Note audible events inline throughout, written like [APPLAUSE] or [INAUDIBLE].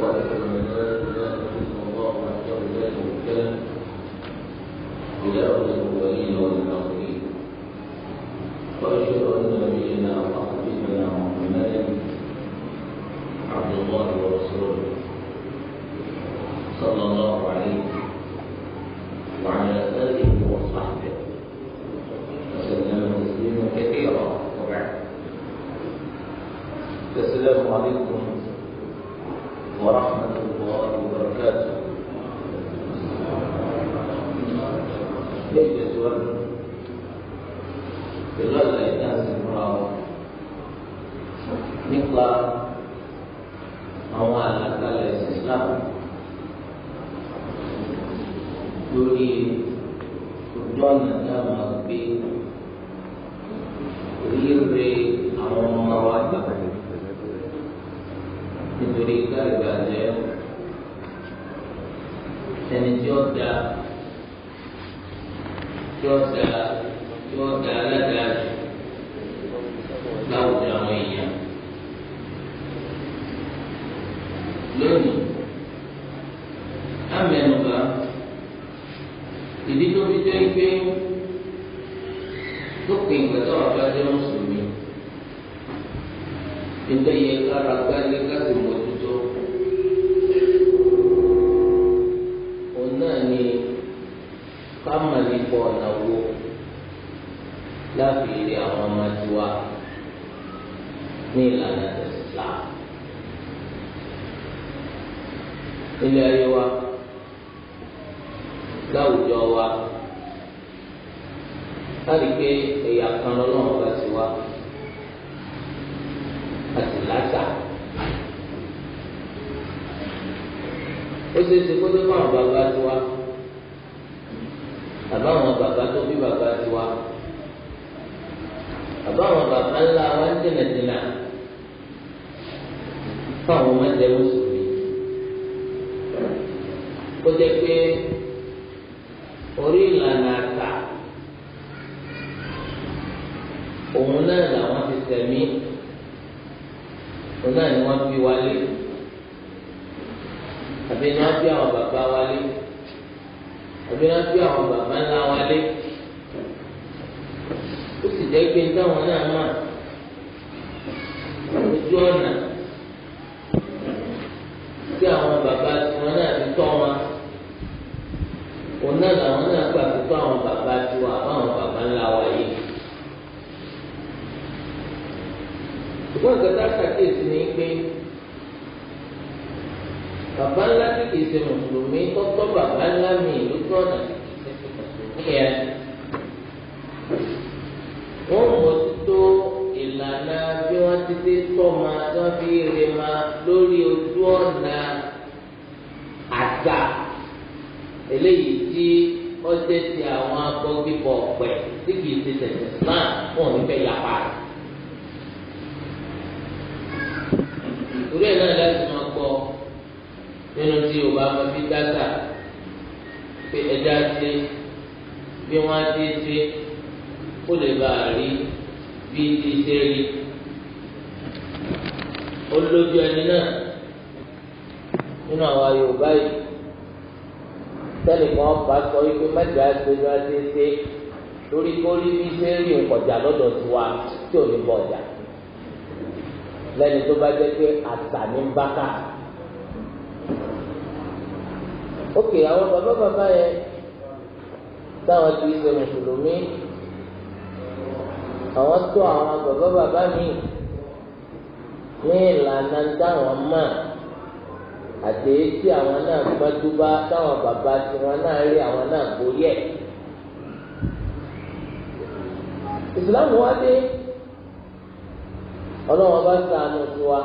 وأشهد أن لا إله الله وحده لا شريك له إله الأولين والآخرين أن نبينا وحبيبنا محمدا àwọn akọ kíkọ ọ̀pẹ tí kì í ṣe tẹ̀sẹ̀ náà wọn ò ní fẹ́ yapa rẹ̀. torí ẹ̀ náà láti máa gbọ́ nínú tí Yorùbá máa fi dáta pé ẹja ṣe bí wọ́n á ti ṣe kó lè bá a rí bí ti ṣe rí olójú ẹni náà nínú àwa Yorùbá yìí tẹnìkan bá sọ wípé mẹ́jọ àgbẹjọ àtẹsẹ lórí kórí bí ṣe rí nkọjà lọ́dọ̀ tiwa tí ò ní bọ ọjà lẹ́ni tó bá jẹ́ pé àtà ní ń bá ká. ókè àwọn bàbá bàbá yẹn táwọn ti ṣe mùsùlùmí àwọn tó àwọn bàbá bàbá mi ní ìlànà táwọn máa àti èyí tí àwọn náà gbájú bá táwọn bàbá tiwọn náà rí àwọn náà borí ẹ̀. ìsìláàmù wa dé ọlọ́wọ́n bá sànù sí wa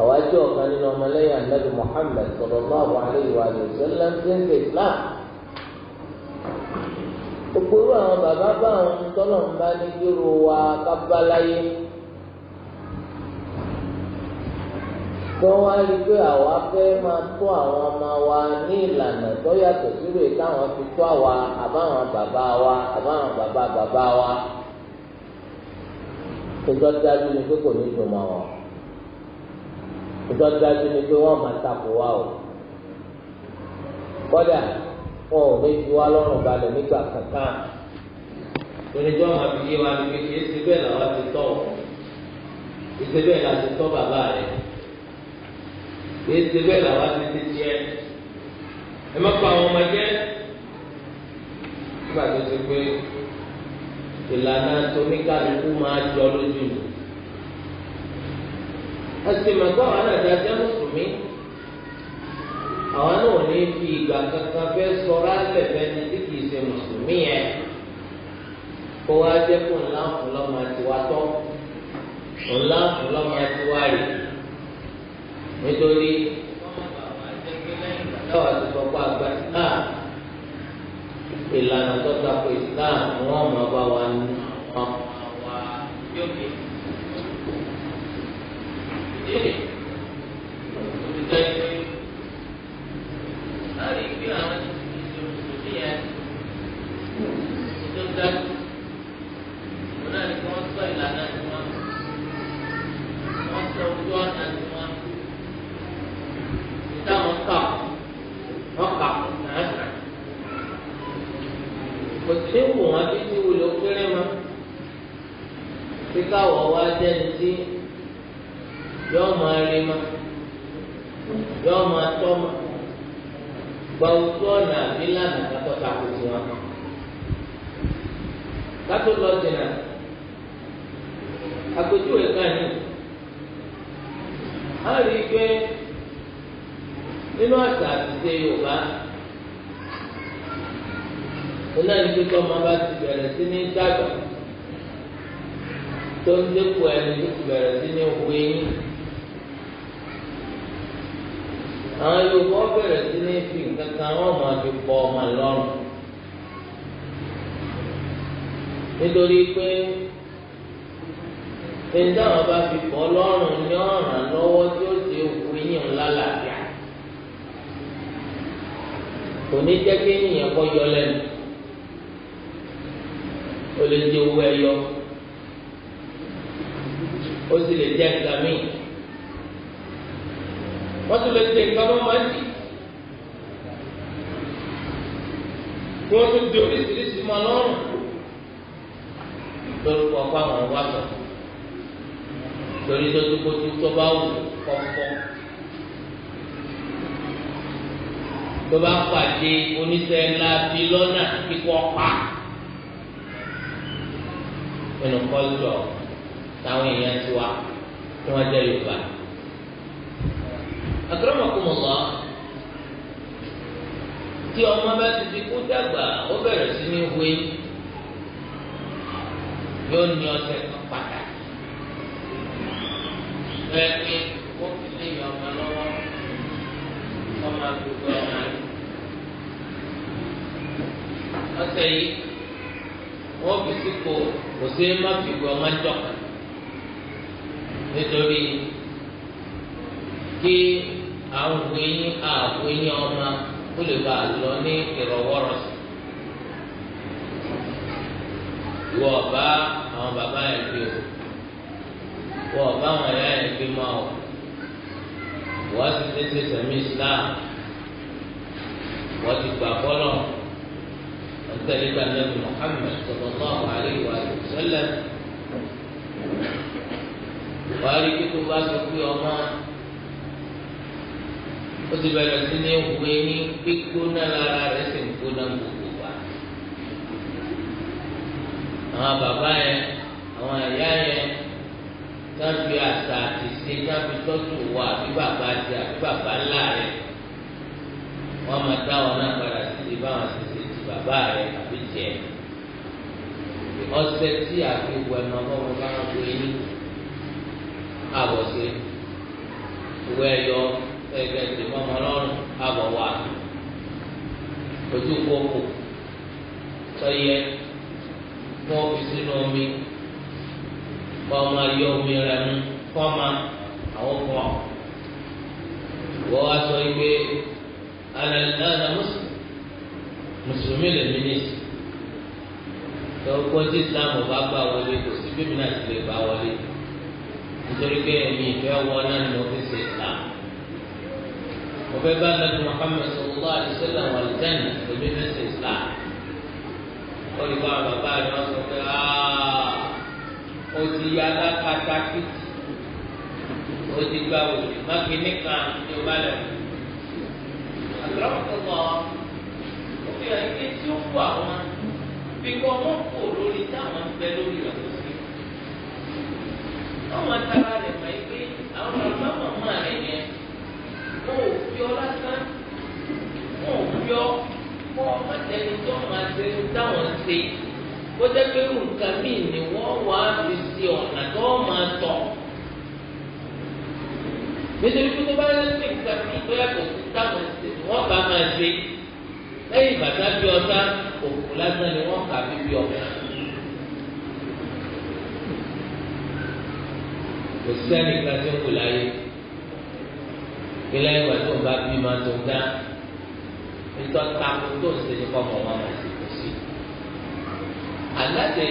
àwa jẹ́ ọ̀kan nínú ọmọlẹ́yìn anabi Muhammad sallallahu alaihi wa sallam ti ń ṣe islam òpòrò àwọn bàbá bá àwọn tọ́lọ̀ ń bá ní kí ro wa kábàláyé. tó wá rí pé àwa fẹ́ máa tó àwọn ọmọ wa ní ìlànà tó yàtọ̀ sílò táwọn fi tó àwa àbáwọn bàbá wa àbáwọn bàbá bàbá wa ìjọ dájú ni pé kò ní tó mọ wọn ìjọ dájú ni pé wọn máa takò wa o kódà wọn ò méjì wá lọ́rùn balẹ̀ nígbà kankan oníjọ́ máa fi yé wa ni pé kì í ṣe bẹ́ẹ̀ làwọn ti tọ̀ ìṣe bẹ́ẹ̀ la ti tọ́ bàbá rẹ̀ kìí ṣe bẹ́ẹ̀ làwọn ti ti tiẹ̀ ẹ má pa àwọn ọmọ jẹ́ nígbà tó ti pé ìlànà tóníkàlùkù máa jọ lójú ẹsìn màgbọ́ àwọn àdájá mùsùlùmí àwọn náà ní fi ìgbà kankan fẹ́ sọ̀rọ̀ alẹ́ bẹ́ni tí kìí ṣe mùsùlùmí yẹn kó wá jẹ́ kó ńlá fún lọ́mọ àtiwá tọ́ ńlá fún lọ́mọ àtiwá yìí nítorí táwa ti sọ pé àgbà islam ìlànà tó tako islam ni wọ́n mọ̀ bá wa ní wọn. Thank you táwọn kà wọ́n kà náà kò sí wù wọ́n títí wúlò kéré mọ́ pé káwọ̀ wá jẹ́ni tí yọ́ọ́ máa rí mọ́ yọ́ọ́ máa tọ́ kan ní. a nínú àṣà àtìṣe yorùbá onáni pé kí ọmọ bá ti bẹ̀rẹ̀ sí ní dàgbà tó ń dẹ́kù ẹni tó ti bẹ̀rẹ̀ sí ní hu eyín àwọn yorùbá bẹ̀rẹ̀ sí ní fi nǹkan kan wọ́n máa fi pọ̀ ọmọ lọ́rùn nítorí pé ẹni táwọn bá fi pọ̀ lọ́rùn ní ọ̀ràn lọ́wọ́ tí ó ti hu eyín ńlá làbíà kò ní jẹ́ pé ènìyàn kọ́ yọ lẹ́nu o lè di owó ẹyọ o sì lè jẹ́ nǹkan míì wọ́n tún lè ṣe nǹkan tó máa ń dì kí wọ́n tún di oríṣiríṣi máa lọ́rùn lórúkọ fáwọn wàtò torí tó tó kó tó bá wù kọ́kọ́. tó bá pàdé oníṣẹ́ ńlá bí lọ́nà kíkọ́ pa nínú kọ́lítọ̀ táwọn èèyàn ti wá tí wọ́n jẹ́ Yorùbá. Akramakumullah tí ọmọ bá ti di kú dàgbà ó bẹ̀rẹ̀ sí ní wé yóò ní ọ̀sẹ̀ kan pàtàkì. Bẹ́ẹ̀ ni ó fi lé ọmọ lọ́wọ́ ọmọ àgbègbè ọmọ. ọ̀sẹ̀ yìí wọ́n fi sípò kò sí má fi gbọ́ ọmọ jọ nítorí kí àwọn ògbéyìn àgbéyìn ọmọ ó lè bá a lọ ní ìrọ̀wọ́rọ̀sì ìwọ ọba àwọn bàbá yẹn fi o ìwọ ọba àwọn ẹ̀yà yẹn fi mọ́ ọ wọ́n ti tètè sẹ̀mí Islam wọ́n ti gbà fọ́lọ́. وتلك النبي محمد صلى الله عليه وآله وسلم wàhálì tó bá sọ pé ọmọ ó ti bẹ̀rẹ̀ sí ní òwe ní gbígbóná lára rẹ̀ sì ń gbóná gbogbo wa. àwọn bàbá yẹn àwọn ìyá yẹn tábí àṣà àti ṣe tábí tọ́jú wa àbí bàbá àti àbí bàbá ńlá rẹ̀ wọ́n máa dá wọn náà padà sí ibà wọn sí bàbá rẹ tàbí tiẹ̀ ọṣẹ tí a fi wọ ẹnu ọlọ́run bá ń pè ní àbọ̀ṣe ìwé ẹ̀yọ ẹgbẹ́ ti mọ́ ọmọ ọlọ́run àbọ̀ wà ojú kókò sọyẹ omi kó ọmọ ayé omi rẹ mú kó àwọn kan wọ́n wá sọ mùsùlùmí lè mí ní ìsìnkú tí islam bá gbà wọlé kò sí bí mi náà ti lè bá wọlé nítorí pé èmi ìfẹ́ wọ náà ni mo fi ṣe islam mo fẹ́ bá nàbí muhammed sallallahu alaihi wasallam wà lẹ́nu èmi fi ṣe islam wọ́n ní báwọn bàbá rẹ̀ wọ́n sọ pé ó ti yá lápáta kìtì ó ti gba òòlù mákìnnìkan ní ọba lẹ́nu. àgbàlagbà tó lọ fi hàn pé tí ó fún àwọn fi kọ́ wọ́n kò lórí táwọn bẹ lórí rẹ̀ tó sí. Táwọn atara rẹ̀ mọ̀ pé àwọn bàbá màmá rẹ̀ yẹn wọn ò fi ọ lásán wọn ò fi ọ kọ́ ọmọdéni tó máa ṣe táwọn ṣe kó jẹ́ pé nǹkan míì ni wọ́n wá fi ṣe ọ̀nà tó máa tọ̀. Nítorí pé tó bá yẹ kó nǹkan tó yàtọ̀ sí táwọn ṣe wọ́n bá máa ṣe lẹ́yìn ìgbà tá a bí ọ̀tá òkú lásán ni wọ́n kà bí bí ọ̀tá. kò sẹ́ni ká tó kù láyé ilé ìwà tó ń bá bí máa tó ń dá nítorí tako tó ń ṣe ní kọ́mọ wọn máa ṣe kò sí. àláṣẹ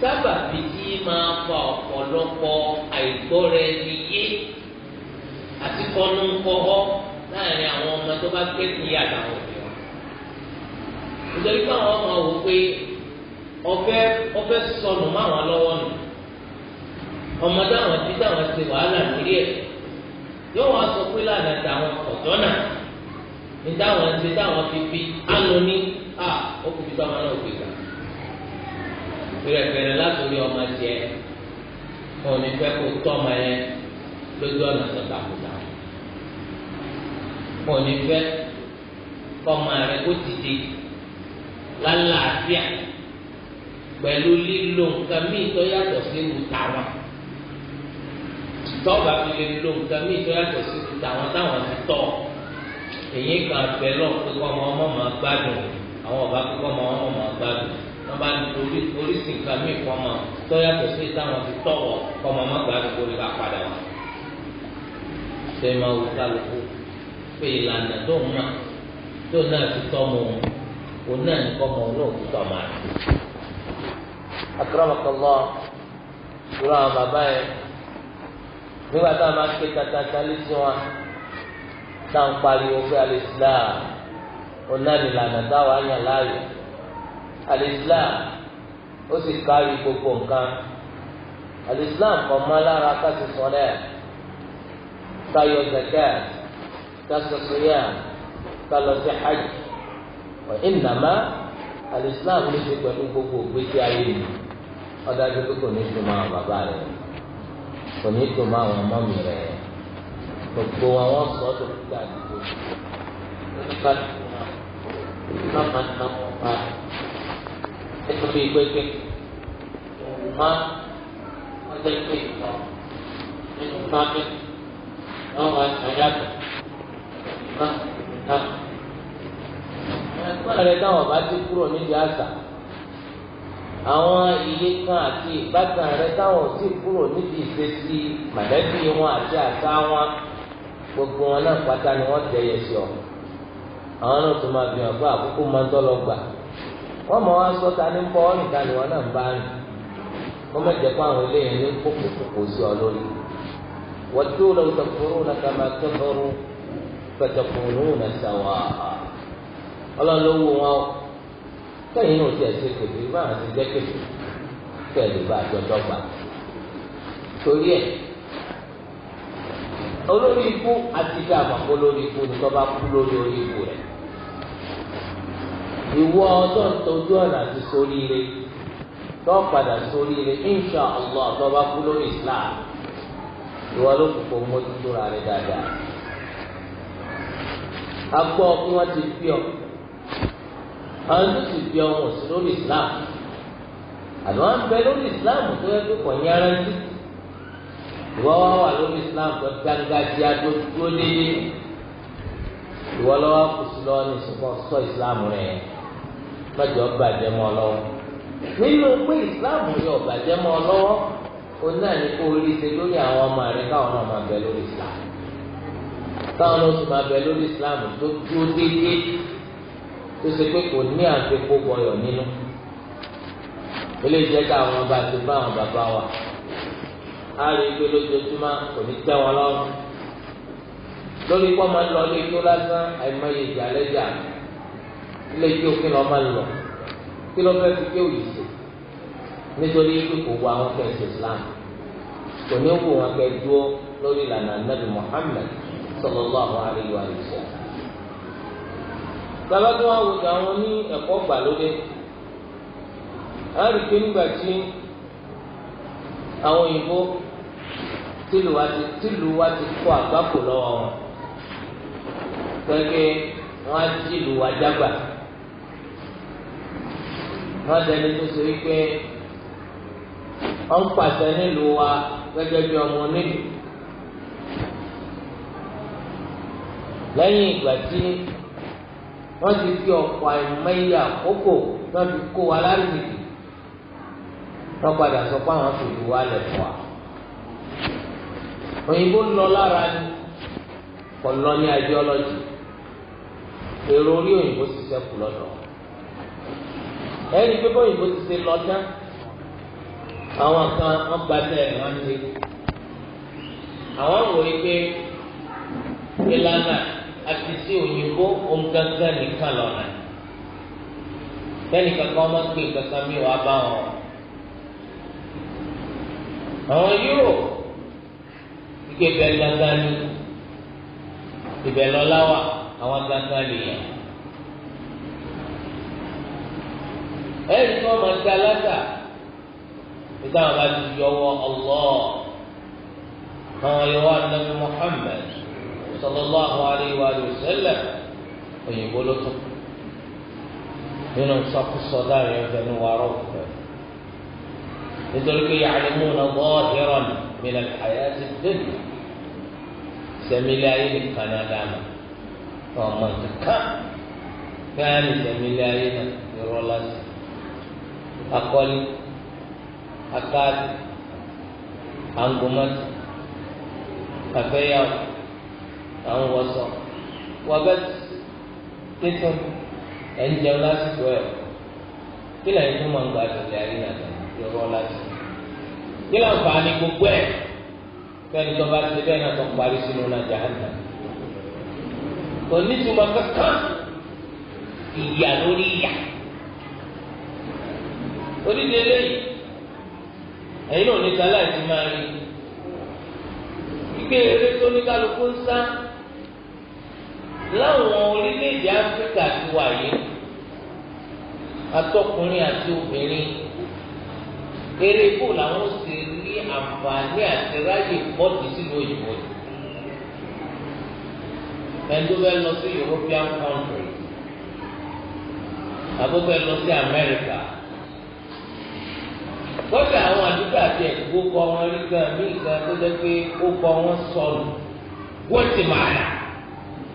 sábàbí tí máa fa ọ̀pọ̀lọpọ̀ àìgbọ́ra ẹni yé àti kọ́nú láàrin àwọn ọmọ tó bá gbé ní àtàwọn òbí wọn. nítorí pé àwọn ọmọ wò pé ọfẹ́ ọfẹ́ sọnù máwọn lọ́wọ́ nù ọmọ táwọn ti táwọn ti wàhálà nílé ẹ̀ yóò wá sọ pé lànà táwọn ọ̀tọ́ náà ní táwọn ti táwọn fi fi ánú ní à ó kò fi tọ́ ọmọ náà òbí gbà. ìrẹ̀fẹ̀rẹ̀ látòrí ọmọ tiẹ̀ òní fẹ́ tọ́ ọmọ yẹn lójú ọ̀nà tó takùtà wọn ò ní fẹ́ kọ́mọ rẹ kó dìde lálàáfíà pẹ̀lú lílo nǹkan míì tó yàtọ̀ sí ewu tàwọn tọ́ba fi lè lo nǹkan míì tó yàtọ̀ sí ewu tàwọn táwọn ti tọ́ èyí kan bẹ lọ pé kọ́mọ ọmọ máa gbádùn àwọn ọba pé kọ́mọ ọmọ máa gbádùn wọn bá lórí oríṣi nǹkan míì kọ́mọ tó yàtọ̀ sí táwọn ti tọ̀wọ̀ kọ́mọ ọmọ gbádùn kó lè bá padà wá. ṣé máa wù pé ìlànà tó mọ̀ tó náà fi tọ́mọ òun náà ní kọ́mọ náà fi tọ́mọ àti. akramakallah ìṣòro àwọn bàbá yẹn nígbà tá a máa ké tatata létí wọn tá à ń pariwo pé alẹ́sílám òun náà ní ìlànà táwa yàn láàyò alẹ́sílám ó sì kárí gbogbo nǹkan alẹ́sílám kọ̀ mọ́ lára ká ti sọ lẹ́ẹ̀ ká yọ zakat kásìkòsíyà kálọ̀sí hajj wa innama alìsílám ní ṣe pẹ̀lú gbogbo ògbésí ayé mi ọ̀dájú pé kò ní tó máa bàbá rẹ̀ kò ní tó máa wọn mọ́mì rẹ̀ gbogbo wọn wọ́n sọ ọ́ tó fi gbà àdúgbò nípa nípa máa ń náwó pa nítorí pé òun máa wọ́n jẹ́ ìtàn nínú fámi náà wọ́n á hàn hàn ẹgbẹ́ rẹ táwọn bá ti kúrò níbi àṣà àwọn iye kan àti ìbátan rẹ táwọn ò kúrò níbi ìṣesí mọ̀lẹ́bí wọn àti àṣà wọn gbogbo wọn náà ni wọ́n tẹ̀yẹ sí ọ àwọn náà tó máa bìyànjú àkókò máa ń tọ́lọ gbà wọ́n mọ̀ wá sọ́ta ní bọ́ọ̀lù ni náà ń bá rìn àwọn eléyìí ní sí ọ lórí tó fatakununa sawaa ọlọ́run ló wù wọn kẹ́yìn náà tiẹ̀ ṣe kébì báwọn ti jẹ́ kébì kẹ́lẹ́ bá àjọjọ́ gbà torí ẹ̀ olórí ikú àti bí àpapọ̀ lórí ikú ni tó bá kú lórí orí ikú rẹ̀ ìwọ ọjọ́ ìtọ́jú ọ̀nà àti sóríire tó padà sóríire insha allah tó bá kú lórí islam ìwọ ló kù kó mójútó ra rẹ̀ dáadáa. agbọ́ kí wọ́n ti fi ọ àwọn ti fi sí lórí islam àlọ́ ń bẹ lórí islam tó yẹ kó kọ̀ nyárántí ìwọ wá wà lórí islam tó gbàngájíá tó dúró déédéé ìwọ lọ́wọ́ kù sí ní sọ islam bàjẹ́ nínú pé islam yọ bàjẹ́ onáà ní kó rí ṣe lórí àwọn ọmọ káwọn islam. táwọn náà sì máa bẹ lórí islam tó dúró déédéé tó ṣe pé kò ní àfikún bọyọ nínú eléyìí jẹ́ káwọn bá ti bá àwọn bàbá wa á rí i pé lójoojúmọ́ kò ní tẹ́ wọn lọ́rùn lórí kó máa ń lọ ilé tó lásán àìmọye ìjà lẹ́jà ilé tí òfin lọ́ máa ń lọ kí ló fẹ́ fi ké òyìnbó nítorí pé kò wọ àwọn kẹ́sì islam kò ní wù wọn kẹ́ dúró lórí ìlànà nabi muhammed sallallahu alaihi wa sallam. bàbá tó wá wo àwọn ní ẹ̀kọ́ gbàlódé a rí pé nígbà tí àwọn òyìnbó tìlù wa ti tìlù wa ti kó àgbákò lọ́wọ́ wọn pẹ́ẹ́kẹ́ wọ́n á tìlù wa jágbà wọ́n dẹni tó so yí pé nílùú wa gẹ́gẹ́ bí ọmọ nílùú. lẹ́yìn ìgbà tí wọ́n ti fi ọ̀pọ̀ àìmọye àkókò náà fi kó wa lárìsìkì wọ́n padà sọ pé àwọn fìlú wa lẹ̀ fọ́ a. òyìnbó lọ lára ni kò lọ ní ideology èrò orí òyìnbó ti sẹ́kù lọ́dọ̀ ẹni pé bóyìnbó ti ṣe lọ tán àwọn kan gba àwọn àti sí òyìnbó òǹgangan nìkan lọ́nà bẹ́ẹ̀ni kankan ọmọ pé kankan mi wàá bá wọn. àwọn yóò ike bẹ gangan ni ibẹ̀ lọ́lá wà àwọn gangan nìyẹn. ẹ̀rí tí wọ́n máa ń ta alága nígbà wọn bá ti yọwọ́ ọlọ́ọ̀ àwọn yọwọ́ anabi Muhammad. صلى الله عليه وآله وسلم ويقول لكم هنا صف الصلاة يؤذن وربك لذلك يعلمون ظاهرا من الحياة الدنيا سميلاين كان دام فما تكا كان سميلاين يرولاس أقول أكاد أنكمت أفيا àwọn wọ̀sán wọ́n bẹ́ tẹ́tọ́ ẹ̀ ń lásìkò ẹ̀ kí lẹ́yìn tó máa ń gba àtẹ̀lẹ́ ayé nàdà yọ̀rọ̀ láti kí lẹ́yìn fa ni gbogbo ẹ̀ fẹ́ni tó bá ti bẹ́ẹ̀ náà tó parí sínú nàjà àná onítùmọ̀ kankan ìyà lórí ìyà onídélé ní máa rí ike eré tó ní kálukú ń sá. láwọn orílẹ̀-èdè áfíríkà ti wà yìí atọ́kùnrin àti obìnrin eré kó làwọn ṣe rí àǹfààní àti ráyè bọ́ọ̀dù sílùú òyìnbó yìí ẹni tó lọ sí European country àbó fẹ́ lọ sí America kọ́sì àwọn àdúgbò àti ẹ̀dúgbò kọ́ wọn rí gan mí gan tó jẹ́ pé ó kọ́ wọn sọnù wọ́n ti máa yà.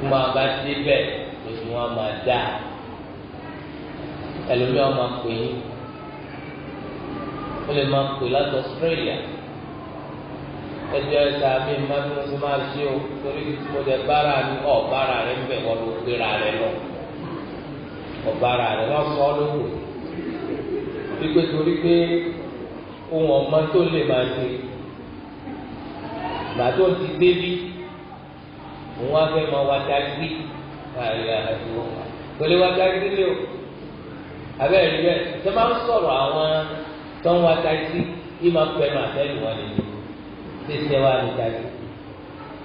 fún wa bá débẹ̀ lóṣù wọn máa dá ẹlòmíràn máa pè é ó lè máa pè láti Australia ẹjọ́ ẹ̀ta mi máa ń tún máa ṣe o torí mo lè bára mi ọ̀ bára rẹ̀ ń bẹ̀ wọ́n ló gbéra rẹ̀ lọ ọ̀ bára rẹ̀ lọ sọ ọ́ lóko wípé torí pé ohun ọmọ tó lè máa ṣe gbàdúrà ti débí òun wá fẹ́ máa wá dágbé ààrẹ àdúgbò wa kò lè wá dágbé lé o abẹ́rẹ́ rẹ tó máa ń sọ̀rọ̀ àwọn tó ń wá dágbé yìí máa ń pẹ́ máa tẹ́lẹ̀ wọn nínú tẹ́tẹ́ wá ní dágbé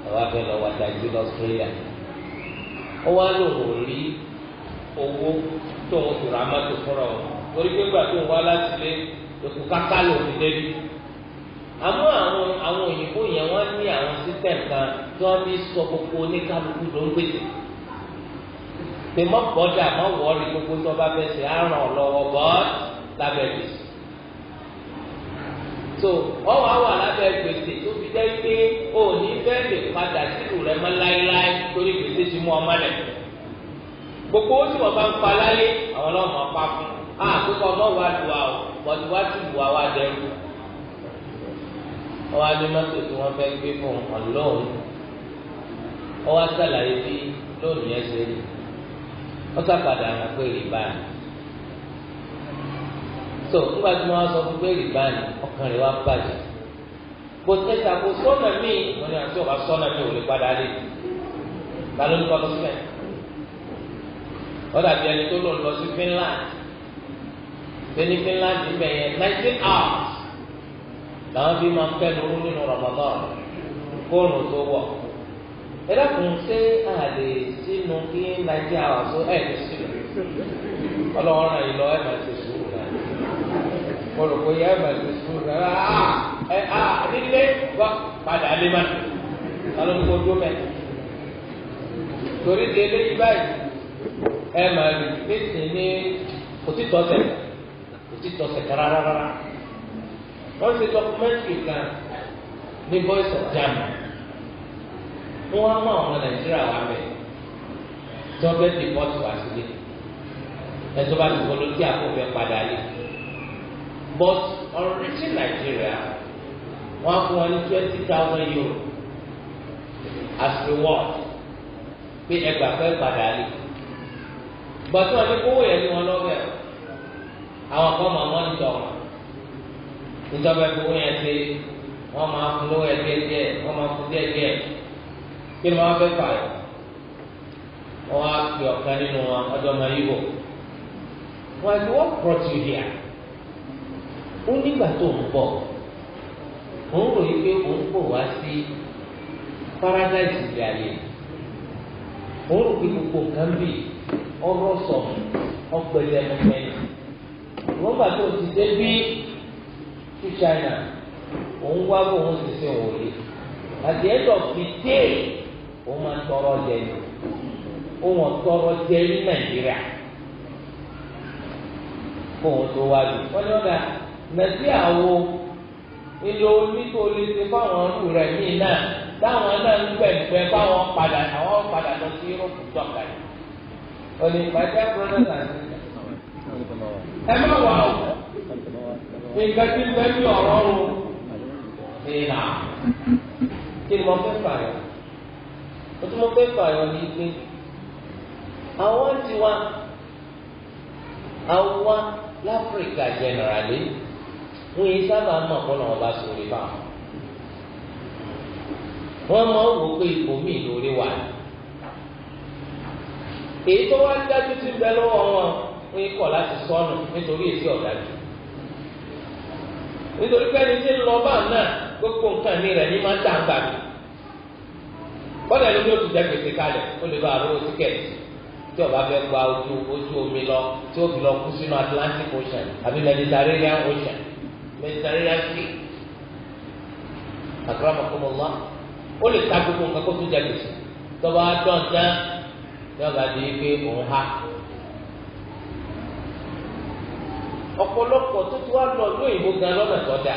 àwa fẹ́ lọ wá dágbé lọ́sítrẹ́lẹ̀ ó wá lòun rí owó tó ń sọ̀rọ̀ amátòkúrọ̀ torí pé gbà tó wá láti lé òkú káká lòun débi àmọ́ àwọn àwọn òyìnbó yẹn wọ́n ní àwọn system kan tí wọ́n fi sọ gbogbo oníkálukú ló ń gbèsè pé mọ́ bọ́dà mọ́ wọ́ọ̀rì gbogbo tí wọ́n bá fẹ́ ṣe àrùn ọ̀lọ́wọ́ bọ́ọ̀d lábẹ́ gbèsè so ọwọ́ àwọn alábẹ́ gbèsè tó fi jẹ́ pé o ní fẹ́ lè padà sílù rẹ mọ́ láéláé torí gbèsè ti mú ọmọ rẹ̀ gbogbo ó sì wọ́n bá ń pa láyé àwọn ọlọ́mọ pa fún un ah, àkókò ọmọ wa lù ọwọ́ adémọ́tò tí wọ́n fẹ́ gbé fún ọlọ́run ọwọ́ sàlàyé bí lónìí yẹn ṣe rí wọ́n sàpàdà àwọn pé rìbá ni tó nígbà tí wọ́n sọ fún pé rìbá ni ọkàn rẹ̀ wá bàjẹ́ bó tẹ́tà kó sọ́nà míì wọ́n ni àti ọ̀bá sọ́nà míì ò lè padà lé balùwẹ̀ ní kọ́tù sílẹ̀ wọ́n dàbí ẹni tó lò lọ sí Finland ṣe Finland ń bẹ̀yẹn nineteen hours làwọn bí máa ń fẹ́ lóru nínú Ramadan kóòrùn tó wọ̀ ẹ dákun ṣé a lè sínú kí nàìjíríà wà só ẹ̀ ní sílò ọlọ́wọ́n ràn yín lọ ẹ̀ máa ti sùúrù náà olùkọ́ yẹ ẹ̀ máa ti sùúrù náà ẹ̀ á nílé wá padà lé má alóńgbò dó mẹ́ torí délé yí báyìí ẹ̀ máa lè fèsì ní òtítọ́ sẹ̀ rárá rárá wọ́n ṣe dọ́kúmẹ́ntì kan ní voice of Ghana wọ́n á mọ àwọn Nàìjíríà wà bẹ̀ tọ́gbẹ́ dìpọ́tì wá sílé ẹ̀tọ́ bá ti wọlé kí àkóbẹ̀ padà yé but on reaching Nigeria wọ́n á fún wọn ní twenty thousand euro as reward pé ẹgbà fẹ́ padà yé gbọ́dọ̀ ní kówó yẹn ni wọ́n lọ́gbẹ̀ẹ́ àwọn kan máa mọ́nítọ̀ wọn níjọba ìgbowó yẹn ṣe wọ́n máa fún lówó ẹ̀ díẹ̀ díẹ̀ wọ́n máa fún díẹ̀ díẹ̀ kí ni wọ́n fẹ́ fà yìí wọ́n á pè ọ̀kan nínú wọn ọjọ́ máa yíwò wọ́n ti wọ́n brought you ó nígbà tó ń bọ̀ òun rò yí pé òun kò wá sí paradise ìgbé ayé òun rò pé gbogbo nǹkan bì ọ̀rọ̀ sọ ọgbẹlẹ ẹnu mẹ́rin wọ́n gbà tó ti dé bí. sí China òun wá bó òun sì sí òun rí àti end of the day òun máa tọrọ jẹ ní òun ọtọrọ jẹ ní Nàìjíríà òun tó wá bí wọn ní ọgá Nàìjíríà wo ilé onítorí ti fáwọn ọdún rẹ míì náà táwọn náà ń gbẹgbẹ fáwọn padà àwọn padà lọ sí nǹkan tí ń bẹ ní ọ̀rọ̀ o ìlà kí ni mo fẹ́ fààyàn mo tún mo fẹ́ fààyàn ní pé àwọn tiwa àwa láfíríkà jẹnẹrálì wọn yìí sábà mọ ọpọlọ wọn bá sórí bá wọn máa wò pé ipò lórí èyí tó wá dájú ti bẹ lọ́wọ́ wọn wọn kọ̀ láti nítorí èsì ọ̀dájú. nítorí pẹ́ni tí ń lọ bá náà gbogbo nǹkan mi rẹ̀ ní máa ń tà ń gbà mí. bọ́dà ló ló ti jẹ gbèsè kalẹ̀ ó lè bá àrùn tíkẹ́ẹ̀tì tí ọba fẹ́ gba ojú ojú omi lọ tí ó fi lọ kú sínú Atlantic Ocean àbí Mediterranean Ocean Mediterranean Sea àkàràmọ̀kọ́mọ́lá ó lè ta gbogbo nǹkan kó tún jẹ gbèsè tọ́ba dán tán ní ọba di pé òun ha. ọ̀pọ̀lọpọ̀ tó ti wá lọ lóyìnbó gan lọ́nà tó dà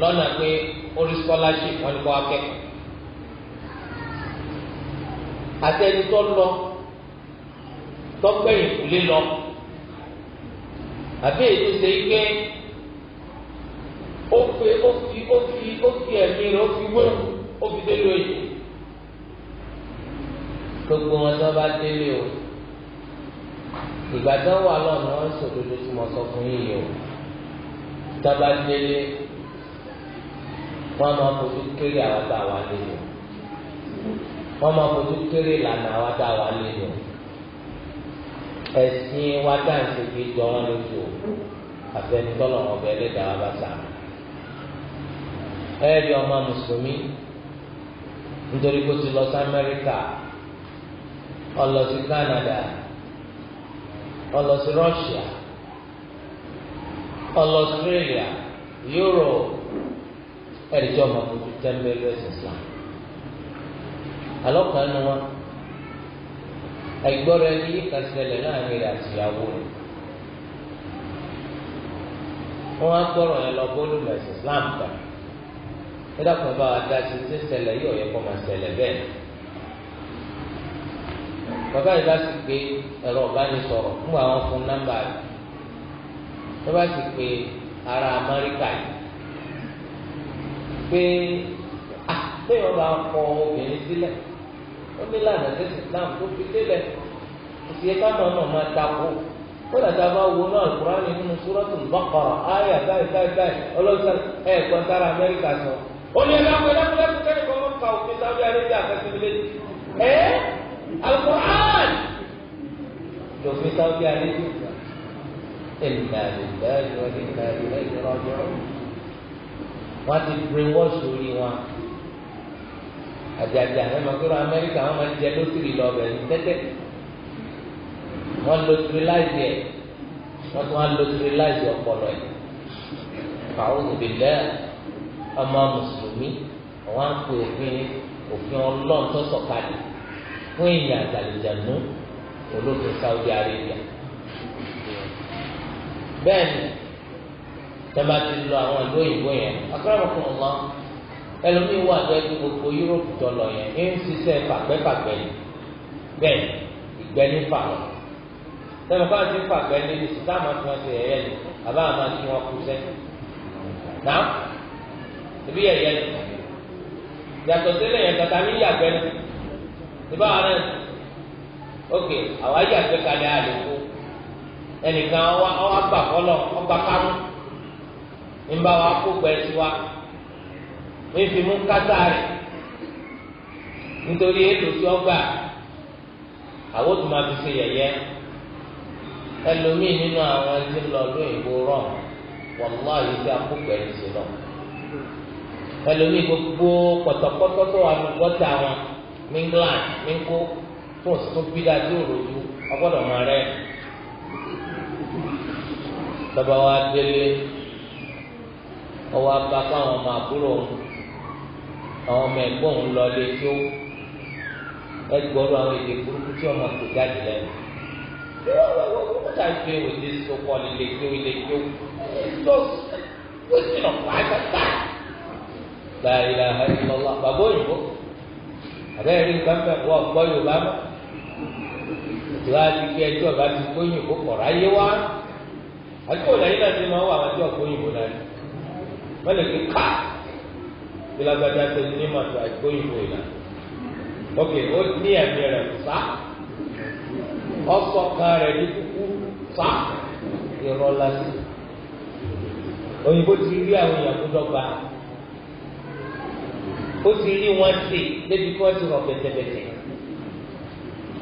lọ́nà pé orí scholarship wọn ni kò wá kẹ́kọ̀ọ́ àtẹnitọ́ lọ tọ́gbẹ̀yìn kùlé lọ àbí ètò ṣe ike ó fi ó fi ó fi ó fi ẹ̀mí rẹ̀ ó fi wéwu ó fi délé oyè gbogbo wọn tó bá délé o. ìgbàdàn wà lọ́nà wọn sòdodo tí mo sọ fún yìí o tọ́ba délé wọn máa fojú kéré àwọn tá a wà lẹ́nu wọn máa fojú kéré ìlànà àwọn tá a wà ẹ̀sìn dáǹsì lójú ọ̀bẹ lẹ́dàá bá sà ọmọ ó lọ sí Russia ó lọ Australia Europe ẹ̀rí tí ọmọ fojú tẹ́lẹ̀ lẹ́sìn Islam alọ́kàn nu wọn ẹgbọ́rọ̀ ẹni yìí kan ṣẹlẹ̀ láàrin rẹ̀ àtìyàwó rẹ̀ wọn á gbọ́rọ̀ yẹn lọ bọ́ọ̀lù lẹ́sìn Islam kan nígbà kan bá wa dá sí ṣẹlẹ̀ yìí ọ̀yẹ́ kọ́ máa ṣẹlẹ̀ bẹ́ẹ̀. bàbá yìí bá sì pé ẹ̀rọ ìbánisọ̀rọ̀ fún àwọn fún nọ́mbà rẹ̀ tó bá sì pé ara Amẹ́ríkà yìí pé àtẹ̀yọ̀ bá kọ obìnrin sílẹ̀ ó ní lànà tẹ̀sí Islam tó fi délẹ̀ ìfìyẹ káwọn náà máa takò ó dàda bá wo náà al nínú Suratul ayé ẹ̀ kọ́ sára Amẹ́ríkà sọ. ó ní ẹ bá kọ́ òfin sáwé Al-Quran lòfin sáwọ́dí arábíà ẹ̀nà ìgbà ìwádìí ìgbà ìwádìí ìjọba ọjọ́ wọn ti brain wash lórí wọn àjàjà ẹ máa kúrò Amẹ́ríkà wọn máa ń jẹ lótìrì lọ́bẹ̀ ní tẹ́tẹ́ wọn lótìrì láìsí ẹ̀ wọn tún wọn lótìrì láìsí ọpọlọ ẹ̀ fàwọn òbílẹ̀ ọmọ mùsùlùmí wọn á pè é fún èèyàn àtàlẹjànú olófin Saudi Arabia bẹ́ẹ̀ ni tẹmá ti lọ àwọn ìlú òyìnbó yẹn akọrọmọkùn ọlọ ẹlòmíín wà tó ẹbí gbogbo yúróòpù tọlọ yẹn ń ṣiṣẹ́ pàgbẹ́pàgbẹ́ yìí bẹ́ẹ̀ ìgbẹ́ ní fà wọn tẹmá bá ti pàgbẹ́ ní ìsìn táwọn fi wọn ṣe ẹ̀yẹ ni àbá àwọn máa ti kú sẹ náà ebi yẹ yẹ yàtọ̀ sílẹ̀ yẹn tata ní yàgbẹ́ ìbá wọn ok àwọn ayé àgbékalẹ̀ àlékún ẹnìkan ọ àgbà kọ́lọ̀ ọgbà kánú nígbà wa kó gbẹ tiwa nífi mú kátà rẹ̀ nítorí ètò tí ọgbà àwọn tó máa fi ṣe yẹ̀yẹ́ ẹlòmíì nínú àwọn ẹni lọ lóyìnbó rọ̀ wàláyé lọ ẹlòmíì gbogbo ní England ní kó tó ń tó bí dájú òròjú ọgbọ́dọ̀ máa rẹ̀ tọ́ba wa délé ọwọ́ abá fáwọn ọmọ àbúrò àwọn ọmọ ẹ̀gbọ́n òun lọlé tó ẹgbọ́rọ̀ àwọn èdè burúkú tí ọmọ kò jáde lẹ́nu. What I feel with this so-called ilekyo ilekyo is just wasting of my time. La ilaha illallah. Bàbá òyìnbó àbẹ́rẹ́ rí nǹkan bẹ̀ wọ́n gbọ́ yorùbá mọ́ ìtura ti gbé ẹjọ́ ọba ti gbóyìn kó kọ̀ ráyé wá àti òun ẹ̀yìn náà ti máa wà àwọn ẹjọ́ gbóyìn kó náà wọ́n lè fi ká ìlàgbàdà tó ní màtó àgbóyìn kó ìlà ok ó ní ẹ̀mí rẹ̀ sá ọsọ kan rẹ̀ ní kúkú sá ìrọ̀lá sí òyìnbó ti rí àwọn ìyàgbọ́dọ̀gba ó ti rí wọn sí débi kí wọ́n ti rọ̀ bẹ̀tẹ̀bẹ̀tẹ̀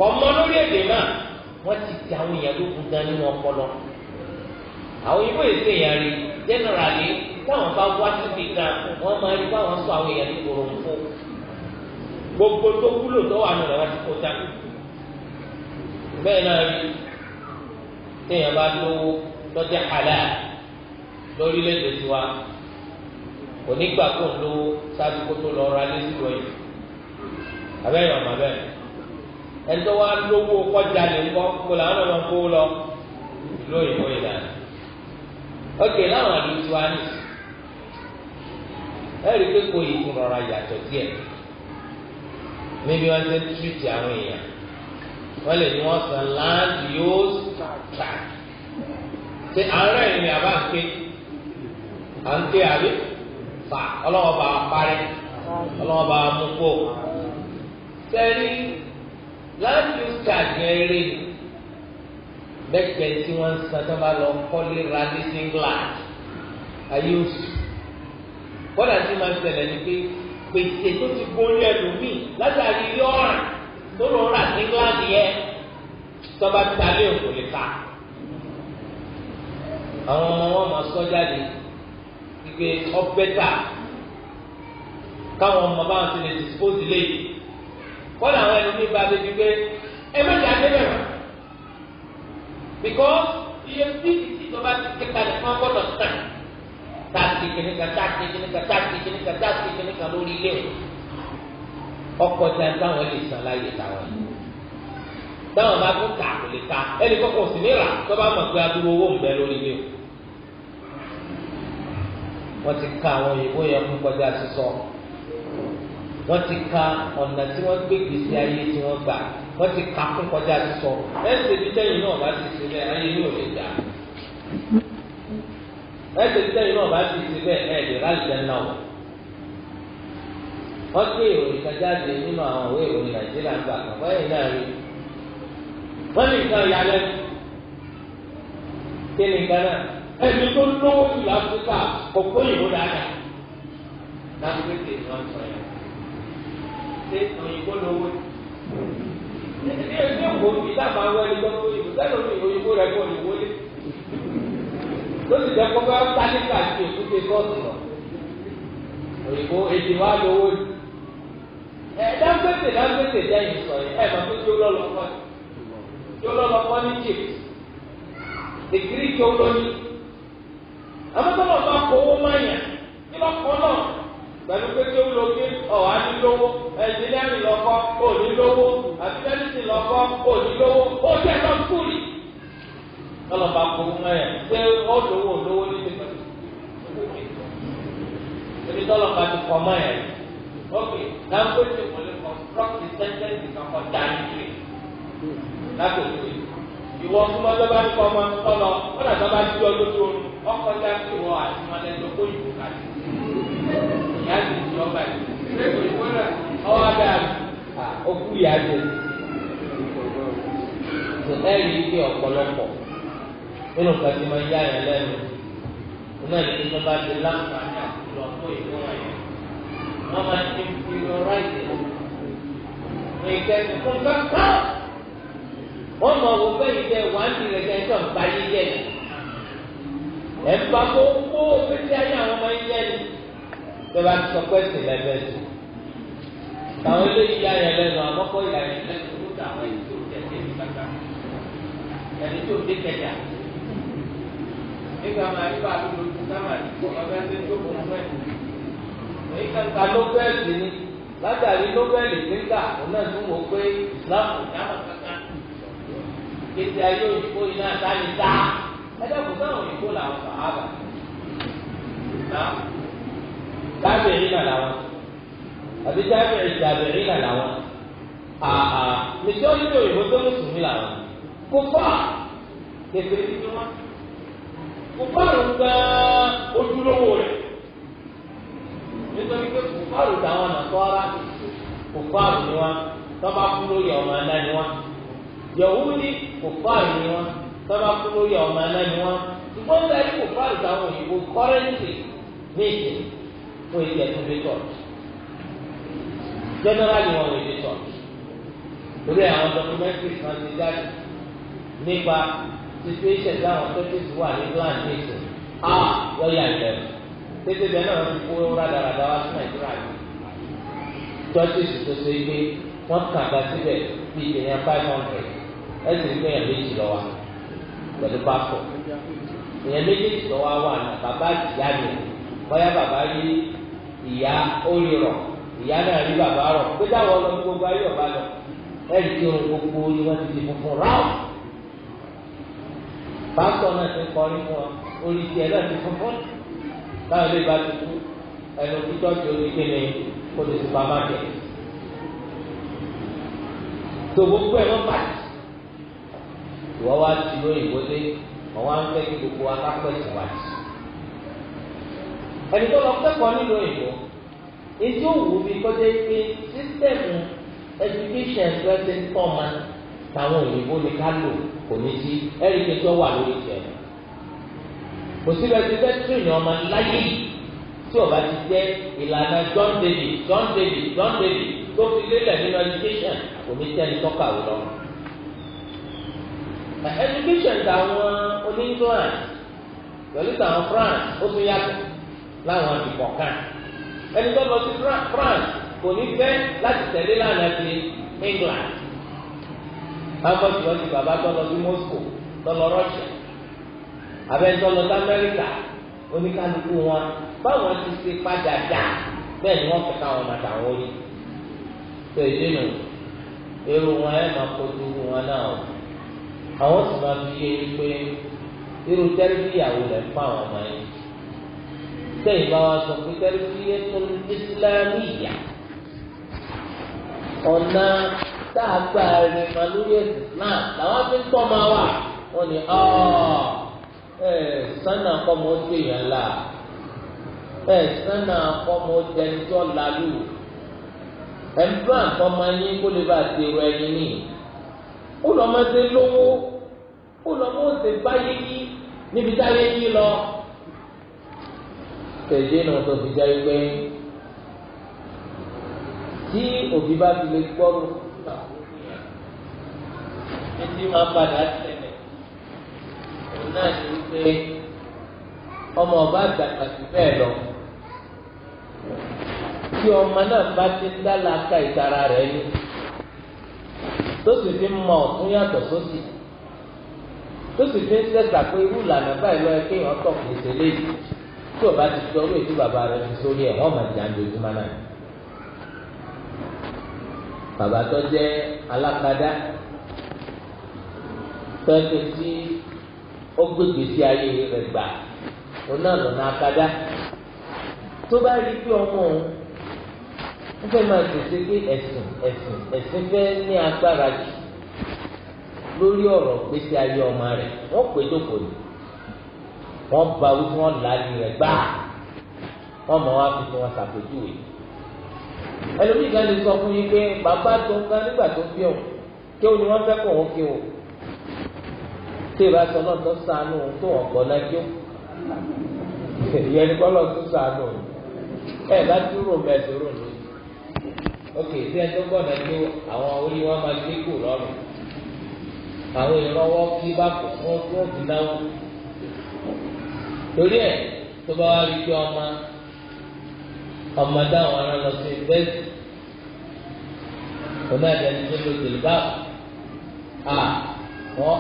ọmọ lórí èdè náà wọ́n ti ti àwọn èèyàn lókun gan nínú ọpọlọ àwọn òyìnbó èsè èèyàn rí jẹ́nẹ̀rálì táwọn bá wá síbi kan wọ́n máa rí báwọn sọ àwọn èèyàn ní kòròǹfò gbogbo tó wúlò tó wà nílẹ̀ wọ́n ti kó ta bẹ́ẹ̀ náà rí téèyàn bá lówó lọ́jọ́ àlá lórílẹ̀-èdè tiwa onígbà tó ń lówó sáájú kó tó lọ ra lẹ́sí lọ́yìn abẹ́yẹn ọ̀mọ̀ abẹ́yẹn ẹ̀ńtọ́ wa lówó kọjá lè kọ́ kó làwọn ọmọ kó lọ lóyìn lóyìn lánàá ok láwọn àdúgbò tiwa ní ẹ̀rí pé kò yìí kún rọra yàtọ̀ díẹ̀ níbi wọn ti ń tìrìtì àwọn èèyàn wọn lè ní wọn san land use contract ṣe àárẹ̀ ìrìn àbá ń ké à ń ké àbí fà ọlọ́wọ́ bá wa parí ọlọ́wọ́ bá wa mú kó. sẹ́ni land use charge yẹn rí bẹ́ẹ̀ tí wọ́n ń san tó bá lọ kọ́lé ra ní England ayé oṣù kọ́lá tí máa ń ṣẹlẹ̀ ni pé pèsè tó ti gbórí ẹlòmíì látàrí ilé tó lọ rà ní England yẹn tó bá talé lè ta àwọn ọmọ wọn máa sọ jáde pé ọbẹ̀ tà káwọn ọmọ báwọn ti lè dispose lé yìí kọ́lá àwọn ẹni nípa bẹ ti pé ẹ mẹ́ta dé bẹ̀rẹ̀ because iye bíìsì ìjọba ti ké kalẹ̀ fún ọgbọ́dọ̀ sàn táàkì kìnìkan táàkì kìnìkan táàkì kìnìkan táàkì kìnìkan lórí ilé ọkọ̀ tí a táwọn lè san láyé táwọn yìí táwọn bá tún tà kò lè ta ẹnì kọ́kọ́ sì ní rà tó bá mọ̀ pé adúrú owó ń bẹ lórí ilé o wọ́n ti ka àwọn òyìnbó yẹn fún kọjá sísọ wọ́n ti ka ọ̀nà tí wọ́n gbé gbèsè ayé tí wọ́n gbà wọ́n ti ka fún kọjá sísọ ẹ̀sẹ̀ bí tẹ́yìn náà bá ti ṣe bẹ́ẹ̀ ayé yóò lè dà ẹ̀sẹ̀ bí tẹ́yìn náà bá ti ṣe bẹ́ẹ̀ ẹ̀ lè ráàlìjẹ́ náà wọ̀ wọ́n gbé ìròyìn kan nínú àwọn òwe ìròyìn nàìjíríà gbà kan fẹ́yìn náà rí wọ́n ní nǹkan ìyàlẹ́nu ẹni tó lówó ìlú áfíríkà ọ̀pọ̀ òyìnbó dáadáa lágbègbè ni wọ́n sọ yẹn ṣé òyìnbó lówó ní ẹgbẹ́ òwò ní dábàá àwọn ẹni tó lówó ìlú sẹ́nu ní òyìnbó rẹ̀ kọ́ òyìnbó lé lóṣù jẹ́ kó bá tálíkà ti èkúté kọ́ọ̀tù lọ òyìnbó èdè wa lówó ni ẹ dágbèsè dágbèsè lẹ́yìn sọ yẹn ẹ máa tó tó lọ́lọ́pọ̀ tó lọ́lọ́pọ̀ ní chips dèkìrì tó lóyún amọ́tọ́lọ́ bá kówó máyà kí lọ́kọ́ náà pẹ̀lú pé kí ó lo kí ọ̀hà ní lówó ẹ̀ńdínlẹ́rìn lọ́kọ́ ò ní lówó àbíkẹ́lìsì lọ́kọ́ ò ní lówó ó jẹ́ lọ skúlì. lọ́lọ́ bá kówó máyà ṣé ó lówó lówó ní ti pẹ̀lú. ebi tọ́lọ̀ bá ti kọ́ máyà yìí. ok language kò lè construct the sentence kankan dáńtì lápẹ̀lú ìwọ fún ọjọ́ bá ń kọ́ ọmọ tọ́lọ ó dàgbà bá ń dúró lójú oorun ọkọ já pé wọ́n àti mọ́lẹ́dọ̀ kó yìí kà sí. ìyá ti di ọba yìí. ọwọ́ abẹ́ àbí okú yà á jẹ. sọtẹ́ẹ̀lì ike ọ̀pọ̀lọpọ̀ nínú kàtí máa yá yẹn lẹ́nu náà ní kí bá ti láǹfààní àkùrọ̀ fún ìwọ̀n yẹn. wọ́n máa ti fi ọ̀ráìtì ní ìkẹ́sì fún bá. wọ́n mọ̀ wọ́n fẹ́ ìdẹ́ wàá ti rẹ̀ jẹ́ sọ̀ ẹ̀fà tó ń kó pété ayé àwọn ọmọ yẹn ni tó bá ti sọ pé ẹsẹ̀ lẹ́fẹ̀ tó àwọn eléyìí yá yẹn lẹ́nu àmọ́kọ́ yà yẹn lẹ́nu tó dà wọ́n èyí tó tẹ̀lé ní bàtà ẹni tó dé kẹjà nígbà máa ní bàtà tó tó sáma ní kó ọbẹ̀ tó tó kó fún ẹ̀ èyí kankan nobẹ́ẹ̀lì ni látàrí nobẹ́ẹ̀lì nígbà òun náà tún wò pé ìsìlámù dáhùn kankan kéde ayé òyìnbó yìí náà sáni dáa ẹ̀dá kò sáwọn òyìnbó làwọn sàhábà náà tábìrì náà làwọn àti tábìrì tábìrì náà làwọn àà nìjọ́ nínú òyìnbó tó mùsùlùmí làwọn kò fà kẹfẹ́ nínú wa kò fà ló ń gbá ojúlówó rẹ̀ nítorí pé kò fà ló dáwọn nà tọ́ ara kò fà ló ní wa tọ́ bá kú lórí ọmọ ẹ̀dá ni wa yòówù ní kò fà ló ní wa sábà kú lórí ọmọ ẹ̀ná ni wọ́n ṣùgbọ́n ní ayé kò fáàlì táwọn òyìnbó kọ́rẹ́ǹtì ní ìsìn fún ìdí ẹ̀sìn bí tọ́ọ̀tù jẹ́nẹ́rálì wọn lè dé tọ́ọ̀tù lórí àwọn dọ́kúmẹ́ntì kan ti jáde nípa situation táwọn tẹ́tẹ́sì wà ní England ní ìsìn á ah, lọ́ọ̀yà ìbẹ̀rù tẹ́tẹ́ bẹ́ẹ̀ náà ti kó rádaràdà wá sí Nàìjíríà ní tọ́tẹ́sì tó ṣe é gbé wọ́n kàgbà síbẹ̀ bíi èèyàn five hundred ẹ̀sìn ìgbéyàwó méjì lọ́wọ́ pẹ̀lú pásọ̀ ìyẹn méjèèjì lọ wá wà náà bàbá ìyá mi bóyá bàbá rí ìyá ó rí rọ ìyá náà rí bàbá rọ pé dáwọ lọ ní gbogbo ayé ọba lọ ẹ̀rí tí ohun gbogbo ni wọ́n ti di funfun ráù pásọ̀ náà ti kọrin fún ọ orí tiẹ̀ náà ti funfun báyọ̀ lè ba tuntun ẹnu títọ́ tí omi kéde kó lè ti pamá jẹ. Tòbó pẹ̀lú pàtì ìwọ wá ti lóyìnbó dé wọn wá ń fẹ́ kí gbogbo akápẹ́ ti wá sí. ẹni tó lọ kẹ́kọ̀ọ́ nínú òyìnbó etí òwú mi kọjá pé sísítẹ́ẹ̀mù ẹdíkéṣàn tó ẹ ti ń tọ́ ma táwọn òyìnbó ni ká lò kò ní sí ẹ̀ríkè tó wà lórí ìjẹ́ kò síbẹ̀ tí fẹ́ tún ìyàn ọmọ láyé tí ọba ti jẹ́ ìlànà John David John David John David tó fi lélẹ̀ nínú education kò ní sí ẹni tọ́kàwé lọ́wọ́. education tàwọn oní England pẹ̀lú tàwọn France ó tún yàtọ̀ láwọn àbíkọ̀ kan ẹni tó lọ sí France kò ní fẹ́ láti tẹ̀lé lánàá ti England bábọ́sì wọn baba bàbá tó lọ sí Moscow tó lọ Russia abẹ́ńtọ́ lọ sí america oníkálukú wọn báwọn ti ṣe padà dà bẹ́ẹ̀ ni wọ́n fi wọn yìí tó nù wọn ẹ̀ máa wọn náà àwọn sì máa fi yé pé irú tẹ́lifí ìyàwó rẹ̀ fún àwọn ọmọ yẹn sẹ́yìn bá wa sọ pé tẹ́lifí yẹn tún ìsìlámù ìyà ọ̀nà tá a gbà rẹ̀ mà lórí ẹ̀sìn Islam làwọn fi ń tọ́ ma wà wọ́n ní ọ́ ẹ̀ sánà kọ́mọ ojú èèyàn la ẹ̀ sánà kọ́mọ ojú ẹni tó lalu ẹ̀ ń bá àtọ́ máa yín kó lè bá ti rọ ẹni nìyí ó lọ máa ṣe lówó ó lọ máa ṣe báyé yí níbi táyé yí lọ. tẹ̀lé náà tó fi jáde pé tí òbí bá ti lè gbọ́rọ̀ títí máa padà ṣẹlẹ̀ òun náà ti ń pé ọmọ ọba àgbàgbà ti bẹ́ẹ̀ lọ tí ọmọ náà bá ti ń dá làákà ìtara rẹ̀ ní tó sì fi mọ ọ̀tún yàtọ̀ sósì tó sì fi ń sẹ́sà pé irú ìlànà báyìí lọ́yẹ kí èèyàn tọ̀ kì í ṣe léyìí tí ò bá ti sọ orí ètò bàbá rẹ fi sórí ẹ̀ wọ́n máa jàǹdù ojúmọ́ náà. bàbá tó jẹ́ alákadá tọ́jú tí ó gbégbé sí ayé rẹ̀ gbà òun náà lọ́nà akadá tó bá rí pé ọmọ òun wọ́n fẹ́ máa pèsè pé ẹ̀sìn ẹ̀sìn ẹ̀sìn fẹ́ ní agbára jù lórí ọ̀rọ̀ pèsè ayé ọmọ rẹ̀ wọ́n pè jókòó ni wọ́n ba wí tí wọ́n làálì rẹ̀ gbáà wọ́n mọ̀ wá fi tí wọ́n ṣàpèjúwe ẹlòmíì kan lè sọ fún yín pé bàbá tó ń ká nígbà tó bí òun kí òun ni wọ́n fẹ́ kọ̀ wọ́n kí òun tí ìbá sọ náà tó sànù òun tó wọ́n gbọ́ náà ìyẹn ni kọ́ lọ́ọ́ tó sànù ẹ̀ bá dúró mẹ́sìrò ní ok tí ẹ tó gbọ́dọ̀ tó àwọn orí wọn máa gbé kù lọ́rùn àwọn ìrànwọ́ kí bá kù fún fún òfin náwó torí ẹ tó bá wá rí pé ọmọ ọmọ dáhùn ara lọ sí bẹ́ẹ̀sì òun náà dẹni tó ló tèlè bá a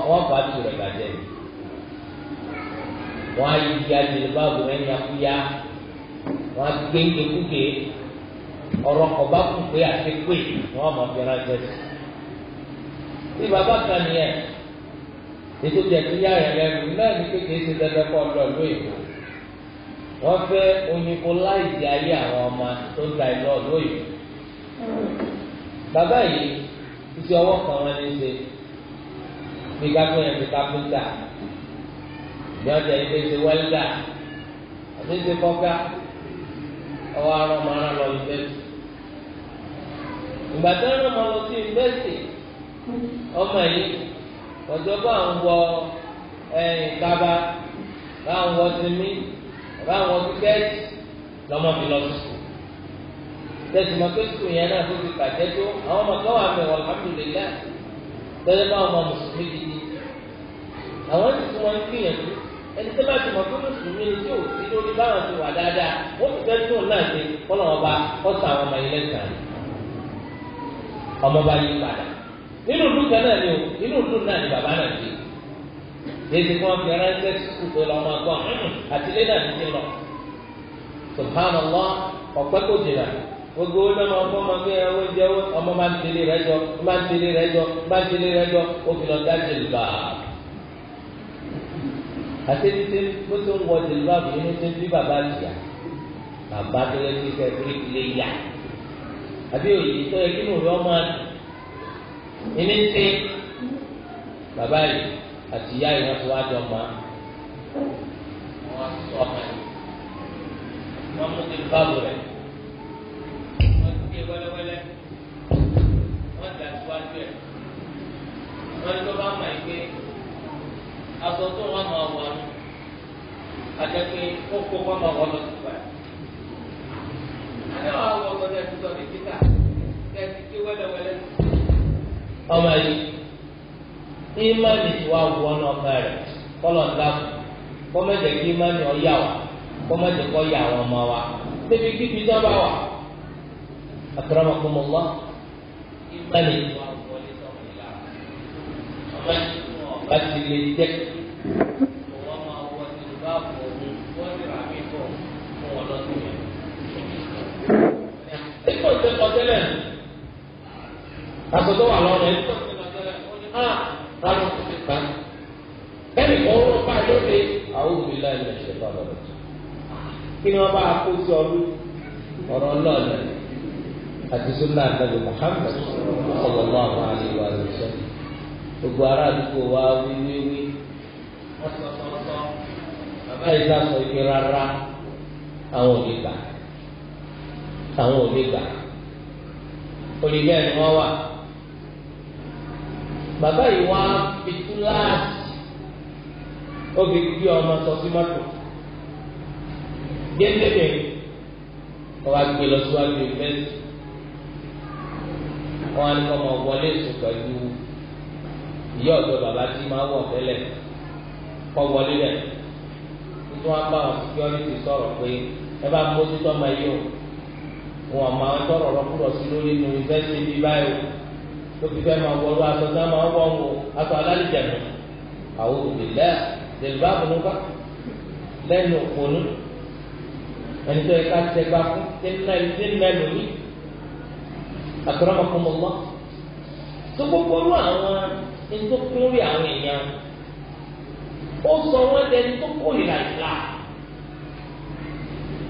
wọn bá tù rẹ bàjẹ́ ni wọn á yí di àtèlè bá a ẹni àkúyà wọn á gbé kékúké. ọ̀rọ̀ ọba kún pé àti pé wọn mọ fi ránṣẹ́ sí bí bàbá kan nìyẹn ètò náà ní ṣe kọ wọn ayé àwọn ọmọ tó ń ta ìlú lóyìnbó bàbá yìí iṣẹ́ ọwọ́ kan wọn ní ṣe bí kápẹ́ yẹn fi kápẹ́ńtà bí wọ́n jẹ́ ọwọ́ arọ máa rán lọ yunifásitì ìgbà tó rán lọ sí ọmọ yìí ọjọ́ bá wọ ẹ̀yìn kaba bá wọ sinmi bá wọ kíkẹ́ẹ̀tì lọ́mọ mi lọ sùn tẹsùmọ pé sùn yẹn náà tó ti tó àwọn ọmọ wà ẹni tó bá ti mọ̀ pé mùsùlùmí tí ò sí lórí báwọn ti wà dáadáa wọ́n ti tó náà ọba àwọn ọmọ náà ni o nínú ìlú náà ni bàbá náà ti èsì kan fi ránṣẹ́ kúkú lọ ọmọ àgbọn àti ilé náà ti ti lọ subhanallah ọ̀pẹ́ kò jìnnà gbogbo ọmọ bí ẹran oúnjẹ ọmọ máa ń tẹ̀lé rẹ jọ máa ń tẹ̀lé rẹ jọ máa ń rẹ àti ní ṣe bó tó ń wọ jìlúbàbù yìí ní ṣe bí bàbá yà bàbá tó yẹ kí sẹ kí lè yà àbí òyìn tó yẹ kí mo rí ọmọ àti ní ṣe bàbá yìí àti ìyá yìí wọn ti wá jọ mọ wọn sọ ọmọ yìí wọn mú jìlúbàbù ti gbé wẹlẹwẹlẹ wọn dà síwájú ẹ wọn ló bá mọ ẹgbẹ aṣọ tó wọn máa wọ ni àtẹ̀pé ó kó wọn máa wọ lọ sí ìgbà. àná wàá wọ ọgbọ́dọ̀ ẹ̀sìn sọ̀rọ̀ ìdíkà kẹ́sì tí wẹ́lẹ́wẹ́lẹ́. ọmọ yìí ìmọ̀lì tí wàá wọ ọ́nà ọ̀gá rẹ̀ kọ́lọ̀ ńlá kọ́mẹ́jẹ̀ kí ìmọ̀lì ọ̀yà wa kọ́mẹ́jẹ̀ kọ́ yà àwọn ọmọ wa débi kíkí sábà wà. akramakumullah ìmọ̀lì tí wàá wọlé sọ̀rọ̀ ìlà ọmọ yìí bá ti lè jẹ́ wọ́n máa wọ ní báàbò ọ̀hún wọ́n ti rà mí bọ̀ fún ọlọ́dún yẹn. Nígbà tó kọ tẹ́lẹ̀, àtọ̀tọ̀ wà lọ́rọ̀ ẹ̀ tó kọ tẹ́lẹ̀, ó ní hàn lálọ́ kò ti kàn. Bẹ́ẹ̀ni kò wọ́n bá lóde, àwọn òbí láì lè ṣe bá lọ́rọ̀ jù. Kí ni wọ́n bá kó sí ọdún? Ọ̀rọ̀ náà lẹ̀ gbogbo ará àdúgbò wa wíwíwí wọ́n sọ sọ́sọ́ bàbá yìí sá sọ ike rárá àwọn ò lè gbà àwọn ò lè gbà olùgbé ni wọ́n wà bàbá yìí wá fi túláàsì ó fi gbé ọmọ sọ sí mọ́tò gẹ́gẹ́ wọ́n wá gbé lọ síwájú ìfẹ́ wọ́n á ní kọ́ ọmọ wọlé sùn pẹ̀lú ìyá ọ̀dọ́ bàbá tí máa wọ̀ tẹ́lẹ̀ kọ́ wọlé rẹ̀ nítorí wọn bá wọn security sọ̀rọ̀ pé ẹ bá mójútó ọmọ yìí o wọn máa ń tọrọ ọlọ́kùnrin sí lórí inú yunifásitì bíi báyìí o tó fi fẹ́ máa wọlé aṣọ tá máa wọ̀ wọn aṣọ alálìjẹ̀ mi àwọn òbílẹ̀ lèlúbà àbùnúbà lẹ́nu òpònú ẹni tó yẹ ká tẹgbà fún tẹ́lẹ̀ lórí àtọ́rọ́mọkùnmọ́ tó gbogbo ọlọ́ àwọn. ní tó kún lórí àwọn èèyàn ó sọ wọ́n dẹni tó kórìíra ìlà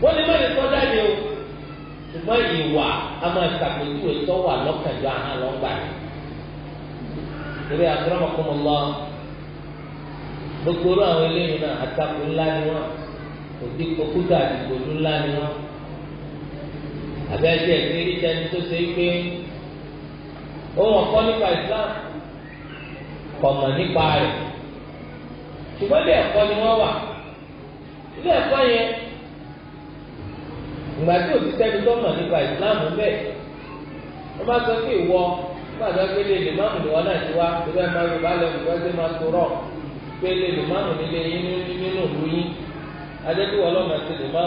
wọ́n lè má lè sọ jáde o ṣùgbọ́n ìwà a máa ṣàpèjúwe tó wà lọ́kànjọ́ àhán lọ́gbà rẹ̀ torí lọ gbogbo àwọn eléyìí náà àtakò ńlá ni wọn òdi òkúta àdìgbòlú ńlá ni wọn àbẹ́jẹ́ ìrírí tẹni tó ṣe é pé ó wọ̀n Ọmọ nípa rẹ̀ ṣùgbọ́n ilé ẹ̀kọ́ ni wọ́n wà ilé ẹ̀kọ́ yẹn ìgbà tí òtítẹ́ ni tó mọ̀ nípa ìsìláàmù bẹ́ẹ̀ wọ́n bá sọ pé ìwọ gbàdá pélé lè máàmù ni wọ́n náà ti wá ìwé ẹ̀ máa yorùbá lẹ́nu máa tó rọ̀ pélé lè yín nínú yín adébí wọ́n lọ́mọ ti lè wa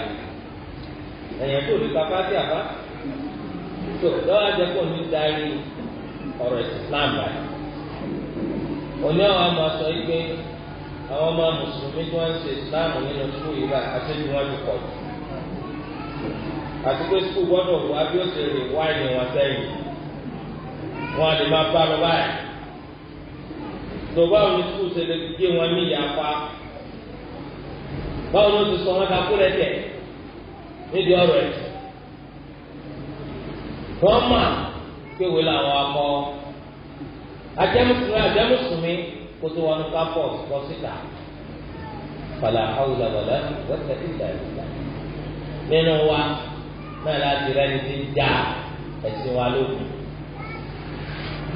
yìí ẹ̀yẹ̀ tó lè papá sí àbá tó lọ́wọ́ òní àwọn ọmọ sọ yìí pé àwọn ọmọ mùsùlùmí tí wọ́n ń ṣe ìsìláàmù nínú sukùl yìí báyìí aṣojú wọn ti pọ̀ jù àti pé sukùl gbọ́dọ̀ wọ abíọ́sẹ̀rẹ̀ wáìnì wọn sẹ́yìn wọn lè máa bá lọ báyìí tó báwo ni sukùl ṣe lè gé wọn ní ìyàpá báwo ni ó ti sọ wọn ta kú lẹ́tẹ̀ nídìí ọ̀rọ̀ ẹ̀ wọ́n mà kéwèé làwọn akọ́ ajẹmùsùnmí ajẹmùsùnmí kótó wọn ká pọ̀ bọ́ síta fàlà àwùjọ wọlé wọ́tẹ̀ ìgbà ìgbà nínú wa náà láti rẹni ti ń já ẹ̀sìn wa lókun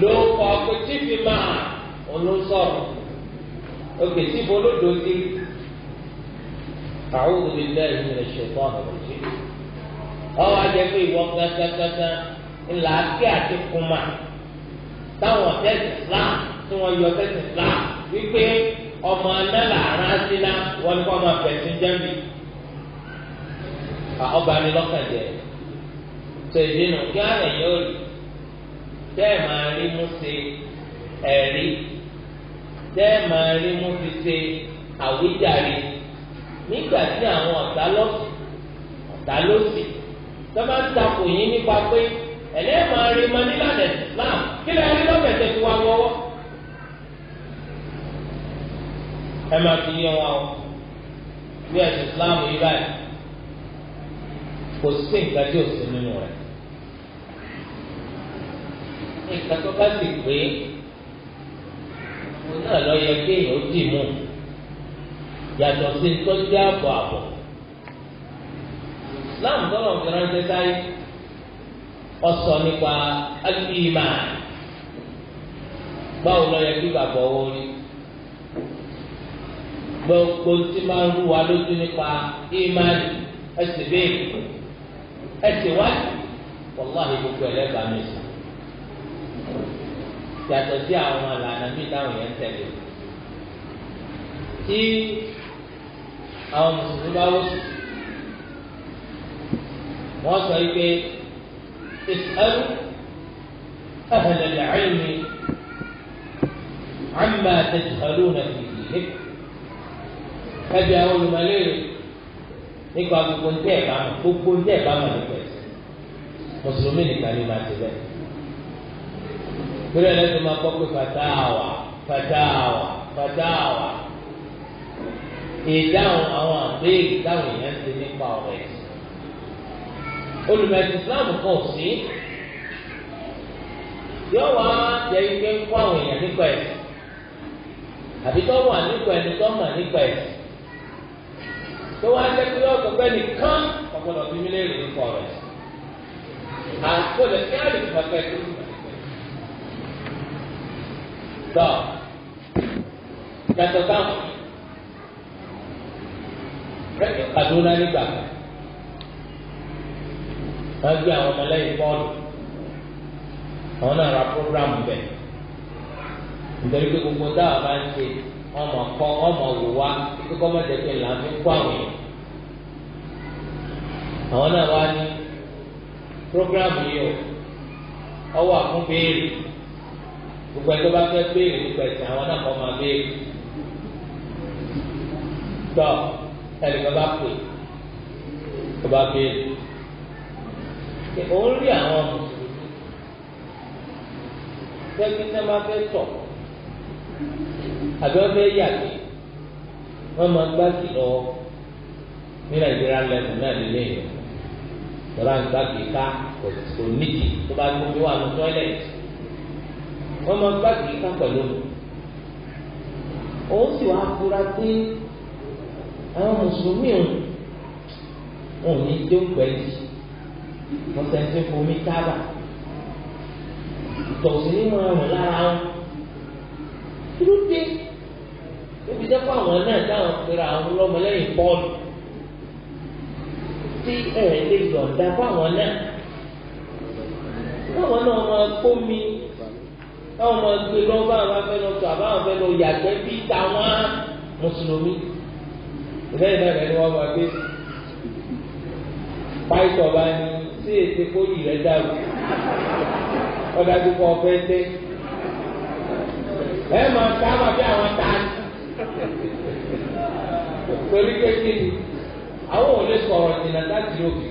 ló kọ pé tíìfì máa olóńsọ̀rọ̀ òkè tíìfì olódò sí àwùjọ bíi bẹ́ẹ̀ ní ẹ̀ṣẹ̀ fún àwọn ọwọ́ ajẹ́ pé ìwọ gángan gángan ńlá kí àti kùmà táwọn tẹ̀sí Islam tí wọ́n yọ tẹ̀sí Islam wípé ọmọ anáàlà aránsílá wọn kọ́ ọmọ bẹ̀sìn jẹ́mi ọba ni lọ́kàn jẹ́ tó ìdínà kí wọ́n lè yọ òrì tẹ́ máa rí mú ṣe ẹ̀rí tẹ́ máa rí mú fi ṣe àwíjàre nígbà tí àwọn ọ̀tá lọ́sì ọ̀tá lọ́sì tọ́ bá ń takò yín nípa pé ẹ̀yẹ́ máa rí ma nílànà Islam kí lè rí lọ́fẹ̀ẹ́sẹ̀ tí wà wọ́wọ́. ẹ máa fi yé wọn o bí ẹ̀sìn Islam yìí báyìí kò sí nǹkan tí ò sí nínú rẹ̀. nǹkan tó bá sì pé òun náà lọ yẹ kéèyàn ó dì mú yàtọ̀ sí tọ́jú àbọ̀ àbọ̀ Islam tọ́lọ̀ fi ránṣẹ́ sáyé. ọsọ nípa agbima báwo lọ yẹ kí gbàgbọ́ wọ ni gbogbo tí máa ń lójú nípa ìmáàlì ẹsẹ̀ bẹ́ẹ̀ ẹsẹ̀ wá wàláhì gbogbo ẹ̀ mi sùn yàtọ̀ sí àwọn àlànà mi táwọn yẹn tẹ̀lé tí àwọn mùsùlùmí bá wọ́n sọ yìí اسألوا أهل العلم عما تجهلون في دينكم ẹbí àwọn olùmọ̀lẹ́ nípa gbogbo ń tẹ́ ẹ̀ bá mọ̀ gbogbo ń tẹ́ ẹ̀ bá mọ̀ nípa ẹ̀sìn mùsùlùmí nìkan ni máa ti bẹ̀. Bílẹ̀ lẹ́sìn máa kọ́ pé fatawa fatawa fatawa ìdáhùn àwọn àbẹ́yẹ ìdáhùn yẹn ti nípa ọ̀rọ̀ ẹ̀sìn olùmẹ̀sìn islam kan ò sí yóò wá jẹ́ ike ń kó àwọn èèyàn nípa ẹ̀sìn àbí tó wà nípa ẹni tó mà nípa ẹ̀sìn tó wá jẹ́ pé yóò sọpẹ́ nìkan ọ̀pọ̀lọpọ̀ bí mi lè rìn nípa ọ̀rọ̀ ẹ̀sìn àkọlẹ̀ kí á lè fi pàpẹ́ tó nípa yàtọ̀ táwọn rẹ́kẹ̀ Kaduna nígbà kan wọ́n gbé àwọn ọmọlẹ́yìn bọ́ọ̀lù àwọn náà ra programu bẹ̀ nítorí pé gbogbo dáhà bá ń ṣe ọmọ kọ ọmọ wò wá kíkọ́ mọ̀ jẹ́ pé là ń fi kó àwọn yẹn àwọn náà wá ní programu yìí ó ọwọ́ àfún béèrè gbogbo ẹgbẹ́ bá fẹ́ béèrè nípa ẹ̀sìn àwọn náà kọ́ máa béèrè tọ́ ẹnìkan bá pè ọba béèrè ó ń rí àwọn mùsùlùmí tẹ́bí náà máa fẹ́ tọ̀ àbí wọ́n fẹ́ yàgbé wọ́n máa gbági lọ ní nàìjíríà lẹ́nu náà nílé yìí tọ́lá ń gbági ká kò nídìí tó bá gbóbi wà ní tọ́lẹ̀tì wọ́n máa gbági ká pẹ̀lú òun sì wá fura pé àwọn mùsùlùmí òun ò ní dé pẹ̀lú wọ́n sẹ́ni tí ń fomi tábà ìtọ̀sí nínú ọ̀rùn lára wọn kí ló dé ebi jẹ́ fún àwọn náà táwọn pera àwọn ọlọ́mọlẹ́yìn bọ́ọ̀lù tí ẹ̀ lè yọ̀ǹda fún àwọn náà táwọn náà máa kó mi táwọn máa gbé lọ́wọ́ àwọn afẹ́lọ́ tó àbá àwọn afẹ́lọ́ yàgbẹ́ bí táwọn mùsùlùmí lẹ́yìn náà lẹ́nu wọn máa gbé pàìtọ́ bá ní sí èsè kóyì rẹ̀ dàrú ọ̀dàdú kọ́ ọ̀fẹ́ tẹ́ ẹ máa ta máa bí àwọn ta torí kékeré àwọn ò lè sọ̀rọ̀ ìdènà láti òbí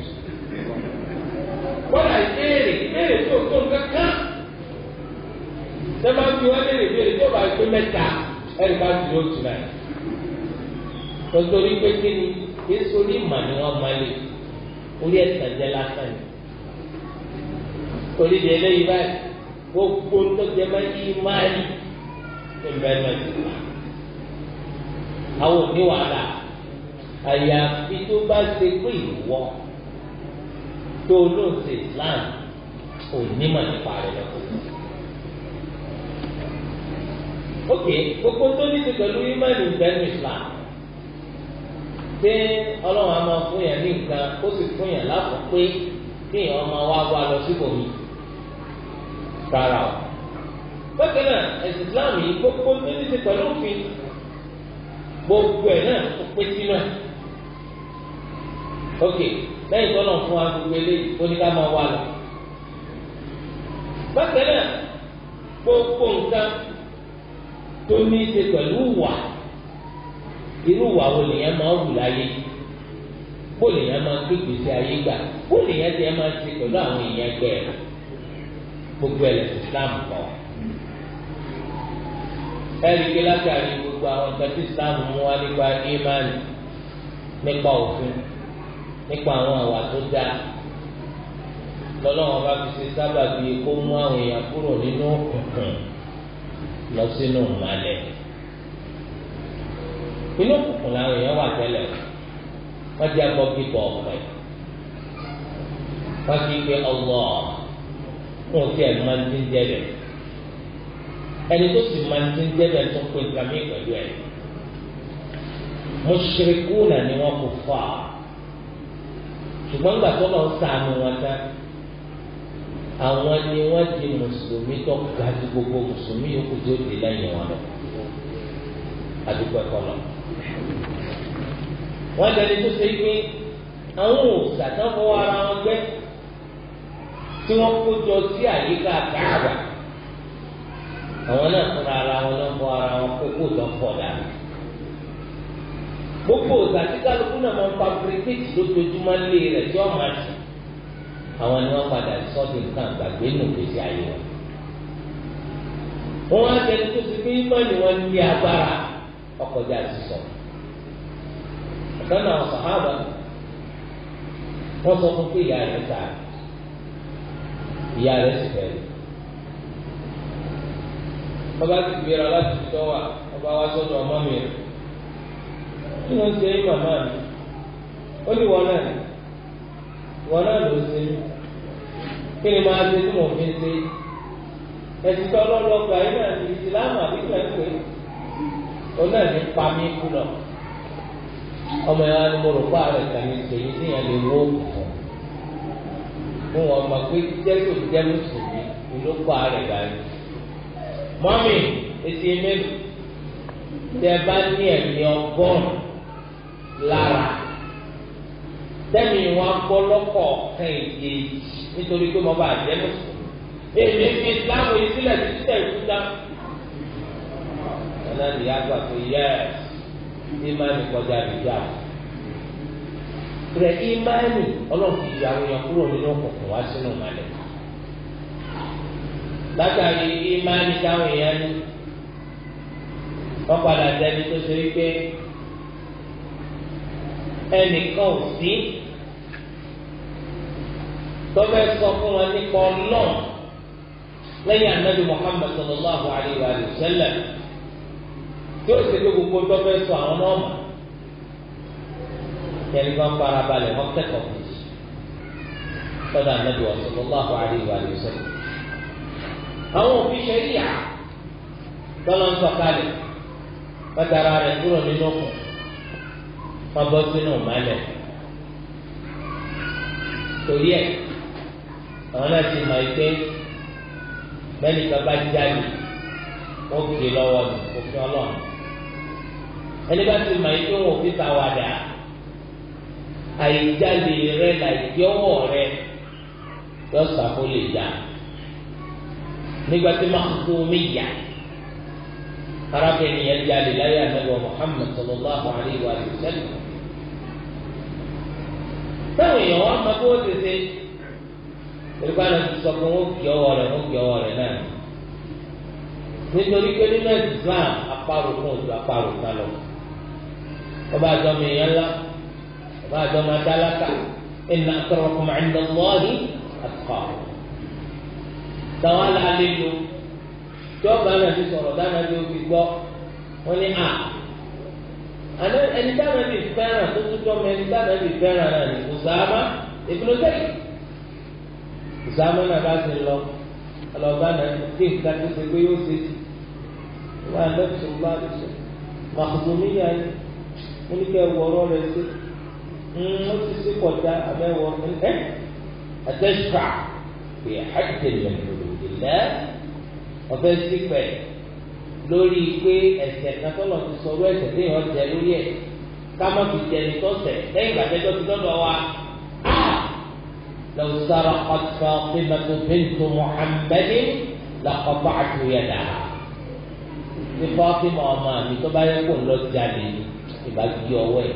kọ́lá ìbéèrè ìbéèrè tó tó kankan sẹ́fà tí wọ́n léèrè ìbéèrè tó bá gbé mẹ́ta ẹ̀rí bá ti lóòtù náà tọ́jú orí pé ni kí sórí ìmọ̀ ni wọ́n máa lè orí ẹ̀sán jẹ́ lásán ni torí di eléyìí báyìí gbogbo ń tọ́jú ẹ yí máàlì ìbẹ̀rẹ̀ ìgbà àwọn òní wàhálà àyàfi tó bá ṣe pé ìwọ tó lóòótọ́ Islam òní mà nípa rẹ̀ lọ́kùnrin ok gbogbo tó ní ti pẹ̀lú imáàlì ìbẹ̀rù islam pé ọlọ́run a máa fún yàn ní nǹkan ó sì fún yàn láàbọ̀ pé kéèyàn máa wá wá lọ síbòmí rárá o bákan náà ẹ̀sìn islam yìí gbogbo níbi ti pẹ̀lú òfin gbogbo ẹ̀ náà kò pé sínú ẹ̀ ok lẹ́yìn tó náà fún wa gbogbo eléyìí ó ní ká máa wà lọ bákan náà gbogbo nǹkan tó ní í ṣe wà irú wà wo lèyàn máa wù láyé bó lèyàn máa gbégbèsè ayé gbà bó lèyàn ti máa ṣe pẹ̀lú àwọn èèyàn gbẹ̀rẹ̀. gbogbo ẹlẹ islam kọ ẹrí pé látàrí gbogbo àwọn nǹkan tí islam mú wá nípa imani nípa òfin nípa àwọn àwà tó dáa lọ́lọ́wọ́n ọba fi ṣe sábà bí kó mú àwọn èèyàn kúrò nínú òkùnkùn lọ sínú ìmọ̀lẹ̀ inú òkùnkùn làwọn èèyàn wà kíkọ fún òkè ẹ̀ máa ń ti ń jẹ́bẹ̀ ẹni tó sì máa ń ti ń jẹ́bẹ̀ tó pé gàmí pẹ̀lú ẹ̀ mushrikuna ni wọ́n kò fà á ṣùgbọ́n gbà tó lọ sànù wọn tán àwọn ni wọ́n di mùsùlùmí tó ga ju gbogbo mùsùlùmí yòókù tó di lẹ́yìn wọn lọ àdúgbò ẹ̀kọ́ lọ. wọ́n jẹ́ni tó ṣe pé àwọn òòṣà tó ara wọn gbẹ́ tí wọ́n kó jọ sí àyíká káàbà àwọn náà fúnra ara wọn náà fọ ara wọn kókó tó pọ̀ dànù gbogbo ògbà tí kálukú náà máa ń fabricate lójoojúmọ́ lé rẹ̀ tí wọ́n máa jù àwọn ni wọ́n padà sọ́ọ̀tì nǹkan àgbàgbé nù gbèsè ayé wọn. wọ́n á tẹnu tó ti pé ìmọ̀ni wọn ní agbára ọkọjá ti sọ. ọ̀kan náà sọ̀hábà wọ́n sọ fún pé ìyá rẹ̀ sáà ìyá rẹ̀ sì fẹ́ rí. bàbá ti gbéra láti tọ́ wa ọba wa sọ́dọ̀ ọmọ mi rẹ̀ kí ló ń ṣe é màmá mi ó lè wọ náà wọ náà ló ṣe kí ni máa ṣe tí mo fi ṣe ẹ̀sìn tó lọ́lọ́gba yìí náà ti ìsìlámù àbí ìgbà ń pè é òun náà ní pa mí kú lọ ọmọ yẹn á ní mo rò pa rẹ̀ kàní ṣèyí sí ìyẹn lè wó òkùnkùn kó wọn mọ̀ pé jẹ́ tó jẹ́ mùsùlùmí olóko ààrẹ dání. mọ́mì etí mélòó tẹ bá ní ẹ̀mí ọgọ́rùn-ún lára tẹ́mi wọn gbọ́ lọ́kọ̀ kan èyí nítorí pé mo bá jẹ́ mùsùlùmí. èmi fi islam yìí sílẹ̀ títí tẹ̀ ìkúta. ọ̀nà ìyá gbà pé yẹ́ẹ̀ ìmánì kọjá ìjà. rẹ ìmáàní ọlọ́run fi yọ àwọn èèyàn kúrò nínú ọ̀pọ̀pọ̀ wá sínú ìmọ̀lẹ̀ látàrí ìmáàní táwọn èèyàn ní wọ́n padà dẹni tó ṣe wípé ẹnìkan ò sí tọ́fẹ́ sọ fún wọn nípa ọlọ́run lẹ́yìn muhammed tí ó ṣe gbogbo sọ àwọn náà yẹn ní wọn fara balẹ̀ wọn kẹ́kọ̀ọ́ sọ́dọ̀ anabi sallallahu alaihi wa sallam. àwọn òfin ṣẹlíà tọ́lọ́ ń sọ̀kalẹ̀ pátara rẹ̀ kúrò nínú òkun wọn bọ́ sínú ìmọ̀lẹ̀. torí ẹ̀ àwọn náà ti mọ̀ pé bẹ́ẹ̀ni bàbá jáde wọ́n kiri lọ́wọ́ ní òfin ọlọ́run. ẹni bá ti mọ̀ pé wọn ò àìjáde rẹ làìjọwọ rẹ lọ́sàkó lè jà nígbà tí mahkumi yà arábìnrin yẹn jáde láyé ànábọ̀ Muhammad sallallahu alayhi wa sallam táwọn èèyàn wọn máa bó tètè nígbà náà ti sọ pé wọn kì ọwọ́ rẹ wọn kì ọwọ́ rẹ náà nítorí pé nínú Islam apárò kan ò apárò kan lọ ọba àjọmọ èèyàn ńlá bàbá àjọmọ adálákà inna akramakum inda Allahi atqakum. táwọn aláàlẹ́ lò tí ọba náà ti sọ̀rọ̀ dáná bí ó fi gbọ́ wọ́n ní à àná ẹni dáná bí fẹ́ràn tó tún tọ́mọ ẹni dáná bí fẹ́ràn náà ní Usama ibn Zayd Usama náà bá ti lọ ọlọ́ba náà ti dé nǹkan tó ṣe pé yóò ṣe sí wọ́n á lọ́ọ̀tì sọ̀rọ̀ bá a lè sọ̀rọ̀ màkùtùmí Hmm, ó ti sí kọjá abẹ́wọ̀ ẹ̀ àtẹ́síkà pé àjẹlẹ̀ lòlùdílẹ̀ ọ̀fẹ́ sípẹ̀ lórí pé ẹ̀ṣẹ̀ kan tọ́lọ̀ ti sọ̀rọ̀ ẹ̀ṣẹ̀ tí yọ̀ jẹ lórí ẹ̀ kámọ́ fi jẹni tọ́sẹ̀ lẹ́yìn ìgbàdẹ́jọ́ ti dọ́dọ̀ wa. لو سرقت فاطمة بنت محمد لقطعت يدها ní fáfímọ̀ ọmọ mi tó bá yẹ kó ń lọ jáde ìbá gbé ọwọ́ ẹ̀.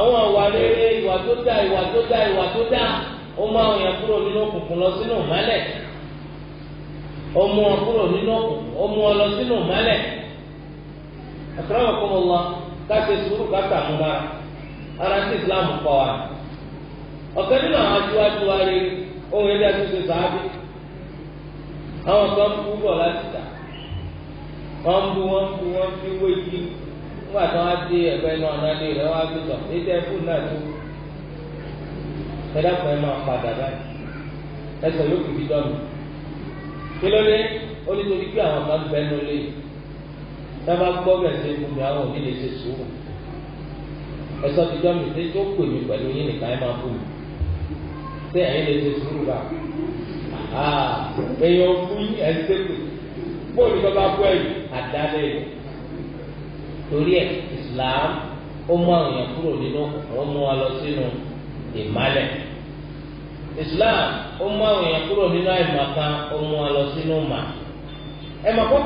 àwọn àwà rere ìwà tó dá ìwà tó dá ìwà tó dá ó mú àwọn èèyàn kúrò nínú òkùnkùn lọ sínú ìmọ́lẹ̀ ó mú wọn kúrò nínú òkùnkùn ó mú wọn lọ sínú ìmọ́lẹ̀ akramakumullah káṣe sùúrù káṣà mú ara sí islam kọ́ wa ọ̀kan nínú àwọn aṣíwájú wa rere ohun ẹ̀dá tó ṣe sàábì àwọn kan ń bú bọ̀ láti fi wé nígbà tí wọ́n á dé ẹ̀gbẹ́ inú ọ̀nà ilé rẹ̀ wọ́n á fi sọ ní tẹ́ fún náà tó ẹ̀dàpọ̀ ẹ̀ máa padà báyìí ẹsẹ̀ yóò fi bí dọ́nù kí ló dé ó ní torí pé àwọn kan bẹ́ẹ̀ ló lé sábà gbọ́ bẹ̀rẹ̀ sí fún mi àwọn òbí lè ṣe sùúrù ẹ̀sọ́ ti dọ́nù ṣé tó pè mí pẹ̀lú yín nìkan ẹ̀ máa fún mi ṣé ẹ̀yin lè ṣe sùúrù bá èèyàn fún ẹ̀ṣẹ́ pè torí ẹ̀ Islam ó mú àwọn èèyàn kúrò nínú òkùnkùn ó mú wọn lọ sínú Islam ó mú àwọn èèyàn kúrò nínú àìmọ̀kan ó mú wọn lọ sínú mà ẹ àwọn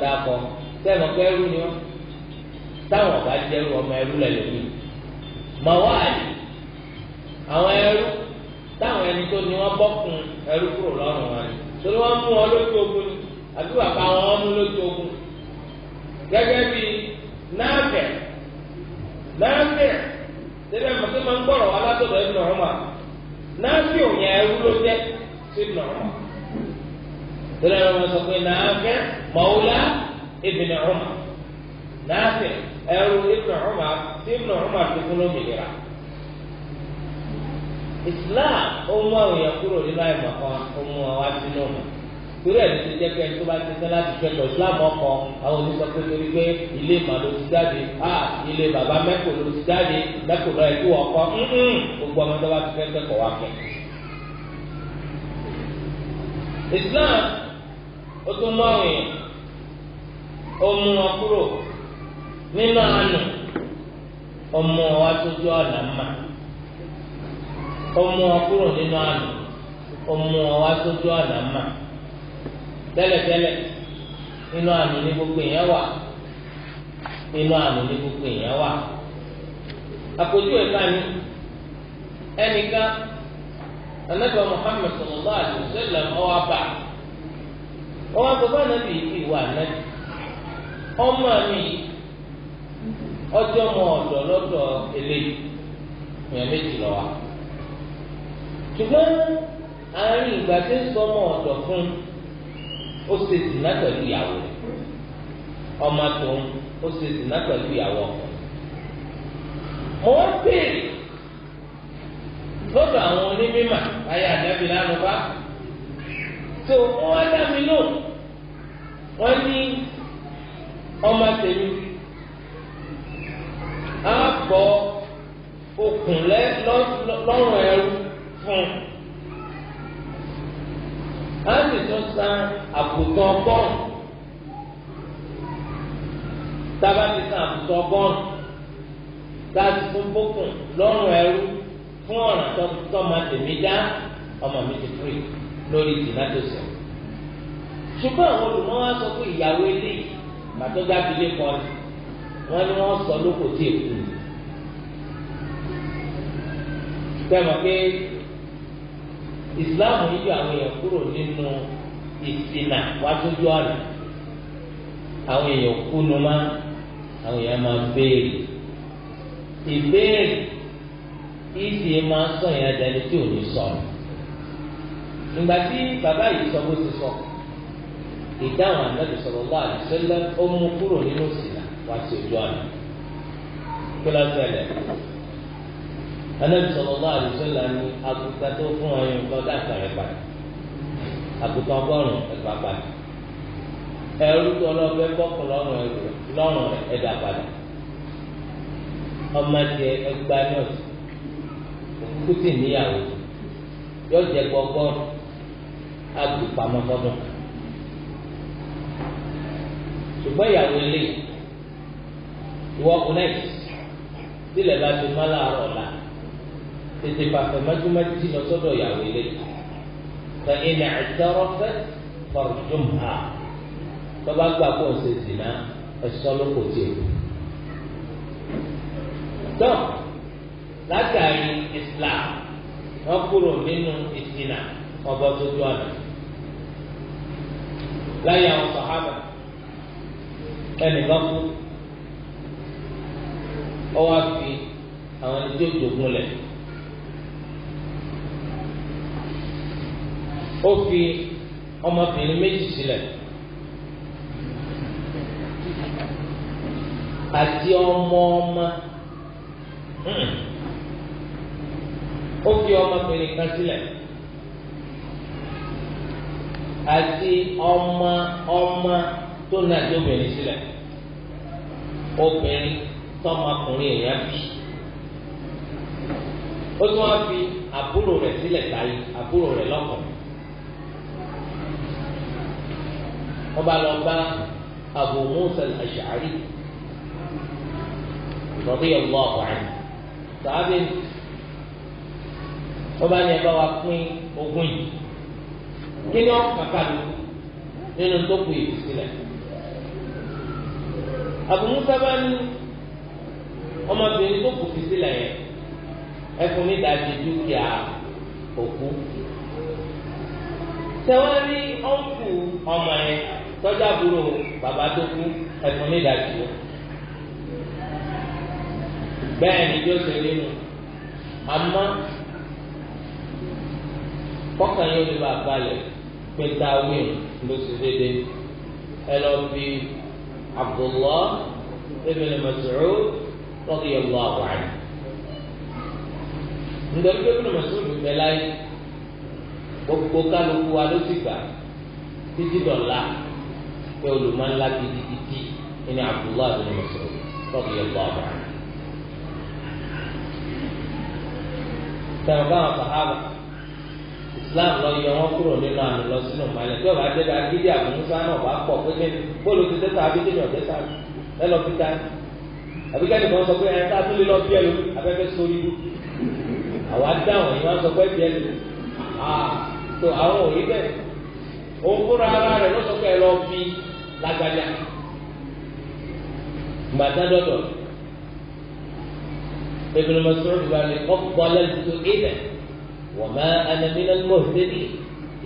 táwọn táwọn pé ẹrú ni wọ́n táwọn ọ̀gá jẹ́ ẹrú ọmọ ẹrú lẹ̀ lómi mọ̀wáàlì àwọn ẹrú táwọn ẹni tó ni ẹrú kúrò wọn torí mú wọn lójú ogun ni àbí lójú ogun gẹ́gẹ́ bí náàfẹ̀ náàfẹ̀ síbẹ̀ mọ̀tí máa ń gbọ́rọ̀ alátọ̀dọ̀ ẹ̀ nọ̀ọ́mà náàfẹ̀ òyìn ẹ̀rú ló jẹ́ sí nọ̀ọ́mà síbẹ̀ wọ́n sọ pé náàfẹ̀ mọ̀ọ́lá ibn Umar náàfẹ̀ ti fún Islam ó mú kúrò nínú torí ẹni tó jẹ́ pé ẹni tó bá ti sẹ́lá ti kẹ́kọ̀ọ́ ìsìlámù ọkọ̀ àwọn oníṣọ́ pé torí pé ilé ìmọ̀ ló ti jáde a ilé bàbá mẹ́kò ló ti jáde mẹ́kò lọ ẹ̀kú ọkọ̀ gbogbo ọmọ tó ti fẹ́ kẹ́kọ̀ọ́ wá kẹ́. Islam ó tún mú àwọn èèyàn ó mú wọn kúrò nínú àánú ọmọ wa tó jọ ọ̀nà mà ó mú wọn kúrò nínú àánú ọmọ wa tó jọ ọ̀nà mà. tẹ́lẹ̀tẹ́lẹ̀ inú àmì ní gbogbo èèyàn wà inú àmì ní gbogbo èèyàn wà àpòjú ẹ̀ka ni ẹnìkan anabi Muhammad sallallahu alaihi wasallam abà ọwọ àgbàgbà anabi yìí wà anabi ọmọ mi ọjọ́ mọ ọ̀dọ̀ lọ́dọ̀ eléyìí èèyàn méjì wa ṣùgbọ́n àárín ìgbà tí ń sọ ó ṣe zìnà pẹ̀lú ìyàwó rẹ̀ ọmọ tòun ó ṣe zìnà pẹ̀lú ìyàwó ọkùnrin. mo wá béèrè lọ́dọ̀ àwọn onímọ̀ ayé àdábì lánàá bá tó wọ́n á dá mi lò wọ́n ní ọmọ tèmi á bọ̀ okùn lọ́rùn ẹrú fún un. hánì tó san àbùtọ̀ ọgọ́rùn tába ti san àbùtọ̀ ọgọ́rùn táàtì fún bókun lọ́rùn ẹrú fún ọ̀ràn tọ́mọ tèmi dá ọmọ mi ti firi lórí ìdìbò ṣùgbọ́n àwọn olùmọ́wá sọ pé ìyàwó màtọ́jà kan ni wọ́n ní wọ́n sọ lóko tí Islam yìí yọ àwọn èèyàn kúrò nínú ìsìnà wájújú ọ̀nà àwọn èèyàn kúnu má àwọn èèyàn máa béèrè ìbéèrè ìdí máa sọ yẹn dání tí ò ní sọ̀rọ̀ ìgbà tí bàbá yìí sọ bó ti sọ ìdáhùn ànábì sọ̀rọ̀ wá àdìsẹ́lẹ̀ ó mú kúrò nínú ìsìnà wá sí kí ló ń ṣẹlẹ̀ anabi sallallahu alaihi wasallam ní àgùntàn tó fún ọ yẹn kọ dáàkà rẹ pa àgùntàn ọgọ́rùn ẹgbà padà ẹrú tó ọlọpẹ bọkùn lọ́rùn ẹrú lọ́rùn ẹdà padà ọmọ tiẹ ẹgbà náà òkú sì níyàwó yóò jẹ gbọgbọrùn àgùpamọ fọdún ṣùgbọ́n ìyàwó eléyìí ìwọ kùnẹ́ẹ̀tì sílẹ̀ bá ti má láàárọ̀ ọ̀la tètè pàfẹ́ májúmájú lọ sọ́dọ̀ ìyàwó ilé ta ẹni àìsàrọ́fẹ́ fọ̀rọ̀dùn ha tọ́ba gbà kó o ṣe zìnà ẹ̀sọ́ ló kò tiẹ̀ lò. tọ́ látàrí Islam wọ́n kúrò nínú ìsìnà ọba tó dùn àná láyé àwọn sàhábà ẹnìkan kú ọ wá àwọn ẹni tó jogun lẹ̀. ó fi ọmọbìnrin méjì sílẹ̀ àti ọmọ ọmọ hmm. ó fi ọmọbìnrin kan sílẹ̀ àti ọmọ ọmọ tó nàdí obìnrin sílẹ̀ obìnrin tọmọkùnrin èèyàn bí ó tún wá fi àbúrò rẹ̀ sílẹ̀ táyé àbúrò rẹ̀ lọ́kùnrin. wọ́n bá lọ bá Abu Musa al-Ash'ari radiyallahu anhu sàábì wọ́n bá ní ẹ bá wa pín ogún yìí kí ni wọ́n kàkà lù nínú tó kù yìí sílẹ̀ Abu Musa bá ní ọmọbìnrin tó kù fi sílẹ̀ yẹn ẹkùn ní ìdajì dúkìá òkú tẹwárí ọ̀nkù ọmọ yẹn tọ́jú àbúrò bàbá tó kú ẹ̀fọn ní ìdájí o. bẹ́ẹ̀ ni yóò ṣe nínú àmọ́ kọ́kàn yóò ní bàbá lẹ̀ pé dáwìn ló ṣe déédéé ẹ lọ fi Abdullah ibn Mas'ud radiyallahu anhu nítorí pé ibn Mas'ud bẹ láyé gbogbo kálukú wa ló ti gbà títí dọ̀la. pé olùmọ̀ńlá gidigidi ẹni Abdullahi bin Mas'ud tọ́bi ẹ̀kọ́ àbá. sọ̀rọ̀ báwọn sàhábà Islam lọ yọ wọn kúrò nínú àmì lọ sínú ìmọ̀lẹ̀ tí ọba àdébà gidi àbùmúsá náà bá pọ̀ pé kéde bóòlù ti tẹ́tà àbí kéde ọ̀tẹ́tà ẹ lọ fi ta kan sọ pé ẹ lọ bí ẹ abẹ́fẹ́ sórí ibú àwa sọ pé bí ẹ tó àwọn òye bẹ́ẹ̀ òun ara rẹ̀ ló sọ pé ẹ lọ lágbájá gbàdádọdọ Ibn Mas'ud ìbáni ọkpọlẹ tó ibẹ wọn máa anamínà mọ̀tẹ́lì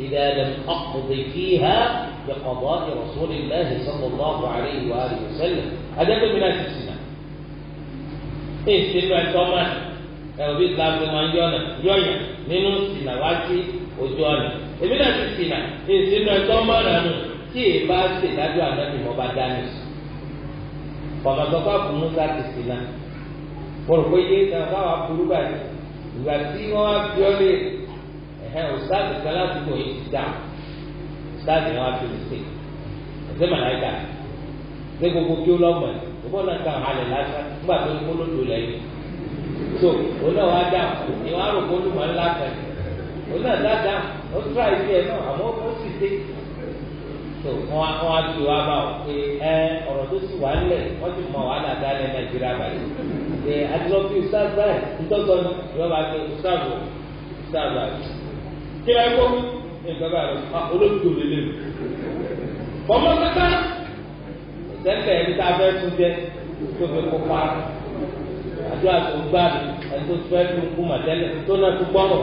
ìdá lẹ ọkùnrin kí ha lè kọ̀bọ̀ ìrọ̀sọ́lì lẹ́yìn sọ́kọ̀ lọ́kọ̀ àlẹ́ ìwà àlẹ́ sẹ́lẹ̀ adẹ́gbẹ́mìnà ti sìnà èyí ti lọ ẹ̀tọ́ máa ẹ̀rọ bí islam ti máa ń yọ̀nà yọ̀yà nínú sìnà wá sí ojú ọ̀nà ti sìnà èyí ti lọ tí èyí bá ṣèdájọ́ ànábì mọ́ bá dání pàmàtọ́fà fún musa ti sí náà mo rò pé yé náà báwa burú báyìí ìgbà tí wọ́n á fi ọ́ lé ẹ̀hẹ́n ọ̀sáàdì kan láti kò yín ti dá ọ̀sáàdì náà á fi lè ṣe ẹ̀sẹ̀ màláìka ṣé gbogbo kí ó lọ́gbọ̀n ìbọn náà kàn án lásán nígbà tó ń kó lójú lẹ́yìn so òun náà wá dà ní wàá rò kó lùmọ̀ ńlá kan òun náà dá dà ó tíra ìdí ẹ̀ náà àmọ́ ó sì dé tó wọn wọn á ti wá bá ọ pé ẹ ọ̀rọ̀ tó sì wà lẹ̀ wọ́n ti mọ wàhálà dálẹ̀ nàìjíríà báyìí ẹ adúlọ́pì ustaz báyìí ntọ́sọ ni ìjọba àti ustaz ustaz báyìí kí ẹ kó nǹkan báyìí ọ ah, olóòtú lélẹ̀ bọ́mọ kankan sẹ́ńtẹ̀ ẹni tá a fẹ́ tún jẹ tó fi kó pa àdúrà tó gbà ẹni tó fẹ́ tún kú màtẹ́lẹ̀ tó náà tún gbọ́rọ̀.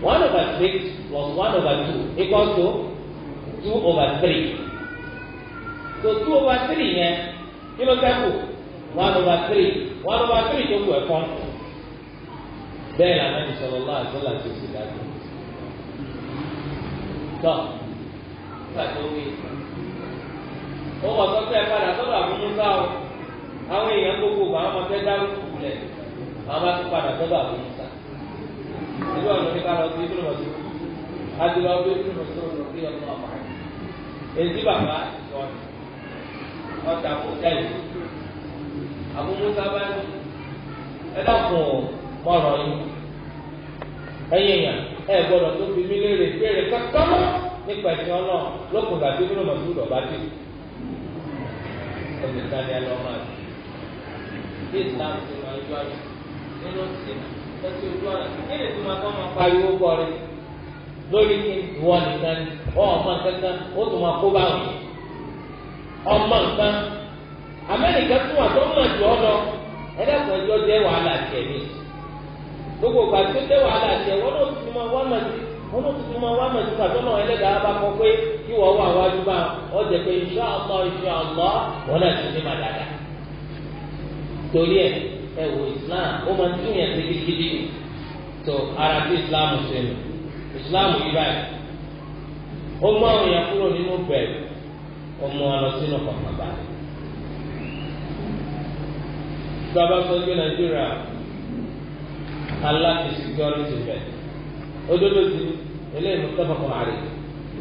1 over 6 plus 1 over 2 equals to 2 over 3. So 2 over 3 yẹn kí ló sẹ́kù 1 over 3 1 over 3 tó kù ẹ̀kọ́. Bẹ́ẹ̀ ni Ànábì sallallahu alaihi wasallam ti sì Tọ́ nígbà tó wí. Ó wọ̀ padà sọ́dọ̀ àbúmúsá o. Àwọn èèyàn gbogbo lẹ̀. Àwọn bá padà sọ́dọ̀ àbúmúsá. ìlú àwọn oníkà lọ sí ibùdó mọ̀tò àti lọ bí ibùdó mọ̀tò lọ sí ọmọ ọmọ rẹ̀ èyí bàbá ìwọ̀n ọ̀tà kò tẹ̀lé àbúmúsá bá ní ẹ dákun mọ̀rọ̀ yìí ẹ̀yìn èèyàn ẹ gbọ́dọ̀ tó fi mí léèrè léèrè kankan nípa ẹ̀sìn ọ̀nà lókun tàbí ibùdó mọ̀tò lọ́ba dé ọ̀sẹ̀ sani ẹ lọ́ọ́ máa ti máa ń yọ àjò nínú lọ sí ojú ọ̀nà kí lè tó máa kọ́ máa pariwo kọrin lórí kí ìwọ nìkan ni ọmọ kankan ó tún máa kó báwọn ọmọ nǹkan amẹ́ríkà tún wà tó mọ̀ jù ọ lọ ẹlẹ́kùn wàhálà gbogbo ìgbà tó wàhálà tún máa wá màtí tún máa wá màtí pàtó náà bá kọ pé kí wà wájú bá pé náà ti ní màdàdà torí ẹ̀wò islam ó máa tún yẹn ṣe gidigidi tó ara bí islam ṣe nù islam yìí báyìí ó mú àwọn èèyàn kúrò nínú bẹ̀rẹ̀ ó mú wọn lọ sínú kọ̀ọ̀kan báyìí. bàbá sọ pé nàìjíríà aláàbí security bẹ̀ ó dúró sí eléyìí mú sọ́kàn kan àrè.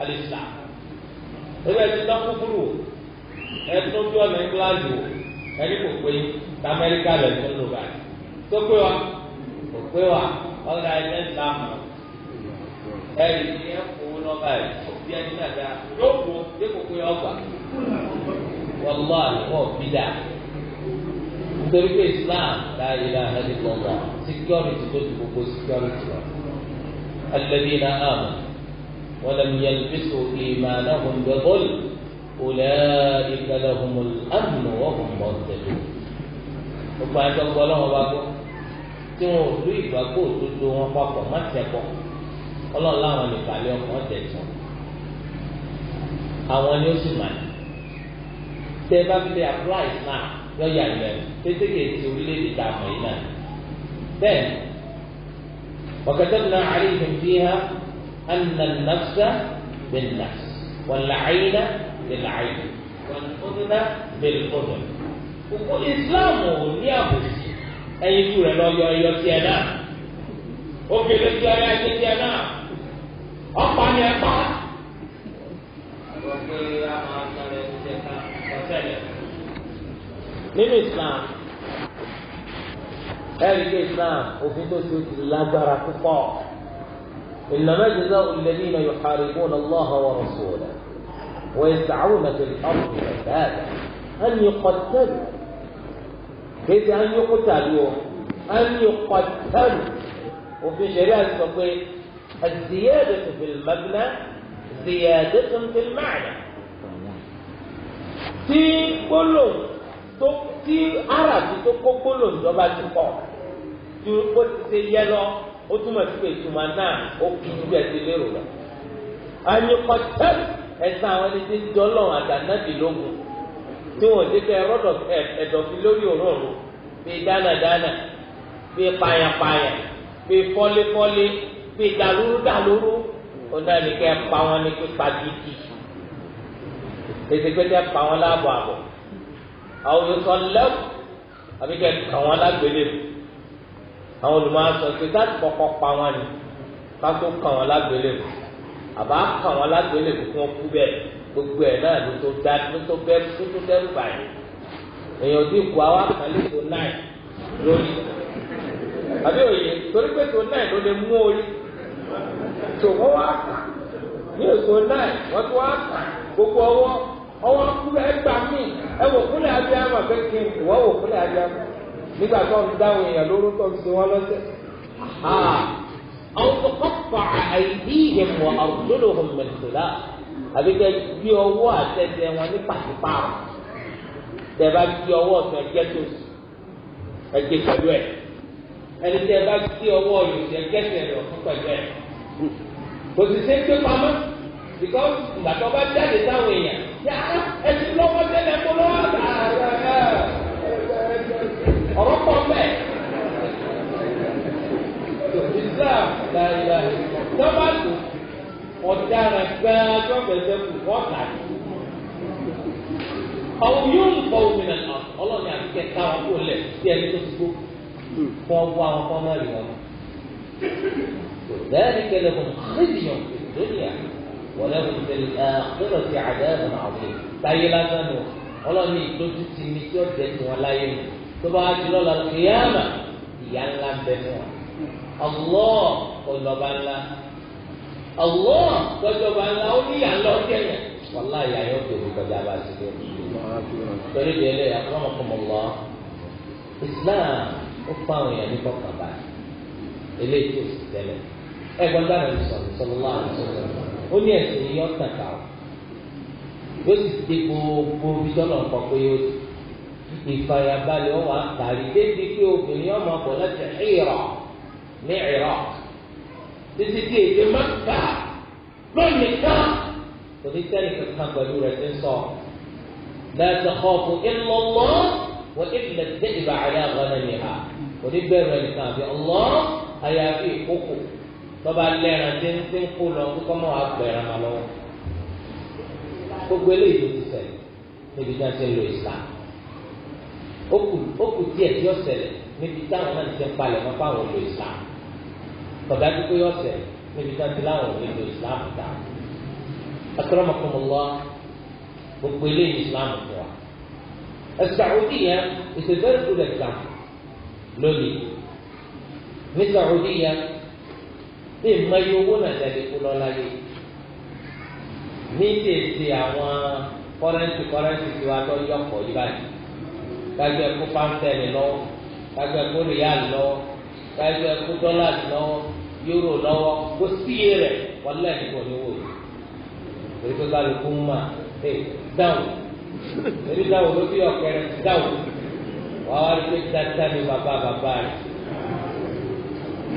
alìsàn ebe ẹni tán kúkúrú wa kò pé wa tó ti wa ولم يلبسوا إيمانهم بظلم أولئك لهم الأمن وهم مهتدون gbogbo àjọ gbọ́ lọ́wọ́ bá gbọ́ tí wọn ò lú ìgbàgbọ́ òdodo wọn papọ̀ má tẹ̀pọ̀ ọlọ́run láwọn lè balẹ̀ ọkàn tẹ̀sán àwọn ni ó sì mà ní. tẹ bá fi lè apply náà lọ́ọ̀yà ilẹ̀ tètè kèétí orílẹ̀-èdè dààmú yìí náà. bẹ́ẹ̀ ọ̀kẹ́tẹ́ bí náà àríyìn fi hàn. أن النفس بالنفس والعين بالعين والأذن بالأذن وكو إسلام وليابس أي سورة لا يا يا سيانا أوكي لا يا يا سيانا أبان يا با Nínú ìsìlám, ẹ̀rí ilé ìsìlám, òfin tó ṣe ti إنما جزاء الذين يحاربون الله ورسوله ويسعون في الأرض فسادا أن يقتلوا كيف أن يقتلوا أن يقتلوا وفي شريعة تقول الزيادة في المبنى زيادة في المعنى tí gbólóhùn tó tí arabi tó kó gbólóhùn jọba تي كلهم تي عربي تقول كلهم ko gbolohun joba ti o ó túmọ̀ sí pé ìtumọ̀ o ó kí ju ẹsẹ̀ lérò lọ. àyùkọ̀tẹ́ ẹ̀sán àwọn ẹni tí ń jọ lọ́wọ́ àtànábì lógun tí wọ́n ti fẹ́ rọ́dọ̀ ẹ̀dọ̀fi lórí òróòrò bí dánadáná bí payapaya bí fọ́lífọ́lí bí dàlúrú dàlúrú ó náà ní kẹ́ pa wọn ní pípa gidi ètèkẹ́tẹ́ pa wọn láàbọ̀ àbọ̀ àwọn olùsọ̀lẹ́wò àbíkẹ́ kàn wọn lágbélébùú àwọn olùmọ̀ọ́sọ pé káàtì kọ́kọ́ pa wọn ni kátó kàn wọn lágbélébù àbá kàn wọn lágbélébù fún ọkú bẹ́ẹ̀ gbogbo ẹ̀ náà ló tó dá ló tó bẹ́ẹ̀ tó tó dẹ́rù báyìí èèyàn ti kú àwa kan lẹ́kọ̀ọ́ náà lórí àbí òye torí pé tó náà ló lè mú orí tó wọ́n wá kà ní èso náà wọ́n tó wá kà gbogbo ọwọ́ ọwọ́ kúlẹ̀ ẹgbàá míì ẹ wò kúlẹ̀ abiyamọ fẹ́ kí n wọ́n wò kúlẹ̀ abiyamọ nígbà tó ń dáhùn èèyàn lóró tó ń ṣe wọn lọ́sẹ̀. àwọn kọ́kọ́ àìdí ìhẹ̀mọ̀ àwùjọ́lò ọ̀mọ̀lẹ́sọ̀lá àbíkẹ́ bí ọwọ́ àtẹ̀tẹ̀ wọn ní pàṣípààrọ̀ tẹ̀ bá bí ọwọ́ ọ̀sán ẹgbẹ́ tó ẹgbẹ́ pẹ̀lú ẹ̀ ẹni tẹ́ bá gbé ọwọ́ òyìnbó ẹgẹ́sẹ̀ rẹ̀ ọ̀tún pẹ̀lú ẹ̀. kò sì ṣe é gbé pamọ́ ìgbà tó bá jáde táwọn èèyàn ọ̀rọ̀ pọ̀ mẹ́. Islam láìláì tọ́mátò ọ̀daràn gbẹ́ẹ́ tó fẹsẹ̀ kù ọ̀tà yìí. Àwọn yóò ń bọ̀ omi nàná ọlọ́ọ̀ni àti kẹta wọn kò lẹ̀ sí ẹni tó ti gbó. Kọ́ wá wọn kọ́ mọ́ rí wọn. Bẹ́ẹ̀ni kẹlẹ́ kò xídìyàn lónìí wọlé kò tẹ̀lé ẹ̀ kúrò àdáyé nàá ọ̀gbìn. Táyé lásán ni ọlọ́ọ̀ni ìdójú ti tí ó jẹ́ tiwọn láyé nù tó bá wá di lọ́la kìyàmà ìyá ńlá ń bẹ fún wa Allah ọlọ́ba ńlá Allah tọ́jọba ńlá ó ní ìyá ńlá ọjọ́ yẹn wàlá ìyá yóò tó o kọjá bá ti dé torí di ẹlẹ́yà akọ́nàkọ́mọlọ́ Islam ó fún àwọn èèyàn ní kọ́kàn báyìí eléyìí tó sì tẹ́lẹ̀ ẹ gbọ́dọ̀ àwọn ìsọ̀rọ̀ sọ̀rọ̀ láàrin sọ̀rọ̀ ó ní ẹ̀sìn yọ̀ọ́ tàkà ó sì ti gbogbo bí tọ́lọ̀ ń pé ó ti ìfàyàbalẹ̀ ọ̀wà àtàrí débi pé obìnrin ọmọ ọkọ̀ láti ìrọ̀ ní ìrọ̀ títí tí èdè mọ́ta lónìkan kò ní sẹ́ni kankan pẹ̀lú rẹ̀ ti ń sọ. lẹ́sẹ̀ kọ́ọ̀kù ìlọ́lọ́ wọ́n ti lè dé ìbà àyà ọ̀gọ́dọ̀ ní ha kò ní bẹ̀rù ẹnìkan àbí ọlọ́ àyàfi ìkókò tọ́ba lẹ́ran tí ń tí ń kó lọ kó kọ́mọ́ wa gbẹ̀rẹ̀ gbogbo eléyìí ló ti ṣẹlẹ̀ níbi tí wọ́n ti ń lo ìsìlámù ó kù díẹ̀ tí ó ṣẹlẹ̀ níbi táwọn náà ti ń palẹ̀ mọ́ fáwọn islam kọ̀dá tó yọ ṣẹlẹ̀ níbi táwọn ti láwọn olè lo islam dá. akọ́rọ́mọkọ́mọlá gbogbo eléyìí islam fún wa. Saudiya is a very good example lónìí ní Saudiya ní ìmọ̀ye owó náà jáde kó lọ́la yìí ní tètè àwọn kọ́rẹ́ǹtì kọ́rẹ́ǹtì tí wàá tọ́jú ọ̀pọ̀ yìí báyìí kájọ ẹkú pàǹtẹ́lì lọ́wọ́ kájọ ẹkú rìal lọ́wọ́ kájọ ẹkú dọ́là lọ́wọ́ yúrò lọ́wọ́ kó síye rẹ̀ wọlé ẹ̀dínkù ní wò èyí tó ká ló kú mọ́ ẹ dáhùn èyí dáhùn ló bí ọ̀kẹ́rẹ́ dáhùn wàá wá lé dáadáa ní bàbá bàbá rẹ̀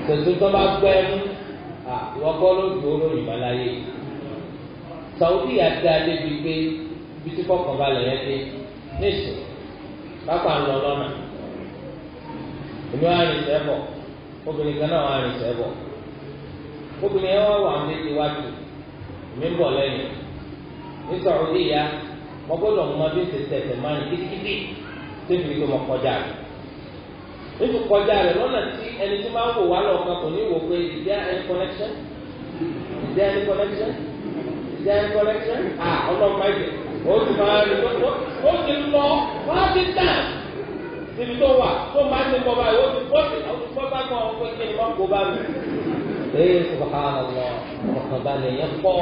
tòtò tó bá gbẹ́ ìwọ́kọ́ ló dùn ó lórí ìmọ̀láyé Saudi àti adébíyí pé bí tí kọ̀ọ̀kan balẹ̀ yẹn dé nísìnyí. pápá ń lọ lọ́nà èmi obìnrin kan náà wá rìn obìnrin yẹn wá wà ní iwájú èmi ń bọ̀ lẹ́yìn ya mo gbọ́dọ̀ mọ bí ṣe máa ní kíkíkí tó mọ kọjá kọjá lọ́nà tí ẹni tí máa ń wò wá kò ní wò pé is there any connection is ó sì máa rí ó ti lọ wọ́n á ti tàn níbi tó wà tó máa ti bọ̀ báyìí ó ti bọ́ sí àwọn bọ́bá kan ó ti ní wọ́n kó bá mi. ee subahánàlá ọ̀kànbalẹ̀ yẹn pọ̀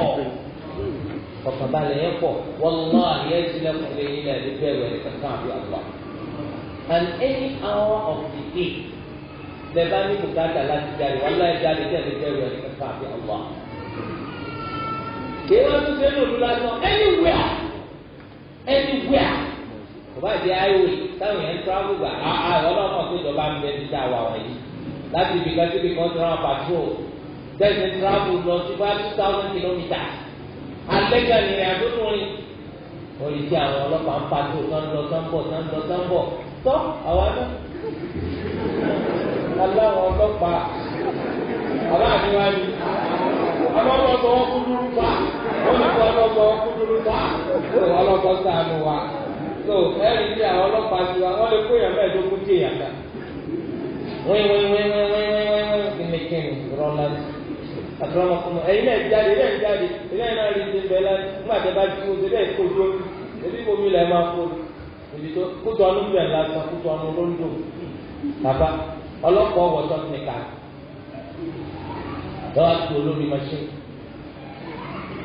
ọ̀kànbalẹ̀ yẹn pọ̀ wọ́lá yẹn tilẹ̀ kún lé nílẹ̀ ní bẹ̀rẹ̀ kankan àbí àgbà. and any hour of the day lẹ́bàá ní bùkátà láti jáde wọ́lá ẹ̀ jáde tẹ̀lé bẹ̀rẹ̀ kankan àbí àgbà. kéwàá tún sẹ́nu òdúlá sọ anywhere. anywhere kò bá di highway táwọn yẹn travel gbà á ọlọ́mọ pé ìjọba ń bẹ níta wà láti ibi kan síbi kan tó rán patrol tẹ̀sí travel lọ sí bá two thousand kilometres ni tó rìn wọ́n lè jẹ́ àwọn ọlọ́pàá ń patrol tán lọ tán bọ̀ tán lọ tán bọ̀ tọ́ ọlọ́mọ kúndùrú bá ọlọ́mọ sànù wa so ẹ̀rìn tí àwọn ọlọ́pàá ti wa wọ́n lè kó yàn mẹ́ẹ̀ẹ́dógún tí a bá ti ebi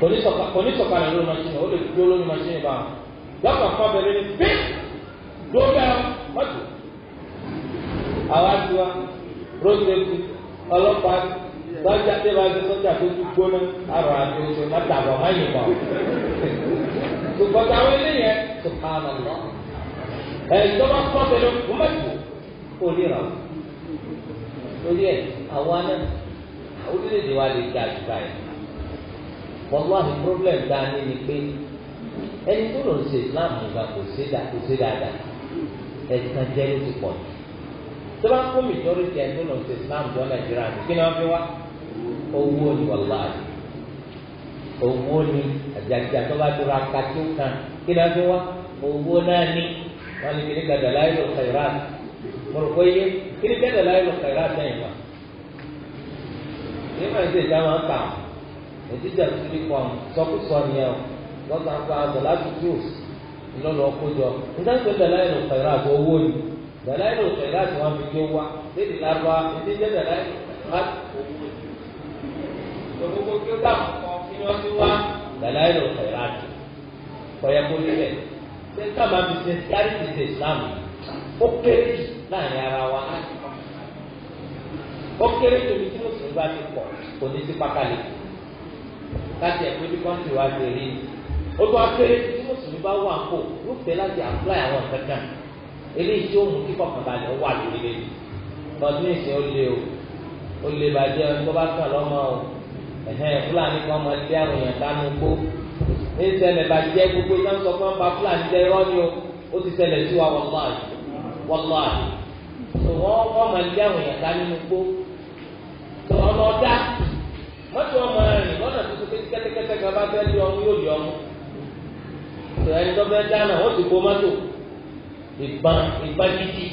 onísọ̀kalẹ̀ lórí machine ó lè dúró lórí machine bá lọ́kàn fún abẹ́rẹ́ ní bí dókè mọ́tò àwa ti wa rọ́ọ̀dẹ́kù ọlọ́pàá sọ́jà tí wàá di sọ́jà tó ti gbóná àrùn àti oṣù látàbọ̀ má yìí bọ̀ ṣùgbọ́n táwọn eléyẹn tó pa á lọ. ẹ̀ẹ́dọ́gba fún abẹ́rẹ́ mọ́tò kò ní ra o. torí ẹ̀ àwa náà orílẹ̀-èdè wa lè ga àjùbá yìí wàláhi problem tá ni pé ẹni tó lòún ṣe islam nígbà kò ṣe dà kò ṣe dáadáa ẹ̀sán jẹ́ ló ti pọ̀ jù tó bá kó majority ẹni tó lòún ṣe islam jọ nàìjíríà ní kí ni wọ́n fi wá owó ni wàláhi owó ni àjàjà tó bá tó ra kàtó kan kí ni wọ́n fi wá owó náà ni wọ́n ní kí ni láyé lọ kàìrà mo rò pé yé kí ni gàdà láyé lọ kàìrà sẹ́yìn wa. Ní ìmọ̀ ìṣèjọba ń kà á òtítà tìrì kan sọkúsọ nìyẹn o lọ́sàn-án fún azọ láti jùs ìlọ́nà ọkọjọ nígbàgbé dàláìlù kẹrẹ àti owó ni dàláìlù kẹrẹ àti wọn fi gbé wá lédè lába ètè jẹ dàláìlù láti owó ni. gbogbo kí ó dàpọ̀ kan kí wọ́n ti wá dàláìlù kẹrẹ àti kọ̀yẹ́ kó níbẹ̀ ṣé ṣe sáré ti ṣe Islam ó kéré jù láàrin ara wa láti kọ́ ó kéré jù ní ti láti ẹ̀kọ́ bí kọ́ńtì wa ti rí ó tó akéré tí mùsùlùmí bá wà kó yóò fẹ́ láti apply àwọn kankan eléyìí tí ó mú kíkọ́ kàbalẹ̀ wà lórí rẹ̀ ọdún ìsìn ó lé o ó lé bàjẹ́ tó bá kàn lọ́mọ o fúlàní kan máa lé àwọn èèyàn dánú kó ní ṣẹlẹ̀ bàjẹ́ gbogbo iná sọ fún ọba fúlàní jẹ́ irọ́ ni o ó ti ṣẹlẹ̀ sí wa wọ́n lọ́ọ̀ wọ́n lọ́ọ̀ wọ́n wọ́n máa lé àwọn dánú kó ọlọ́dá mọ́tò ọmọ rẹ̀ kan bá fẹ́ lé ọmú yóò lé ọmú ẹni tó fẹ́ dáná ó ti kó mọ́tò ìbọn ìbọn gidi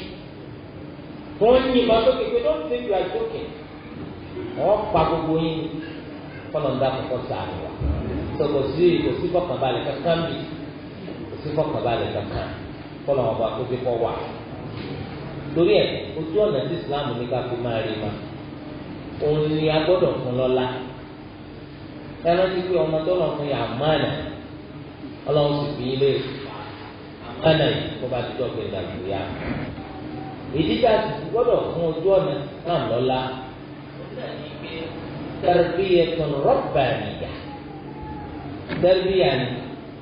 wọ́n ń yìnbọn pé don't think you are joking wọ́n pa gbogbo yín kọ́nà ń dá kọ́kọ́ sàánù wa sọ̀rọ̀ sí kò sí fọkànbalẹ̀ kankan bì kò sí fọkànbalẹ̀ kankan kọ́nà ọba tó fi kọ́ wà torí ẹ̀ ojú ọ̀nà tí Islam ní ká fi máa rí ma òun ni a gbọ́dọ̀ fún lọ́la ẹran ti pé ọmọ tó lọ fún yà mánà ọlọ́run sì fi ilé mánà yìí kó bá ti dọ́gba ìdàgbò yá ìdíjà gbọ́dọ̀ fún ojú ọ̀nà náà lọ́la tẹ̀rẹ̀bíyẹ tó ń rọ́bà nìyà tẹ̀rẹ̀bíyà ni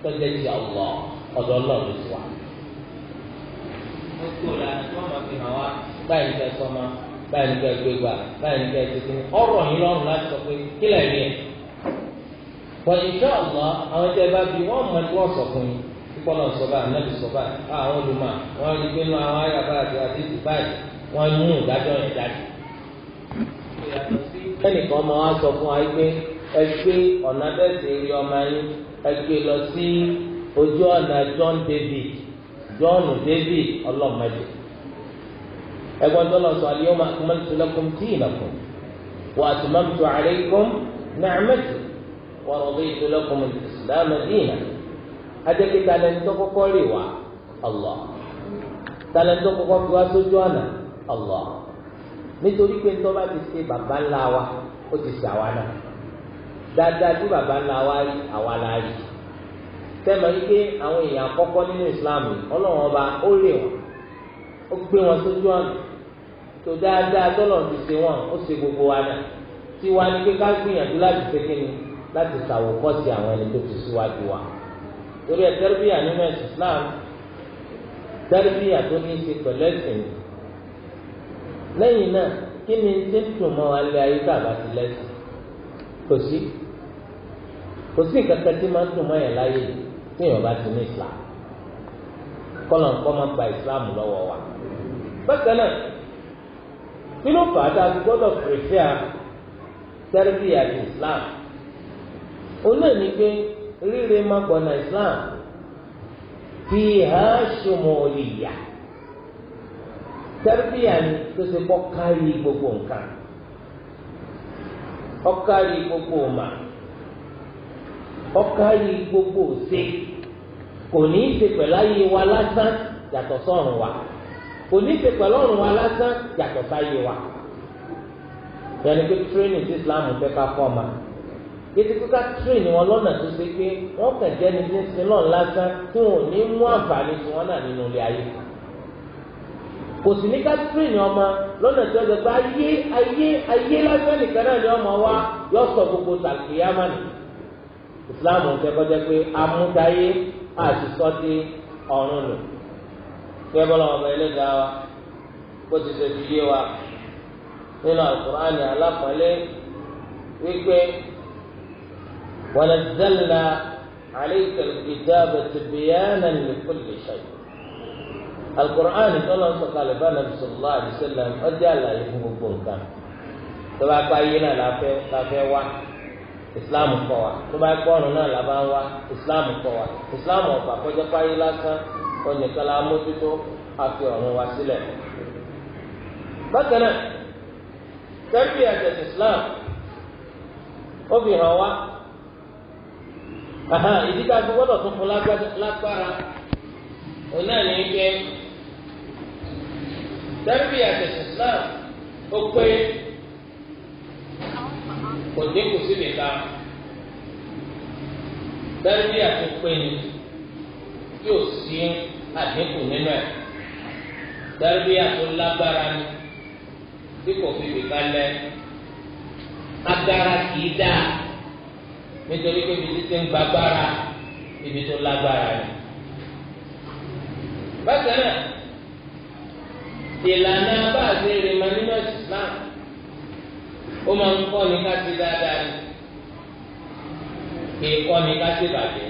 tọ́jà ti ọ̀lọ́ ọ̀dọ̀ ọlọ́run ti wà. wá báyìí fẹ́ sọ́mọ báyìí fẹ́ gbégbá báyìí fẹ́ tuntun ọ̀rọ̀ yìí lọ́rùn láti sọ pé kílẹ̀ rí wọ́n insha Allah àwọn ẹgbẹ́ bá bí wọ́n mọ̀ tí wọ́n fún yín kíkọ́ náà sọ báyìí náà sọ báyìí ah, àwọn olùmọ̀ wọ́n rí pé àwọn ayàbá àti àdéhùn báyìí wọ́n mú ìdájọ́ yẹn jáde. ẹnìkan máa wá sọ fún wa pé ẹ gbé ọ̀nà bẹ́ẹ̀ rí ọmọ yín ẹ gbé lọ John David John David ọlọ́mọdé ẹgbọn tó lọ sọ al-yawma akmaltu lakum dinakum wa ورضيت لكم الإسلام دينا أجل تالنتوكو كوريوا الله تالنتوكو كوريوا سجوانا الله nítorí pé ntọ́ bá ti ṣe bàbá ńlá wa ó ti ṣe àwa náà dáadáa tí bàbá ńlá wa rí àwa la rí tẹ́lẹ̀ wípé àwọn èèyàn àkọ́kọ́ nínú Islam ọlọ́run ọba ó rè wọ́n ó gbé wọn sójú ọ̀nà tó dáadáa tọ́lọ̀ ti ṣe wọ́n ó ṣe gbogbo wa náà tí wàá ní pé ká gbìyànjú láti ṣe kí ni láti ṣàwòkọ́sí àwọn ẹni tó ti síwájú wa torí ẹ tẹ́rìbíyà nínú ẹ̀sìn Islam tẹ́rìbíyà tó ní í ṣe pẹ̀lú ẹ̀sìn lẹ́yìn náà kí ni tí ń tún mọ́ alẹ́ ayé tàbá ti lẹ́sìn kò sí kò sí nǹkan kan tí máa ń tún mọ́ yẹn láyé tí èèyàn bá ti ní Islam kọ́lọ̀ nǹkan máa gba Islam lọ́wọ́ wa bákan náà kí ló fà á tá a gbọ́dọ̀ pèsè à tẹ́rìbíyà ti Islam. òun náà ní pé ríre na islam fi ha ṣòmọ̀lìyà tẹ́rẹ́bíyà ni tó ṣe kọ́ kárí gbogbo nǹkan ọ̀kárí gbogbo igbogbo ọ̀kárí gbogbo ọ̀sẹ̀ kò ní í ṣe pẹ̀lú ayé wa lásán yàtọ̀ sọ́run wa kò ní í ṣe pẹ̀lú ọ̀run wa lásán yàtọ̀ sáyé wa islam fẹ́ ká yéésì kíkà ni wọn lọ́nà tó ṣe pé wọ́n kàn jẹ́ ní sínsìn náà lásán tí wọn ò ní mú àǹfààní tí wọ́n náà nínú ilé ayé kò sì ní ni ọmọ ṣe pé ayé ayé ayé lásán nìkan náà ni ọmọ wa yọ sọ gbogbo Islam ń tẹ́ kọjá pé amúdáyé àti sọ́tí nù fẹ́ ونزلنا عليك الكتاب تبيانا لكل شيء القرآن tọ́lọ́ ń sọ̀kalẹ̀ bá nàbì sallallahu alaihi wasallam ọjọ́ àlàyé fún gbogbo nǹkan tó bá pa ayé náà láfẹ́ láfẹ́ wá islam kọ́ wa tó bá kọ́ ọ̀run náà lábá ń wá islam kọ́ wa islam ọ̀fà kọjá páyé lásán ọ̀nìkan la mójútó àfi ọ̀run wa sílẹ̀. bákan náà tẹ́lifí àti islam ó fi hàn wá ìdí tá a fi gbọ́dọ̀ tún fún lágbára òun náà ní pé tẹ́lifí àtẹ̀sí Islam ó pé kò dínkù síbi ká tẹ́lifí àti pé yóò sí àdínkù nínú ẹ̀ lágbára ni tí kò fi bìkan lẹ agbára nítorí pé ibi títí ń gbàgbára ibi tó lágbára rẹ̀. bákan náà ìlànà bá a ṣe nínú Islam ó máa ń kọ́ ní ká ti dáadáa ni kì í kọ́ ní ká ti bàjẹ́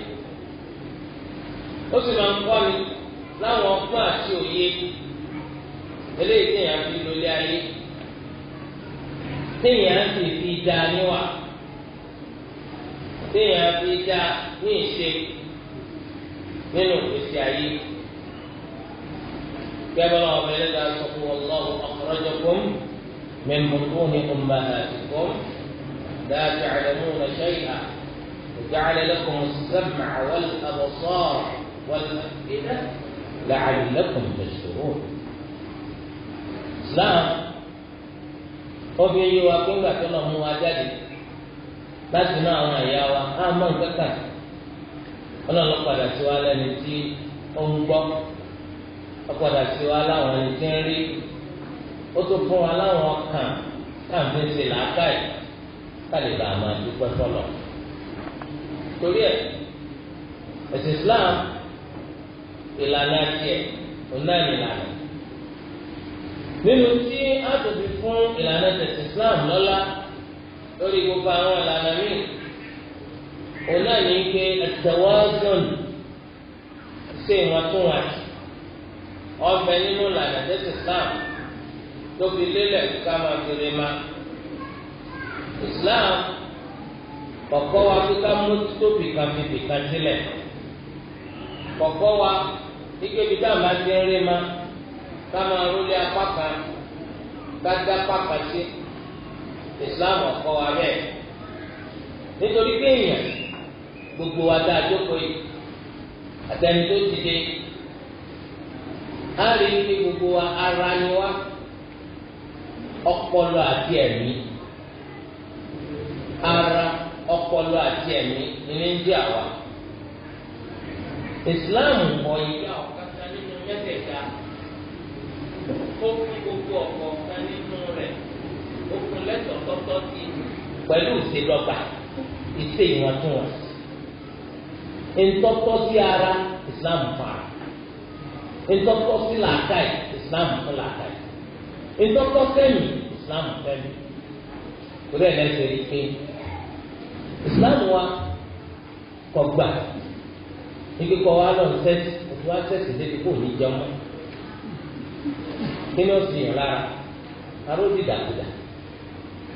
ó sì máa ń kọ́ ní láwọn ọgbọ́n àti òye eléyìí tí fi lólé ayé tí sì fi dáa níwà. téèyàn fi dá ní ìṣe nínú ìgbésí ayé gbẹ́bẹ́ náà ọ̀bẹ lẹ́dàá sọ fún wọn lọ́wọ́ ọ̀kọ́rọ́jọ fún mi mọ̀tò ní ọmọ àtìkọ́ dáàbì àlẹ́mú na ṣẹ́yà ìjáàlẹ́ lẹ́kùn sẹ́mà wọ́n àbọ̀sọ́ wọ́n lọ ìdá làálẹ́ lẹ́kùn bẹ̀ṣọ̀rọ̀. Islam ó fi yí wa pé ńgbà tó lọ mú wa jáde. láti inú àwọn àyà wa á mọ nǹkan kà sí ọlọ́run padà sí wa lẹ́ni tí ó ń gbọ́ ó padà sí wa láwọn ẹni tí ń rí ó tó fún wa láwọn ọkàn káàmì ṣe làákàyè káàlì bá a máa dúpẹ́ fọlọ́ torí ẹ ẹ̀sìn Islam ìlànà tiẹ̀ òun náà nìlànà nínú tí a tòbi fún ìlànà ẹ̀sìn Islam lọ́la lórí gbogbo àwọn ìlànà míì òun náà ní pé ẹ̀tẹ̀wọ́sọ̀n ṣe ìwọ̀ntúnwọ̀nsì ọbẹ̀ nínú ìlànà tẹ́sí Islam tó fi lélẹ̀ ká máa kéré ma Islam kọ̀kọ́ wa kí ká mójútó bìkan fi bìkan sílẹ̀ kọ̀kọ́ wa ike bi tá máa ti ń rí ma ká máa rólé apá kan ká dá apá kan sí. Islam ọ̀kọ́ wa bẹ́ẹ̀ nítorí pé èèyàn gbogbo wa dáa jókòó yìí àtẹni tó dìde á rí i pé gbogbo wa ara ni wa ọpọlọ àti ẹ̀mí ara ọpọlọ àti ẹ̀mí ní ndí àwa Islam ọ̀yìn yà ọ̀kadà nínú mẹ́tẹ̀ẹ̀ta ó fi gbogbo ọ̀pọ̀ òkun lẹ́tọ̀ tọ́tọ́ sí pẹ̀lú ìṣèdọ́gba ìṣe ìwọ̀ntúnwọ̀nsì ntọ́tọ́ sí ara Islam fara ntọ́tọ́ sí làákàyè Islam fún làákàyè ntọ́tọ́ sẹ́mi Islam fẹ́mi torí ẹ̀ lẹ́sẹ̀ rí pé Islam wa kọ̀ gbà níbi kọ́ wa lọ́n sẹ́sì òtún wa sẹ́sì débi kò ní jẹun kí ni ó sì yàn lára aró dìdàkudà.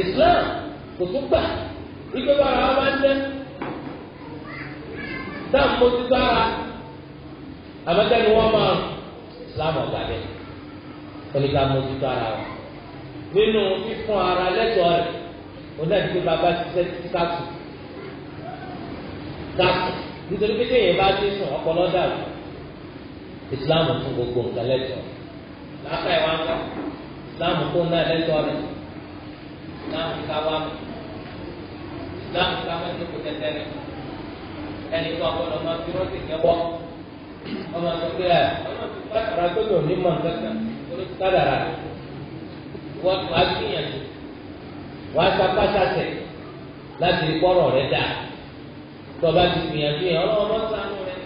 Islam kò tún gbà wípé wa máa ń dẹ́ mo ti wọ́n máa Islam ọ̀gá dẹ́ mo ti wa nínú fífún ara lẹ́tọ̀ọ́ rẹ̀ bàbá ṣiṣẹ́ títí káàtó káàtó nítorí pé téèyàn bá sùn ọpọlọ Islam fún gbogbo nǹkan lẹ́tọ̀ọ́ kọ́ Islam fún náà lẹ́tọ̀ọ́ rẹ̀. láàmú káwá mi láàmú káwá mi kò tẹ́tẹ́ rẹ̀ ẹni tó àgbọ̀dọ̀ máa fi rọ́ọ̀tì kẹwọ́ ọmọ tó gbé ẹ̀ ọ̀rọ̀ tó lò ní mọ̀ kankan ló ti kádàrà rẹ̀ wọ́n wá gbìyànjú wá sapásásẹ̀ láti rí kọ́rọ̀ rẹ̀ dà tọ́ba ti gbìyànjú yẹn ọlọ́wọ́ bá sànù rẹ̀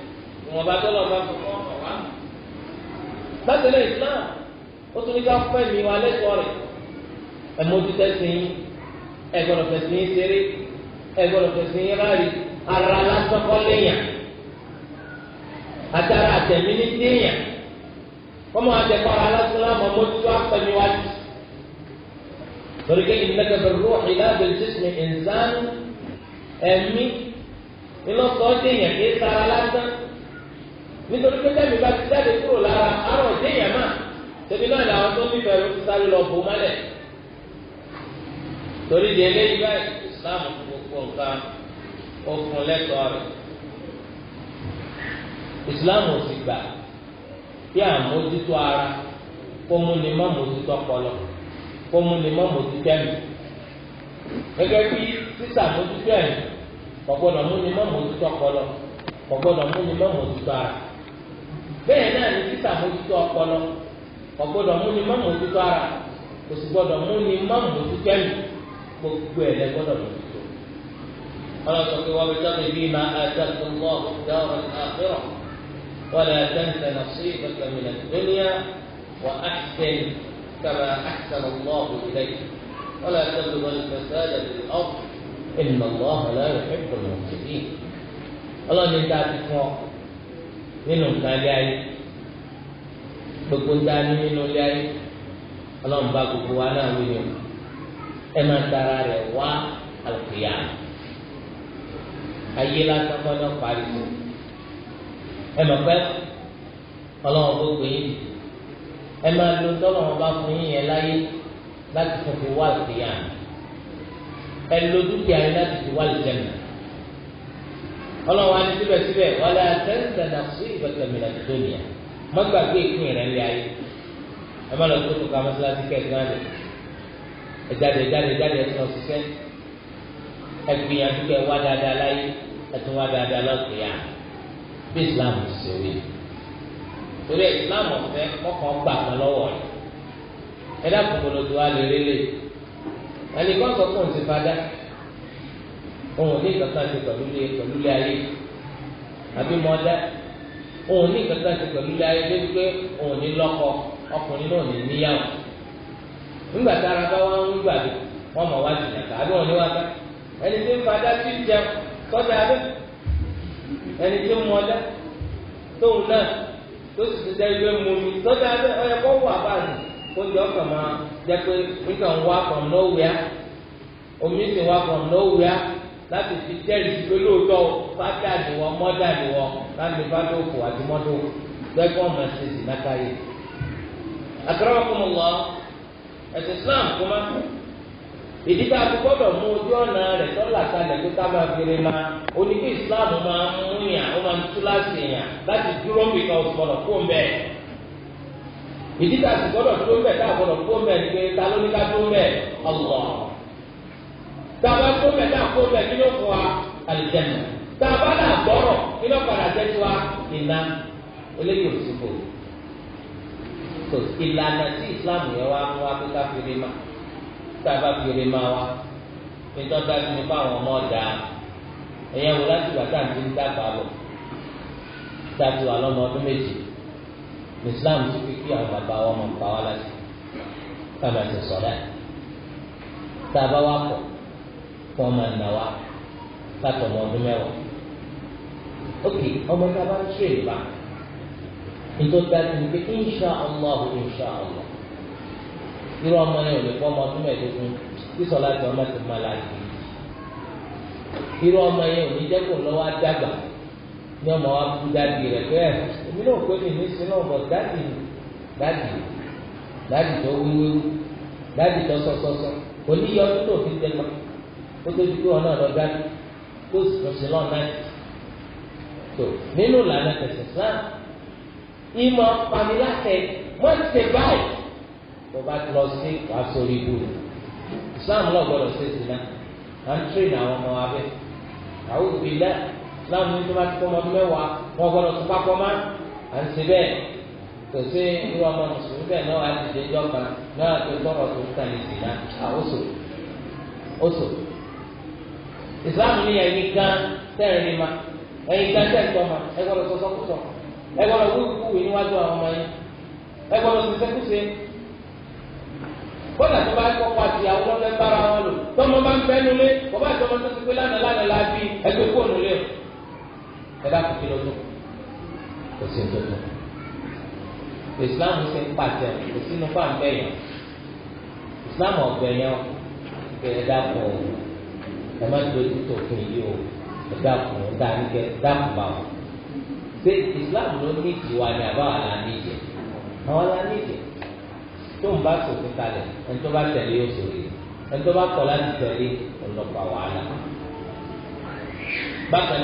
ìwọ̀n bá tọ́lọ̀ bá fún wọn ọ̀wá. bátẹ̀lẹ̀ Islam ó tún ní ká fẹ́ mi wá lẹ́tọ̀ọ́ rẹ̀ ẹ̀mójútẹ́ sí yín ẹ̀gbọ́dọ̀ fẹ̀sí yín ṣeré ẹ̀gbọ́dọ̀ fẹ̀sí yín ráàlì ara lásọ̀kọ́ léèyàn àtàrà àtẹ̀mí ní déèyàn kọ́mọ àtẹ̀kọ́ ara lásán láàmú ọmọdútó apẹ̀mí wá jù torí pé ìnẹ́gbẹ̀bẹ̀ rú ìlàbẹ̀ jísìmì ìnzán ẹ̀mí ìlọ́sọ̀ déèyàn kì í sara lásán nítorí pé tẹ́mi ti jáde kúrò lára àrò déèyàn máa tẹ̀mí náà làwọn tó ti sáré lọ bò torí di eléyìí báyìí islam gbogbo nǹkan okun lẹ́tọ̀ọ́ rẹ̀ islam ò sì gbà bí àmójútó ara kó mú ni má mójútó ọpọlọ kó mú ni má mójútó gẹ́gẹ́ mú ni má mójútó ọpọlọ mú ni má mójútó ara bẹ́ẹ̀ náà ni mójútó ọpọlọ mú ni mú ni má mójútó gbogbo ẹ̀ lẹ́gbọ́dọ̀ lọ́dọ̀ ọlọ́sọ̀ pé wọ́n fi sọ́ni bí ma àtàkùn mọ́ dáhùn àfẹ́rọ̀ wọ́n àtẹ̀ǹtẹ̀ nà sí ìfẹ̀kẹ̀mìnà dúníà wà áṣẹ̀ kàmà áṣẹ̀ mọ́ ìlẹ́yìn wọ́n àtẹ̀ǹtẹ̀ nà ìfẹ̀sẹ̀ إن الله لا يحب المفسدين ọlọ́ni tá a ti fún ọ nínú nǹkan ilé ayé gbogbo ń dání nínú ilé ayé ọlọ́run gbogbo wa náà wí ni ẹ máa tara rẹ̀ wá àlùkìyà ayé lásán kọ́ ní ọ̀pá àdìgbò ẹ mọ̀ pé ọlọ́run tó gbé yín ẹ máa lo tọ́lọ́run bá fún yín yẹn láyé láti fún fi wá àlùkìyà ẹ lo dúkìá yín láti fi wá àlùjẹ̀nà ọlọ́run á ní síbẹ̀síbẹ̀ wàlẹ́ àtẹ́sẹ̀dá sí ìbẹ̀tẹ̀mìlẹ̀ tó nìyà mọ́gbàgbé ìpín rẹ̀ ayé ẹ má lọ tó tó ká mọ́sálásí kẹ́ẹ̀kan rẹ̀ ẹ̀jáde ẹ̀jáde ẹ̀jáde ẹ̀tún ọ̀sísẹ́ ẹ̀gbìyànjú kẹ́ wá dáadáa láyé ẹ̀tún wá dáadáa lọ́kùnrin àná bí Islam ti ṣe wí. torí Islam ọ̀fẹ́ kọ́kàn gbà kan lọ́wọ́ rẹ̀ ẹ dákun ló ti wá lè rélé ẹnì sọ fún òǹtí fada òun ní kankan ti pẹ̀lú lé pẹ̀lú lé ayé àbí mọ́dá òun ní kankan ti pẹ̀lú lé ayé débi pé òun ní lọ́kọ ọkùnrin náà ní níyàwó. nígbà tára bá wá ń gbàdé wọn mọ̀ wá jìnnà tàbí wọn ní wá bá ẹni tí ń fadá tí ń jẹun tọ́jà abẹ́ ẹni tí ń mọdá tóun náà tó sì ti dẹ́ ilé mu mi tọ́jà abẹ́ ọ̀yẹ kọ́ wà báyìí kó jọ ọkàn máa jẹ pé nǹkan wá from nowhere omi sì wá from nowhere láti fi jẹ́rìí pé lóòótọ́ fádà ni wọ́n ni wọ́n láti òkò àti náà káyé. àkàrà ẹ̀sìn Islam kó má kú ìdí tá a fi gbọ́dọ̀ mú ojú ọ̀nà rẹ̀ tọ́lá kalẹ̀ tó ká fèrè ma ó Islam máa ń mú yàn ó máa ń tú láti yàn láti dúró ń bìkan ọ̀sọ̀rọ̀ kó ń bẹ̀. ìdí tá a fi gbọ́dọ̀ dúró ń bẹ̀ tá a gbọ́dọ̀ kó ń bẹ̀ ni pé ta ló ní ká dúró ń bẹ̀ ọ̀lọ́. tá a bá kó ń bẹ̀ tá a bẹ̀ kí ló fún wa àlìjẹ̀nà gbọ́rọ̀ kí ló padà jẹ́ tiwa ìná eléyìí ò so ìlànà tí islam yẹn wá mú wa pé ká fèrè má tá a bá fèrè má wa nítorí dájú nípa àwọn ọmọ ọ̀dà ẹ̀yẹ wò láti gbà tá à lọ tá wà lọ́mọ ọdún méjì islam ti fi kí àwọn bàbá wa mọ̀ nípa wa láti kábà ti sọ̀dá tá a bá wà pọ̀ kó ọmọ ẹ̀ nà wa látọ̀ ọmọ ọdún mẹ́wàá ok ọmọ tá ń ṣe ìbára ètò dájú ni pé insha allah insha allah irú ọmọ yẹn ò lè pọ́ ọmọ ọdún mẹ́ẹ̀ẹ́dógún tí sọlá ti ọmọ ti máa láàyè irú ọmọ yẹn ò ní jẹ́ kó lọ́wọ́ àdàgbà ní ọmọ wa kú dáàdì rẹ̀ bẹ́ẹ̀ èmi náà pé mi ní sinú ọmọ dáàdì dáàdì dáàdì tó wíwéwú dáàdì tó sọsọsọ kò ní yọ ọdún tó fi tẹ́ pa kó tó di pé wọn náà lọ dáàdì kó sì lọ sí lọ́ọ̀ náà tó nínú ìlànà tẹ̀sán sáà ìmọ̀ pàmìlàtẹ̀ wọ́n ti tẹ̀ báyìí tó bá lọ sí wàá ibú rẹ̀ Islam náà gbọ́dọ̀ ṣe sí náà à ń tírè àwọn ọmọ wa bẹ́ẹ̀ àwọn òbí lẹ́ Islam ní tó bá ti kọ́ ọmọdún mẹ́wàá wọ́n gbọ́dọ̀ tó pápọ́ má à ń ṣe bẹ́ẹ̀ kò sí irú ọmọ mùsùlùmí bẹ́ẹ̀ náà á ti dẹjọ́ kan náà tó tọrọ tó ń tàn ìsìn náà àwòsò òsò Islam ní ẹ̀yin gan tẹ́rẹ̀ ní ma ẹ̀yin gan tẹ́rẹ̀ tọ́ ma ẹ gbọ́dọ̀ tó sọ́kùsọ̀kù ẹ gbọ́dọ̀ kú ìkúwèé níwájú àwọn ọmọ yín ẹ gbọ́dọ̀ sì sẹ́kúṣe bọ́dà tó bá kọ́kọ́ àti àwọn ọmọ bára wọn lò tọ́mọ bá ń bẹ́ nulẹ̀ bọ́bá àti ọmọ tó ti pé lánàá lánàá la bí ẹgbẹ́ fóònù lẹ̀ ẹ dákun kí lọ́dún kò sí ìtọ́jú Islam ṣe ń pàtẹ kò sínú fáńbẹ́ yẹn Islam ọ̀gbẹ́ yẹn kẹ ẹ dákun ẹ má dojú tó fún yìí o ẹ dákun ẹ dákun bá wọn ṣé islam ló ní ìwà ni àbá wà lá ní ìjẹ àwọn lá ní ìjẹ tó ń bá sòfin kalẹ̀ ẹni tó bá tẹ̀lé yóò sòrí ẹni tó bá kọ̀ láti tẹ̀lé ọlọ́pàá wàhálà. bákan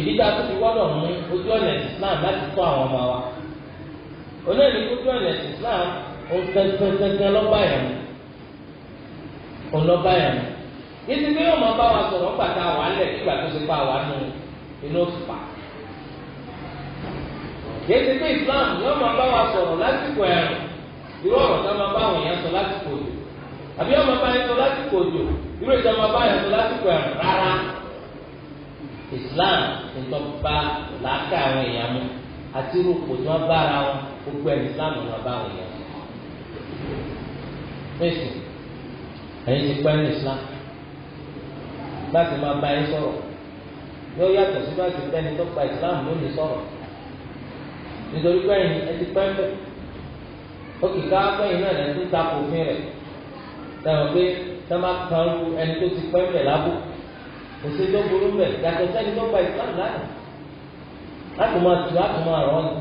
ìdí tá a ti gbọ́dọ̀ mú ojú ọ̀nà islam láti tọ́ àwọn ọmọ wa onáàlú ojú ọ̀nà islam òun kankankankan lọ́ba yẹn òun lọ́ba yẹn yìí ti gbé ọmọ bá wa sọ̀rọ̀ pàtàkì àwọn alẹ́ nígbà tó ti pa àwọn nù inú fà yéé ti pé Islam yóò máa bá wa sọ̀rọ̀ lásìkò ẹ̀rùn irú ọ̀rọ̀ tá máa bá àwọn èèyàn sọ lásìkò òjò àbí ọmọ bá yẹn sọ lásìkò òjò irú ìjọba máa bá yẹn sọ lásìkò ẹ̀rùn rárá Islam ń tọ́ bá làákà àwọn èèyàn mu àti irú kò tí wọ́n bára wọn gbogbo ẹ̀ Islam ń bá àwọn èèyàn sọ. Fèsì ẹ̀yin ti pẹ́ ní Islam láti máa bá yẹn sọ̀rọ̀ yóò yàtọ̀ sí bá ti pẹ́ni tó pa Islam lónìí sọ̀rọ̀ nítorí pé ẹ̀yin ẹ ti pẹ́ ń bẹ̀ ó kì í ká pẹ́yìn náà lẹ́nu tó ta kò fín rẹ̀ dáhùn pé tá má kan lu ẹni tó ti pẹ́ ń bẹ̀ lábò kò sí tó burú bẹ̀ yàtọ̀ sẹ́ni tó gba ìsọ́nù lánàá láti máa tù láti máa rọ̀ ọ́nà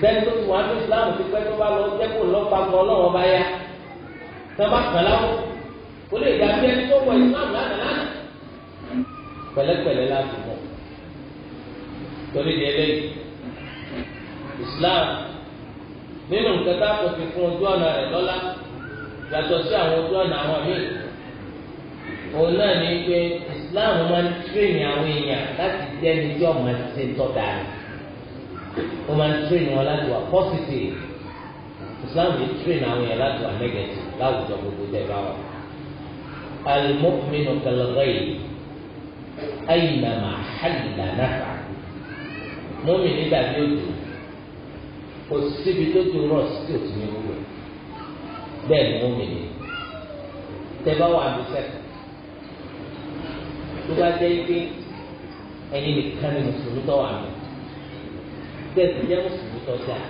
sẹ́ni tó ti wà ní Islam ti pẹ́ tó bá lọ jẹ́ kó lọ́pàá gan ọlọ́wọ́ bá yá tá má kan lábò lè dàbí ẹni tó wọ Islam lánàá lánàá pẹ̀lẹ́pẹ̀lẹ́ láti mọ̀ torí di eléyìí Islam nínú nǹkan tá a kò fi fún ojú ọ̀nà rẹ̀ lọ́lá yàtọ̀ sí àwọn ojú ọ̀nà àwọn míì òun náà ní pé Islam máa ń tírèèni àwọn èèyàn láti dẹ́ni tí ọ̀mà ti ṣe tọ́da rẹ̀ ó máa ń tírèèni wọn láti wà positive Islam yìí tírèèni àwọn èèyàn láti wà negative láwùjọ gbogbo tẹ̀ bá wà. al-mu'minu kal-ghayth aynama halla nafa mọ́mì nígbà tí ó dùn kò síbi tó dùn rọ̀ sí tí ò ti ní wúwo bẹ́ẹ̀ ni mọ́mì ni tẹ bá wà ní sẹ́kù tó bá jẹ́ pé ẹni nìkan ni mùsùlùmí tó wà ní tẹ̀sí jẹ́ mùsùlùmí tó dáa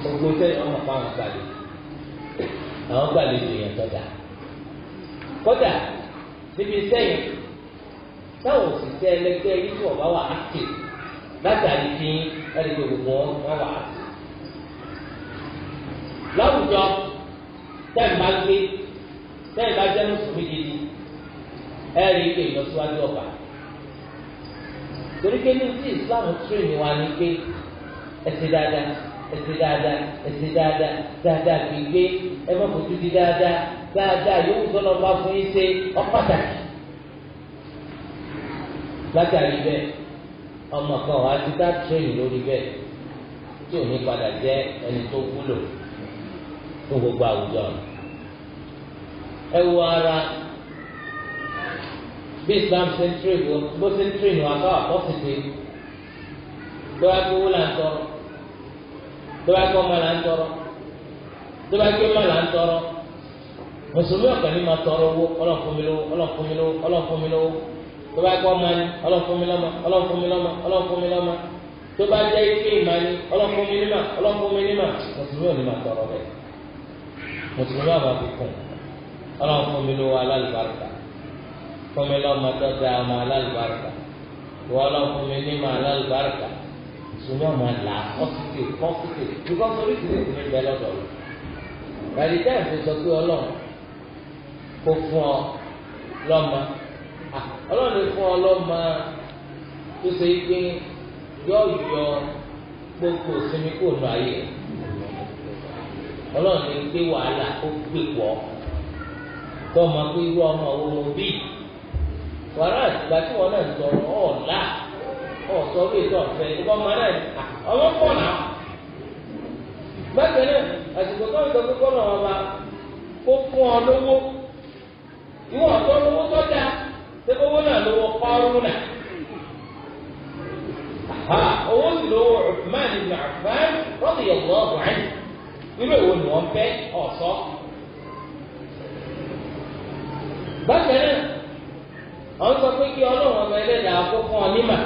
gbogbo sẹ́yìn ọmọ pa àwọn gbàlejò àwọn gbàlejò yẹn tó dáa kódà níbi sẹ́yìn táwọn òṣìṣẹ́ ẹlẹgbẹ́ yìí tó ọ̀bá wà á kéde látàrí tí ẹni pé gbogbo wọn wà á sí. láwùjọ tẹ́ẹ̀ bá gbé tẹ́ẹ̀ bá jẹ́ mùsùlùmí gidi ẹ̀rí pé ìlọsíwájú ọ̀bà. torí pé ní ti Islam tírìmù wa ni pé ẹsẹ̀ dáadáa ẹsẹ̀ dáadáa ẹsẹ̀ dáadáa dáadáa kì í gbé ẹ má fojú di dáadáa dáadáa yóò sọ̀rọ̀ bá fún yín ṣe ọ́ pàtàkì látàrí bẹ́ẹ̀ ọmọ kan wà á ti dá tírẹ̀nì lórí bẹ́ẹ̀ tí ò ní padà jẹ́ ẹni tó wúlò fún gbogbo àwùjọ ẹ wo ara bí Islam ṣe ń tírẹ̀nì bó ṣe ń tírẹ̀nì wà fáwọn àkọ́sìtì gbọ́dọ̀ kí wúlò à ń tọrọ gbọ́dọ̀ kí ọmọ là ń tọrọ gbọ́dọ̀ kí ọmọ là ń tọrọ mùsùlùmí ọ̀kan ní tọrọ owó ọlọ́ọ̀fún mi lówó ọlọ́ọ̀fún mi lówó ọlọ́ọ̀fún mi lówó tó bá gbọ́ ọmọ ni ọlọ́run fún mi lọ́mọ ọlọ́run fún mi lọ́mọ ọlọ́run fún mi lọ́mọ tó bá jẹ́ ike ìmọ̀ ni ọlọ́run fún mi nímọ̀ ọlọ́run fún mi nímọ̀ mùsùlùmí ò ní máa tọrọ bẹ́ẹ̀ mùsùlùmí àbá fi kùn ọlọ́run fún mi lówó alálùbáríkà fún mi lọ́mọ tó ọmọ alálùbáríkà ìwọ ọlọ́run alálùbáríkà mùsùlùmí ọmọ là kọ́sìkè kọ́sìkè dùkọ́ Ah, ọlọ́run fún ọlọ́mọ tó ṣe pé yọ yọ gbogbo sinmi kò nù ayé ọlọ́run gbé wàhálà ó gbé pọ̀ ọmọ irú ọmọ wo bí wàhálà ìgbà tí wọn náà ń ọ̀la ọ̀sọ́ bí ètò ọ̀fẹ́ ìgbà ọmọ náà ọmọ ṣé owó náà lówó kọ́rùnà owó sì lówó Uthman ibn Affan radiyallahu anhu irú èwo ni wọ́n fẹ́ ọ̀sọ́. bákan náà àwọn sọ pé kí ọlọ́run ọmọ ẹlẹ́dàá kó fún ọ nímà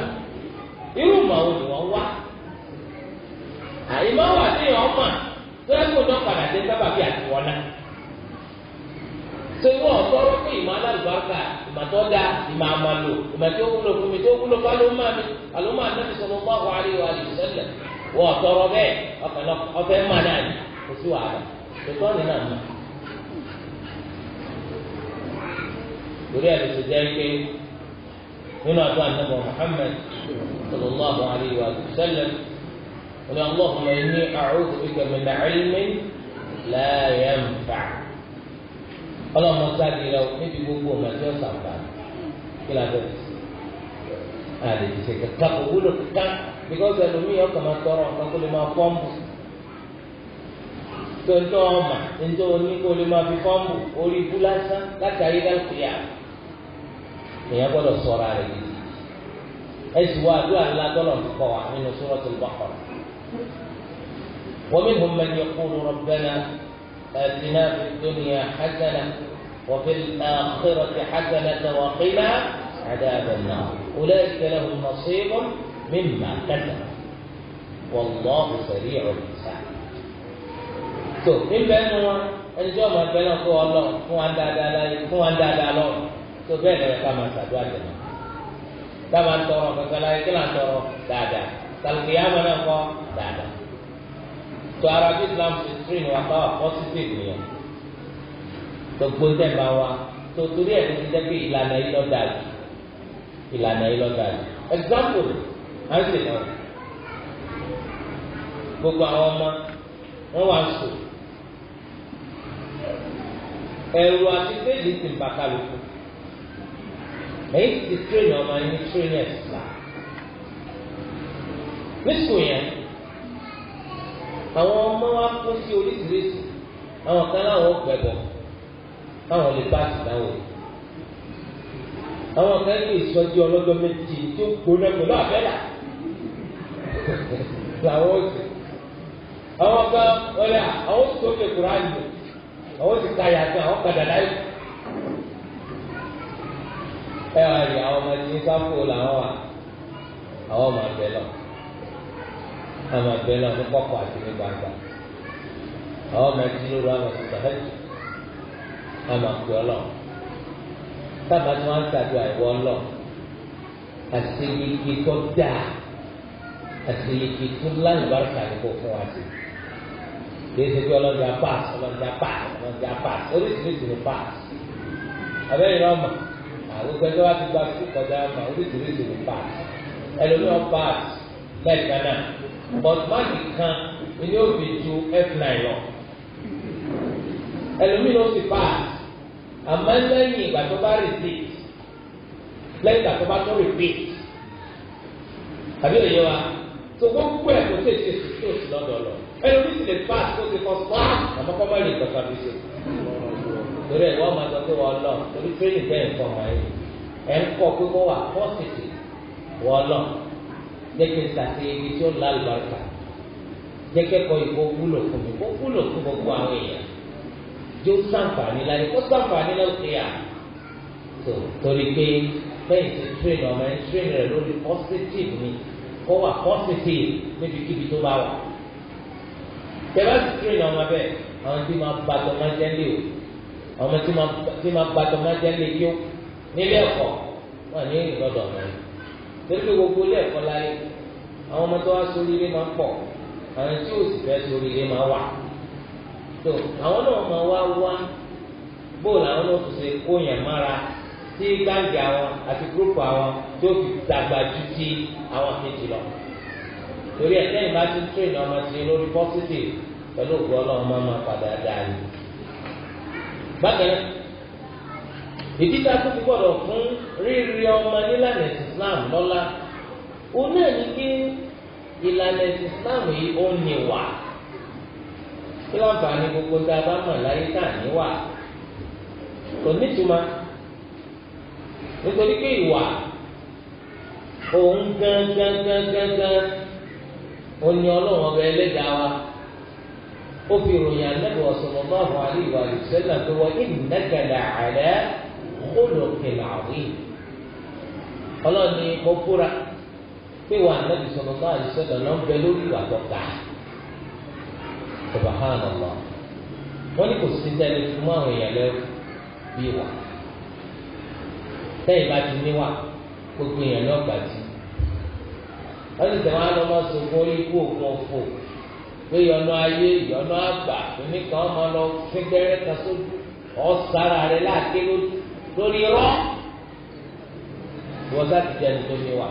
irú màá ni wọ́n wá àyè máa wà sí ọmọ tó ẹgbẹ́ òun náà dé sábàbí àtiwọ́n náà tó ìwọ ọ̀tọ́ ló fún ìmọ̀ alálùbáríkà ìmọ̀ tó dáa ìmọ̀ àmàlò ìmọ̀ tó wúlò fún mi tó wúlò fún alóma mi alóma anábì sọ̀rọ̀ bá wà rí wa lè sẹ́lẹ̀ wọ ọ̀tọ́rọ̀ bẹ́ẹ̀ ọ̀kànlọ́ ọ̀fẹ́ mọ̀ náà ni kò sí wàhálà tòtọ́ ni náà mọ̀. torí ẹ̀ lóṣù jẹ́ pé nínú àtọ́ ànábọ̀ Muhammad sallallahu alayhi wa sallam wọn ni allahumma ọlọ́mọ sáàdì rẹ níbi gbogbo ọmọ tí ó sàǹfà kí la bẹ̀rẹ̀ sí i àlè ti kẹta kò wúlò kíkà because ẹlòmíì ọkọ̀ máa tọrọ nǹkan kó lè máa fọ́ọ̀mù tó ń tọ́ ọmọ nítorí oní kó lè máa fi fọ́ọ̀mù orí ibú lásán láti ayé láti yà èèyàn gbọ́dọ̀ sọ̀rọ̀ àrẹ gidi ẹ̀sì wa àdúrà ńlá tọ́lọ̀ ń kọ́ Baqarah wa man yaqulu rabbana آتنا في الدنيا حسنة وفي الآخرة حسنة وقنا عذاب النار أولئك لهم نصيب مما كسب والله سريع الحساب شوف إما أنه الجواب بينه هو الله هو عند هذا لا هو عند هذا لا شوف بينه كما سأقول لك كما ترى فسلاك لا ترى لا لا القيامة نقول لا لا tó ara bí islam ti tírì wá báwa positive nìyẹn gbogbo ń tẹ̀mbá wa tó torí ẹ̀ tó ti dẹ́gbẹ́ ìlànà yìí lọ́dà yìí ìlànà yìí lọ́dà yìí example à ń sè náà gbogbo àwọn ọmọ wọn wá sùn ẹrù àti bẹ́ẹ̀lì ti ń bá kálukú èyí ti tírì ọmọ yìí tírì ẹ̀ sísá ní yẹn àwọn ọmọ wa kó sí oríṣiríṣi àwọn kan láwọn gbẹbọ káwọn lè bá àtìláwọ àwọn kan lè sọjí ọlọ́jọ́ méjì tó gbóná pẹ̀lú àbẹ́là [LAUGHS] làwọn ọ̀sẹ̀ àwọn kan ọ̀rẹ́ àwọn tó lè kúrò àyè àwọn ti ka yàtọ̀ àwọn padà láyé ẹ wá rí àwọn ọmọ ẹni sáfù làwọn wà àwọn ọmọ àbẹ ọmọ abẹ lọ ní kọ̀kọ̀ àti ní gbangba àwọn ọmọ ẹtí lóru àwọn ọmọ ẹtí lóru àwọn àgbẹ ọlọ sábà tí wọn ń sàdó àìwọ ọlọ àti igi tó dáa àti igi tó lálùbáríkà ní kò fún wa sí kì í ṣe pé ọlọ́dún apáàs ọlọ́dún apáàs ọlọ́dún apáàs oríṣiríṣi ní paas abẹ́rẹ́ ní ọmọ àwọn ẹgbẹ́ wa ti gba sùkọ̀dá ọmọ oríṣiríṣi ní paas ẹlòmíràn paas lẹ́ẹ̀kan náà but máàkì kan ni yóò fi ju f9 lọ ẹlòmíì ló fi pass àmọ́ lẹ́yìn ìgbà tó bá repeat lẹ́yìn ìgbà tó bá tó repeat àbí òye wa tó gbogbo ẹ̀ kò tètè tó sí lọ́dọ̀ lọ ẹlòmíì sì lè pass kó ti kọ́ pass àmọ́ kọ́ bá lè tọ́ka bí ṣe torí ẹ̀ wọ́n máa sọ pé wọ́n lọ torí training bẹ́ẹ̀ ń kọ́ ọmọ yìí ẹ̀ ń kọ́ pé wọ́n wà positive wọ́n lọ jẹ́kẹ́ sàṣe ibi tí ó la àlùbáríkà jẹ́kẹ́ kọ ìbò wúlò fún mi kó wúlò fún gbogbo àwọn èèyàn jó sàǹfààní láyé kó sàǹfààní lọ sí à tó torí pé bẹ́ẹ̀ ti train ọmọ ẹ̀ train rẹ̀ lórí positive ni kó wà positive níbi kíbi tó bá wà tẹ̀lé ti train ọmọ bẹ́ẹ̀ àwọn tí máa ba tọmọ jẹ́lé o àwọn tí máa ba tọmọ jẹ́lé yó nílé ẹ̀kọ́ wọn ní ìrọ̀dọ̀ mẹ́rin. torí gbogbo ilé ẹ̀kọ́ láyé àwọn ọmọ tó wá sórí ilé máa pọ̀ àwọn tí ò sì fẹ́ sórí ilé máa wà tó àwọn náà máa wá wá bóòlù àwọn náà tún ṣe mára tí àwọn àti àwọn tó fi dàgbà ti àwọn kejì lọ torí ẹ̀ lẹ́yìn bá ti tírèdì ọmọ ti lórí pọ́sítì pẹ̀lú ògbó ọlọ́run máa máa padà dáa ìdí tá a tó fi fún rírí ọmọ nílànà Islam lọ́lá òun náà ní pé ìlànà Islam yìí ó ní wà kí láǹfààní gbogbo tá a bá mọ̀ láyé tá a ní wà kò nítumọ̀ nítorí pé ìwà òun gángangangangan òní ọlọ́run ẹlẹ́dàá wa ó fi ròyìn anábọ̀ sallallahu olùkè làwí ọlọ́ni mo fúra pé wà nẹ́bí sọ̀rọ̀ bá àdìsọ́dọ̀ náà ń bẹ lórí ìwà tọ́ka subahana lọ wọ́n ní kò sí tẹ́lẹ̀ fún àwọn èèyàn lẹ́rú bí wà tẹ́yìn bá ti níwà gbogbo èèyàn náà gbà jí wọ́n ti lọ òkun ọ̀fọ̀ pé ayé àgbà oníkan lọ kan sójú lórí irọ́ wọ́n sá ti jẹun tó ní wà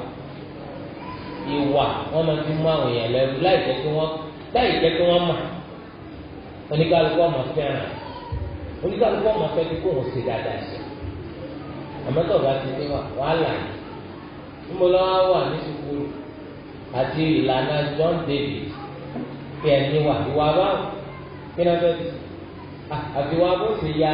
ìwà wọ́n máa fi mú àwọn èèyàn lẹ́rú láì jẹ́ kí wọ́n láì jẹ́ kí wọ́n mà oníkálukú ọmọ fẹ́ràn oníkálukú ọmọ fẹ́ kí kóun ṣe dáadáa ṣe àmọ́tọ̀ bá ti ní wàhálà yìí mo lọ́wọ́ wà ní sukuru àti ìlànà John David fi ẹni wà ìwà báwò kí náà fẹ́ àti wà bó ṣe ya.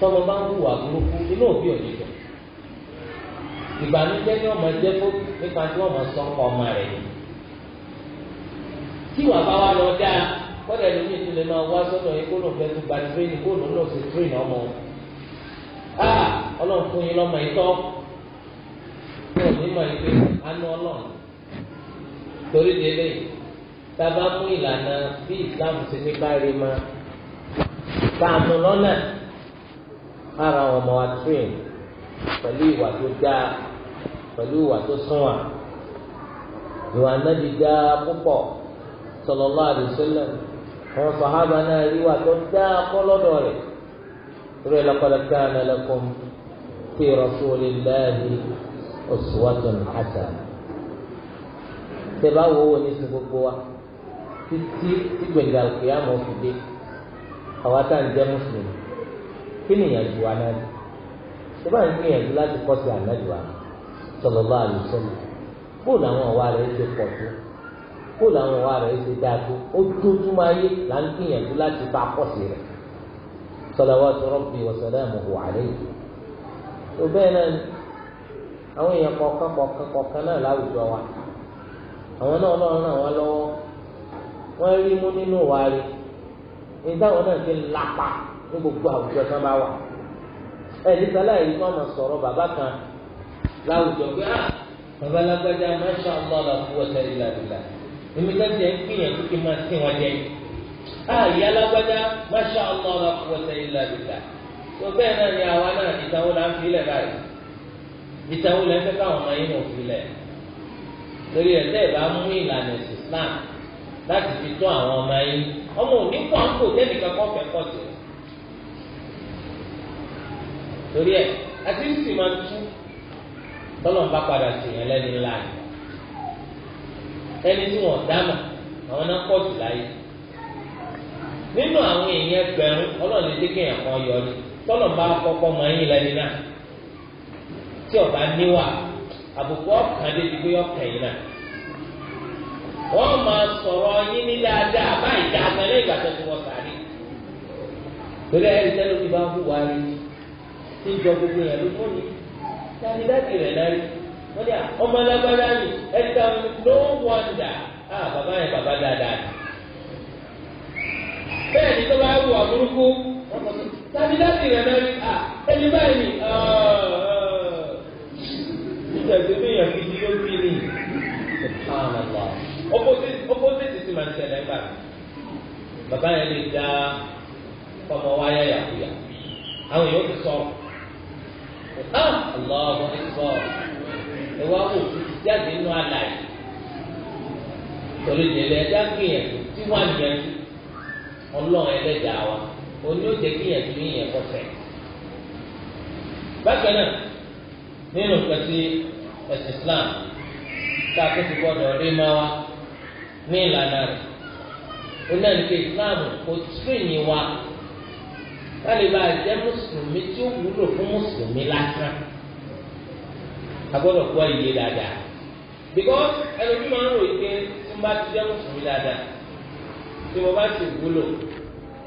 tọmọ bá ń hùwà burúkú inú òbí òní dùn ìbànújẹ́ ni ọmọ jẹ fún nípa tí wọn máa sọ ọkọ ọmọ rẹ tí wàá bá lọ dáa kọ́dà ẹni mi tún wá sọ́dọ̀ kó lọ tó ọmọ ọlọ́run fún yín lọ́mọ torí délé tábà mú ìlànà bí ní ma lọ́nà. má ra àwọn ọmọ wa train pẹ̀lú ìwà tó dáa pẹ̀lú ìwà tó sunwà ìwà nábì dáa púpọ̀ sallallahu alaihi wasallam àwọn sàhábà náà rí ìwà tó dáa kọ́ lọ́dọ̀ rẹ̀ rẹ̀ laqad kana lakum fi rasulillahi uswatun hasanah tẹ̀bá wo wo ní sin gbogbo wa títí tí gbẹ̀ngàn kìí àmọ́ fi dé àwa mùsùlùmí. kí ni ìyànjú wa náà ṣé báyìí ń gbìyànjú láti kọ́ sí ànájú wa sallallahu alaihi wasallam bóòlù àwọn ọ̀wá rẹ̀ ṣe pọ̀ tó bóòlù àwọn ọ̀wá rẹ̀ ṣe dáa tó ó dójúmọ́ ayé là ń gbìyànjú láti bá kọ́ sí rẹ̀ tó bẹ́ẹ̀ náà àwọn èèyàn kọ̀ọ̀kan kọ̀ọ̀kan kọ̀ọ̀kan náà láwùjọ wa àwọn náà lọ́rùn náà wọ́n lọ́wọ́ wọ́n rí mú nínú wa rí ní táwọn náà ti lápá ní gbogbo àwùjọ tán bá wà ẹ nípa láyé kí wọn sọ̀rọ̀ bàbá kan láwùjọ pé á ah, bàbá lágbájá masha allah la quwwata illa billah èmi láti ẹ gbìyànjú kí n máa wọn á masha tó bẹ́ẹ̀ náà ni àwa náà là ń filẹ̀ báyìí fẹ́ káwọn ọmọ fi àwọn ọmọ ọmọ òní pọ̀ ń torí ẹ àti sì máa tú tọ́lọ̀ bá padà sí yẹn lẹ́ni ńlá ni ẹni tí wọ́n dáná àwọn náà pọ̀ jù láyé nínú àwọn èèyàn ẹgbẹ̀rún ọlọ́ọ̀ni kan yọ ni tọ́lọ̀ bá kọ́kọ́ máa yín ọba níwà àbùkù ọ̀kan ọ̀kan yìí náà wọ́n máa sọ̀rọ̀ yín ní dáadáa báyìí dáadáa lẹ́yìn ìgbà tó ti wọ́n sáré torí ń jọ gbogbo yẹn ló fún mi sani dáàbì rẹ̀ lárí wọ́n ní ọmọ alágbádá ni ẹ̀ka no wonder ah bàbá yẹn bàbá dáadáa ni. bẹ́ẹ̀ ni tó bá wù àbúrúkú sani dáàbì rẹ̀ lárí ah ẹni báyìí ni ìjàgbé mi yàn fi yíyó bí mi opposite opposite ti ma ń ṣẹlẹ̀ gbà bàbá yẹn lè dá ọmọ wáyà yàkuyà àwọn yóò ti sọ. Ah, Allahu Akbar ẹ wá wò ó ti jáde nínú ala torí ìdílé ẹja gbìyànjú tí wọ́n yẹnjú ọlọ́run ẹlẹ́dàá wa òní ó jẹ́ bákan náà nínú pẹ̀sì ẹ̀sìn Islam tá a gbọ́dọ̀ rí ní ìlànà rẹ̀ ká lè bá jẹ́ mùsùlùmí tí ó wúlò fún mùsùlùmí lásán a gbọ́dọ̀ iye dáadáa because ẹlòmí máa ń ròyìn pé tí mo bá ti jẹ́ mùsùlùmí dáadáa tí mo bá ti wúlò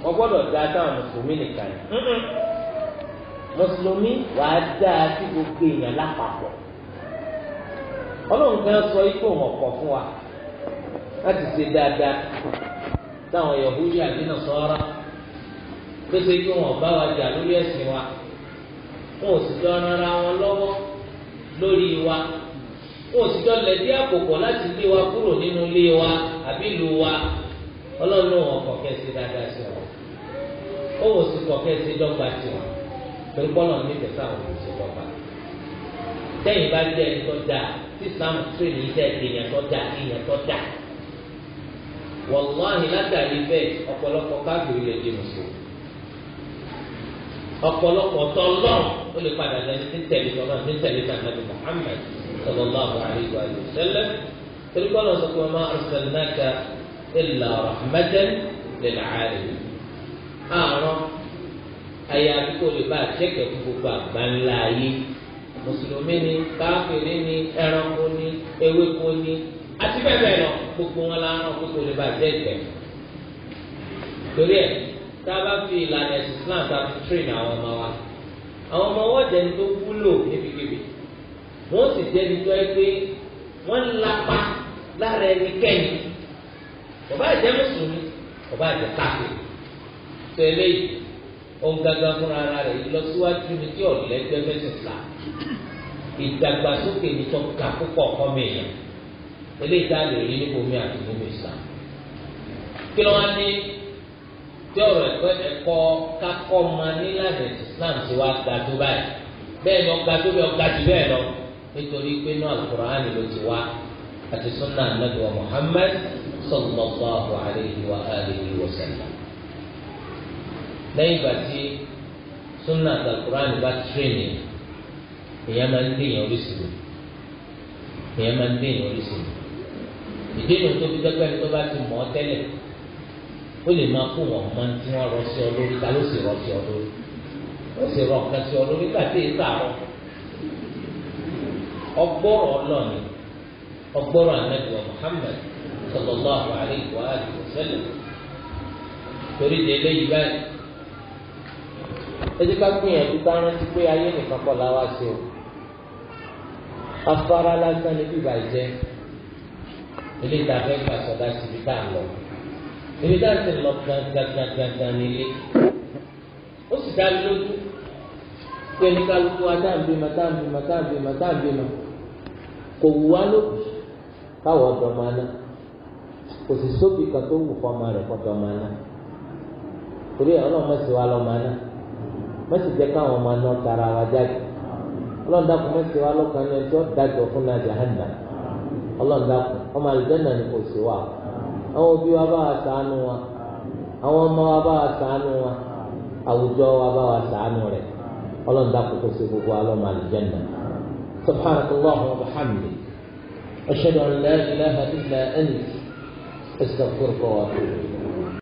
mo gbọ́dọ̀ dá táwọn mùsùlùmí nìkan ni mùsùlùmí wàá dáa sí gbogbo èèyàn lápapọ̀ ọlọ́run kan sọ ikú òun ọ̀pọ̀ fún wa láti ṣe dáadáa táwọn Yahudi àti Nasara tó ṣe pé wọn bá wa jà lórí ẹ̀sìn wa wọn ò sì jọ rárá wọn lọ́wọ́ lórí wa wọn ò sì jọ lẹ̀dí àkókò láti lé wa kúrò nínú ilé wa àbí ìlú wa ọlọ́run wọn kọ̀ kẹ́sì dáadáa sí wọn wọn ò sì kọ̀ kẹ́sì dọ́gba sí wọn pẹ̀lú bọ́lá ní ìfẹ̀sà wọn ò sì dọ́gba. tẹ́yìn bá dé ẹni tó dáa tí Islam tó ní iṣẹ́ èèyàn tó dáa èèyàn tó dáa wọ́n wọ́n á látàrí bẹ́ẹ̀ ọ̀pọ̀lọpọ̀ káàkiri lè di mùsùlùmí ọ̀pọ̀lọpọ̀ tọ́lọ́ ó lè padà lẹ́ni tí tẹ̀lé tọ́lọ́ tí tẹ̀lé tàbí Muhammad sallallahu alayhi wa sallam torí kọ́lọ̀ sọ pé wa ma arsalnaka illa rahmatan lil alamin. àrùn àyà àdúgbò lè bá àjẹkẹ̀ fún gbogbo àgbáńlá ayé mùsùlùmí ni káfíìrì ni ẹranko ni ewéko ni àti bẹ́ẹ̀ bẹ́ẹ̀ lọ gbogbo wọn láràn gbogbo lè bá àjẹkẹ̀ torí ẹ̀ tá a bá fi ìlànà ẹ̀sìn Islam tá a fi train àwọn ọmọ wa àwọn ọmọ wọn jẹ́ ní tó wúlò níbikíbi wọ́n sì jẹ́ ní tó ẹ pé wọ́n lapa lára ẹnikẹ́ni bàbá ìjẹ́ mùsùlùmí bàbá ìjẹ́ káfí tó eléyìí ohun gangan fúnra ara rẹ̀ ìlọsíwájú ni tí ọ̀lẹ́ gbẹ́gbẹ́ sì fà ìdàgbàsókè ni tó ga púpọ̀ kọ́ mi yẹn eléyìí tá a lè rí níbo mi àti níbo ìsà kí ló wá ní. tí ọ̀rọ̀ ẹ̀kọ́ kakọ́ ma nílànà Islam ti wá ga tó báyìí bẹ́ẹ̀ ni ọ̀gá tó bẹ́ẹ̀ ọ̀gá jù bẹ́ẹ̀ lọ nítorí pé náà ti wá àti sunna anabi wa Muhammad sallallahu alayhi wa alihi wa sallam lẹ́yìn ìgbà tí sunna ndị al bá tírèmì èèyàn máa ń ó lè máa kó wọn mọ tí wọn rọ sí ọ lórí ta ló sì rọ sí ọ lórí ó sì rọ nǹkan sí ọ lórí gbàtí èyí àrọ ọgbọrọ ọlọni ọgbọrọ anabi wa Muhammad sallallahu alayhi wa alihi wa torí de eléyìí báyìí ẹtí ká gbìyànjú ká rántí pé ayé nìkan kọ́ la sí o afárá lásán ní bíbá ìjẹ ilé ìtàgé gbàsọdá síbi tá a lọ èyí tá a ti lọ gangan nílé ó sì dá lójú pé ní kálukú adáǹbìmọ táǹbìmọ táǹbìmọ táǹbìmọ kò wù wá lójú káwọ ọdọ máa ná kò sì sóbì kan tó wù fọmọ rẹ kọdọ máa ná torí ọlọ́run mẹsì wa lọ máa ná mẹsì jẹ káwọn máa ná tara wa jáde ọlọ́run dàkún mẹsì wa lọkàn ní ẹjọ́ dájọ́ fún náà jahanda ọlọ́run ọmọ àlùjẹ náà ni kò sí wa o àwọn òbí wa bá wa ṣàánú wa àwọn ọmọ wa bá wa ṣàánú wa àwùjọ wa bá wa ṣàánú rẹ̀ ọlọ́run dàpọ̀ kó ṣe gbogbo alọ́mọ àlùjẹ́nà subhanallahi wa bihamdihi ashhadu an la ilaha illa anta astaghfiruka wa atubu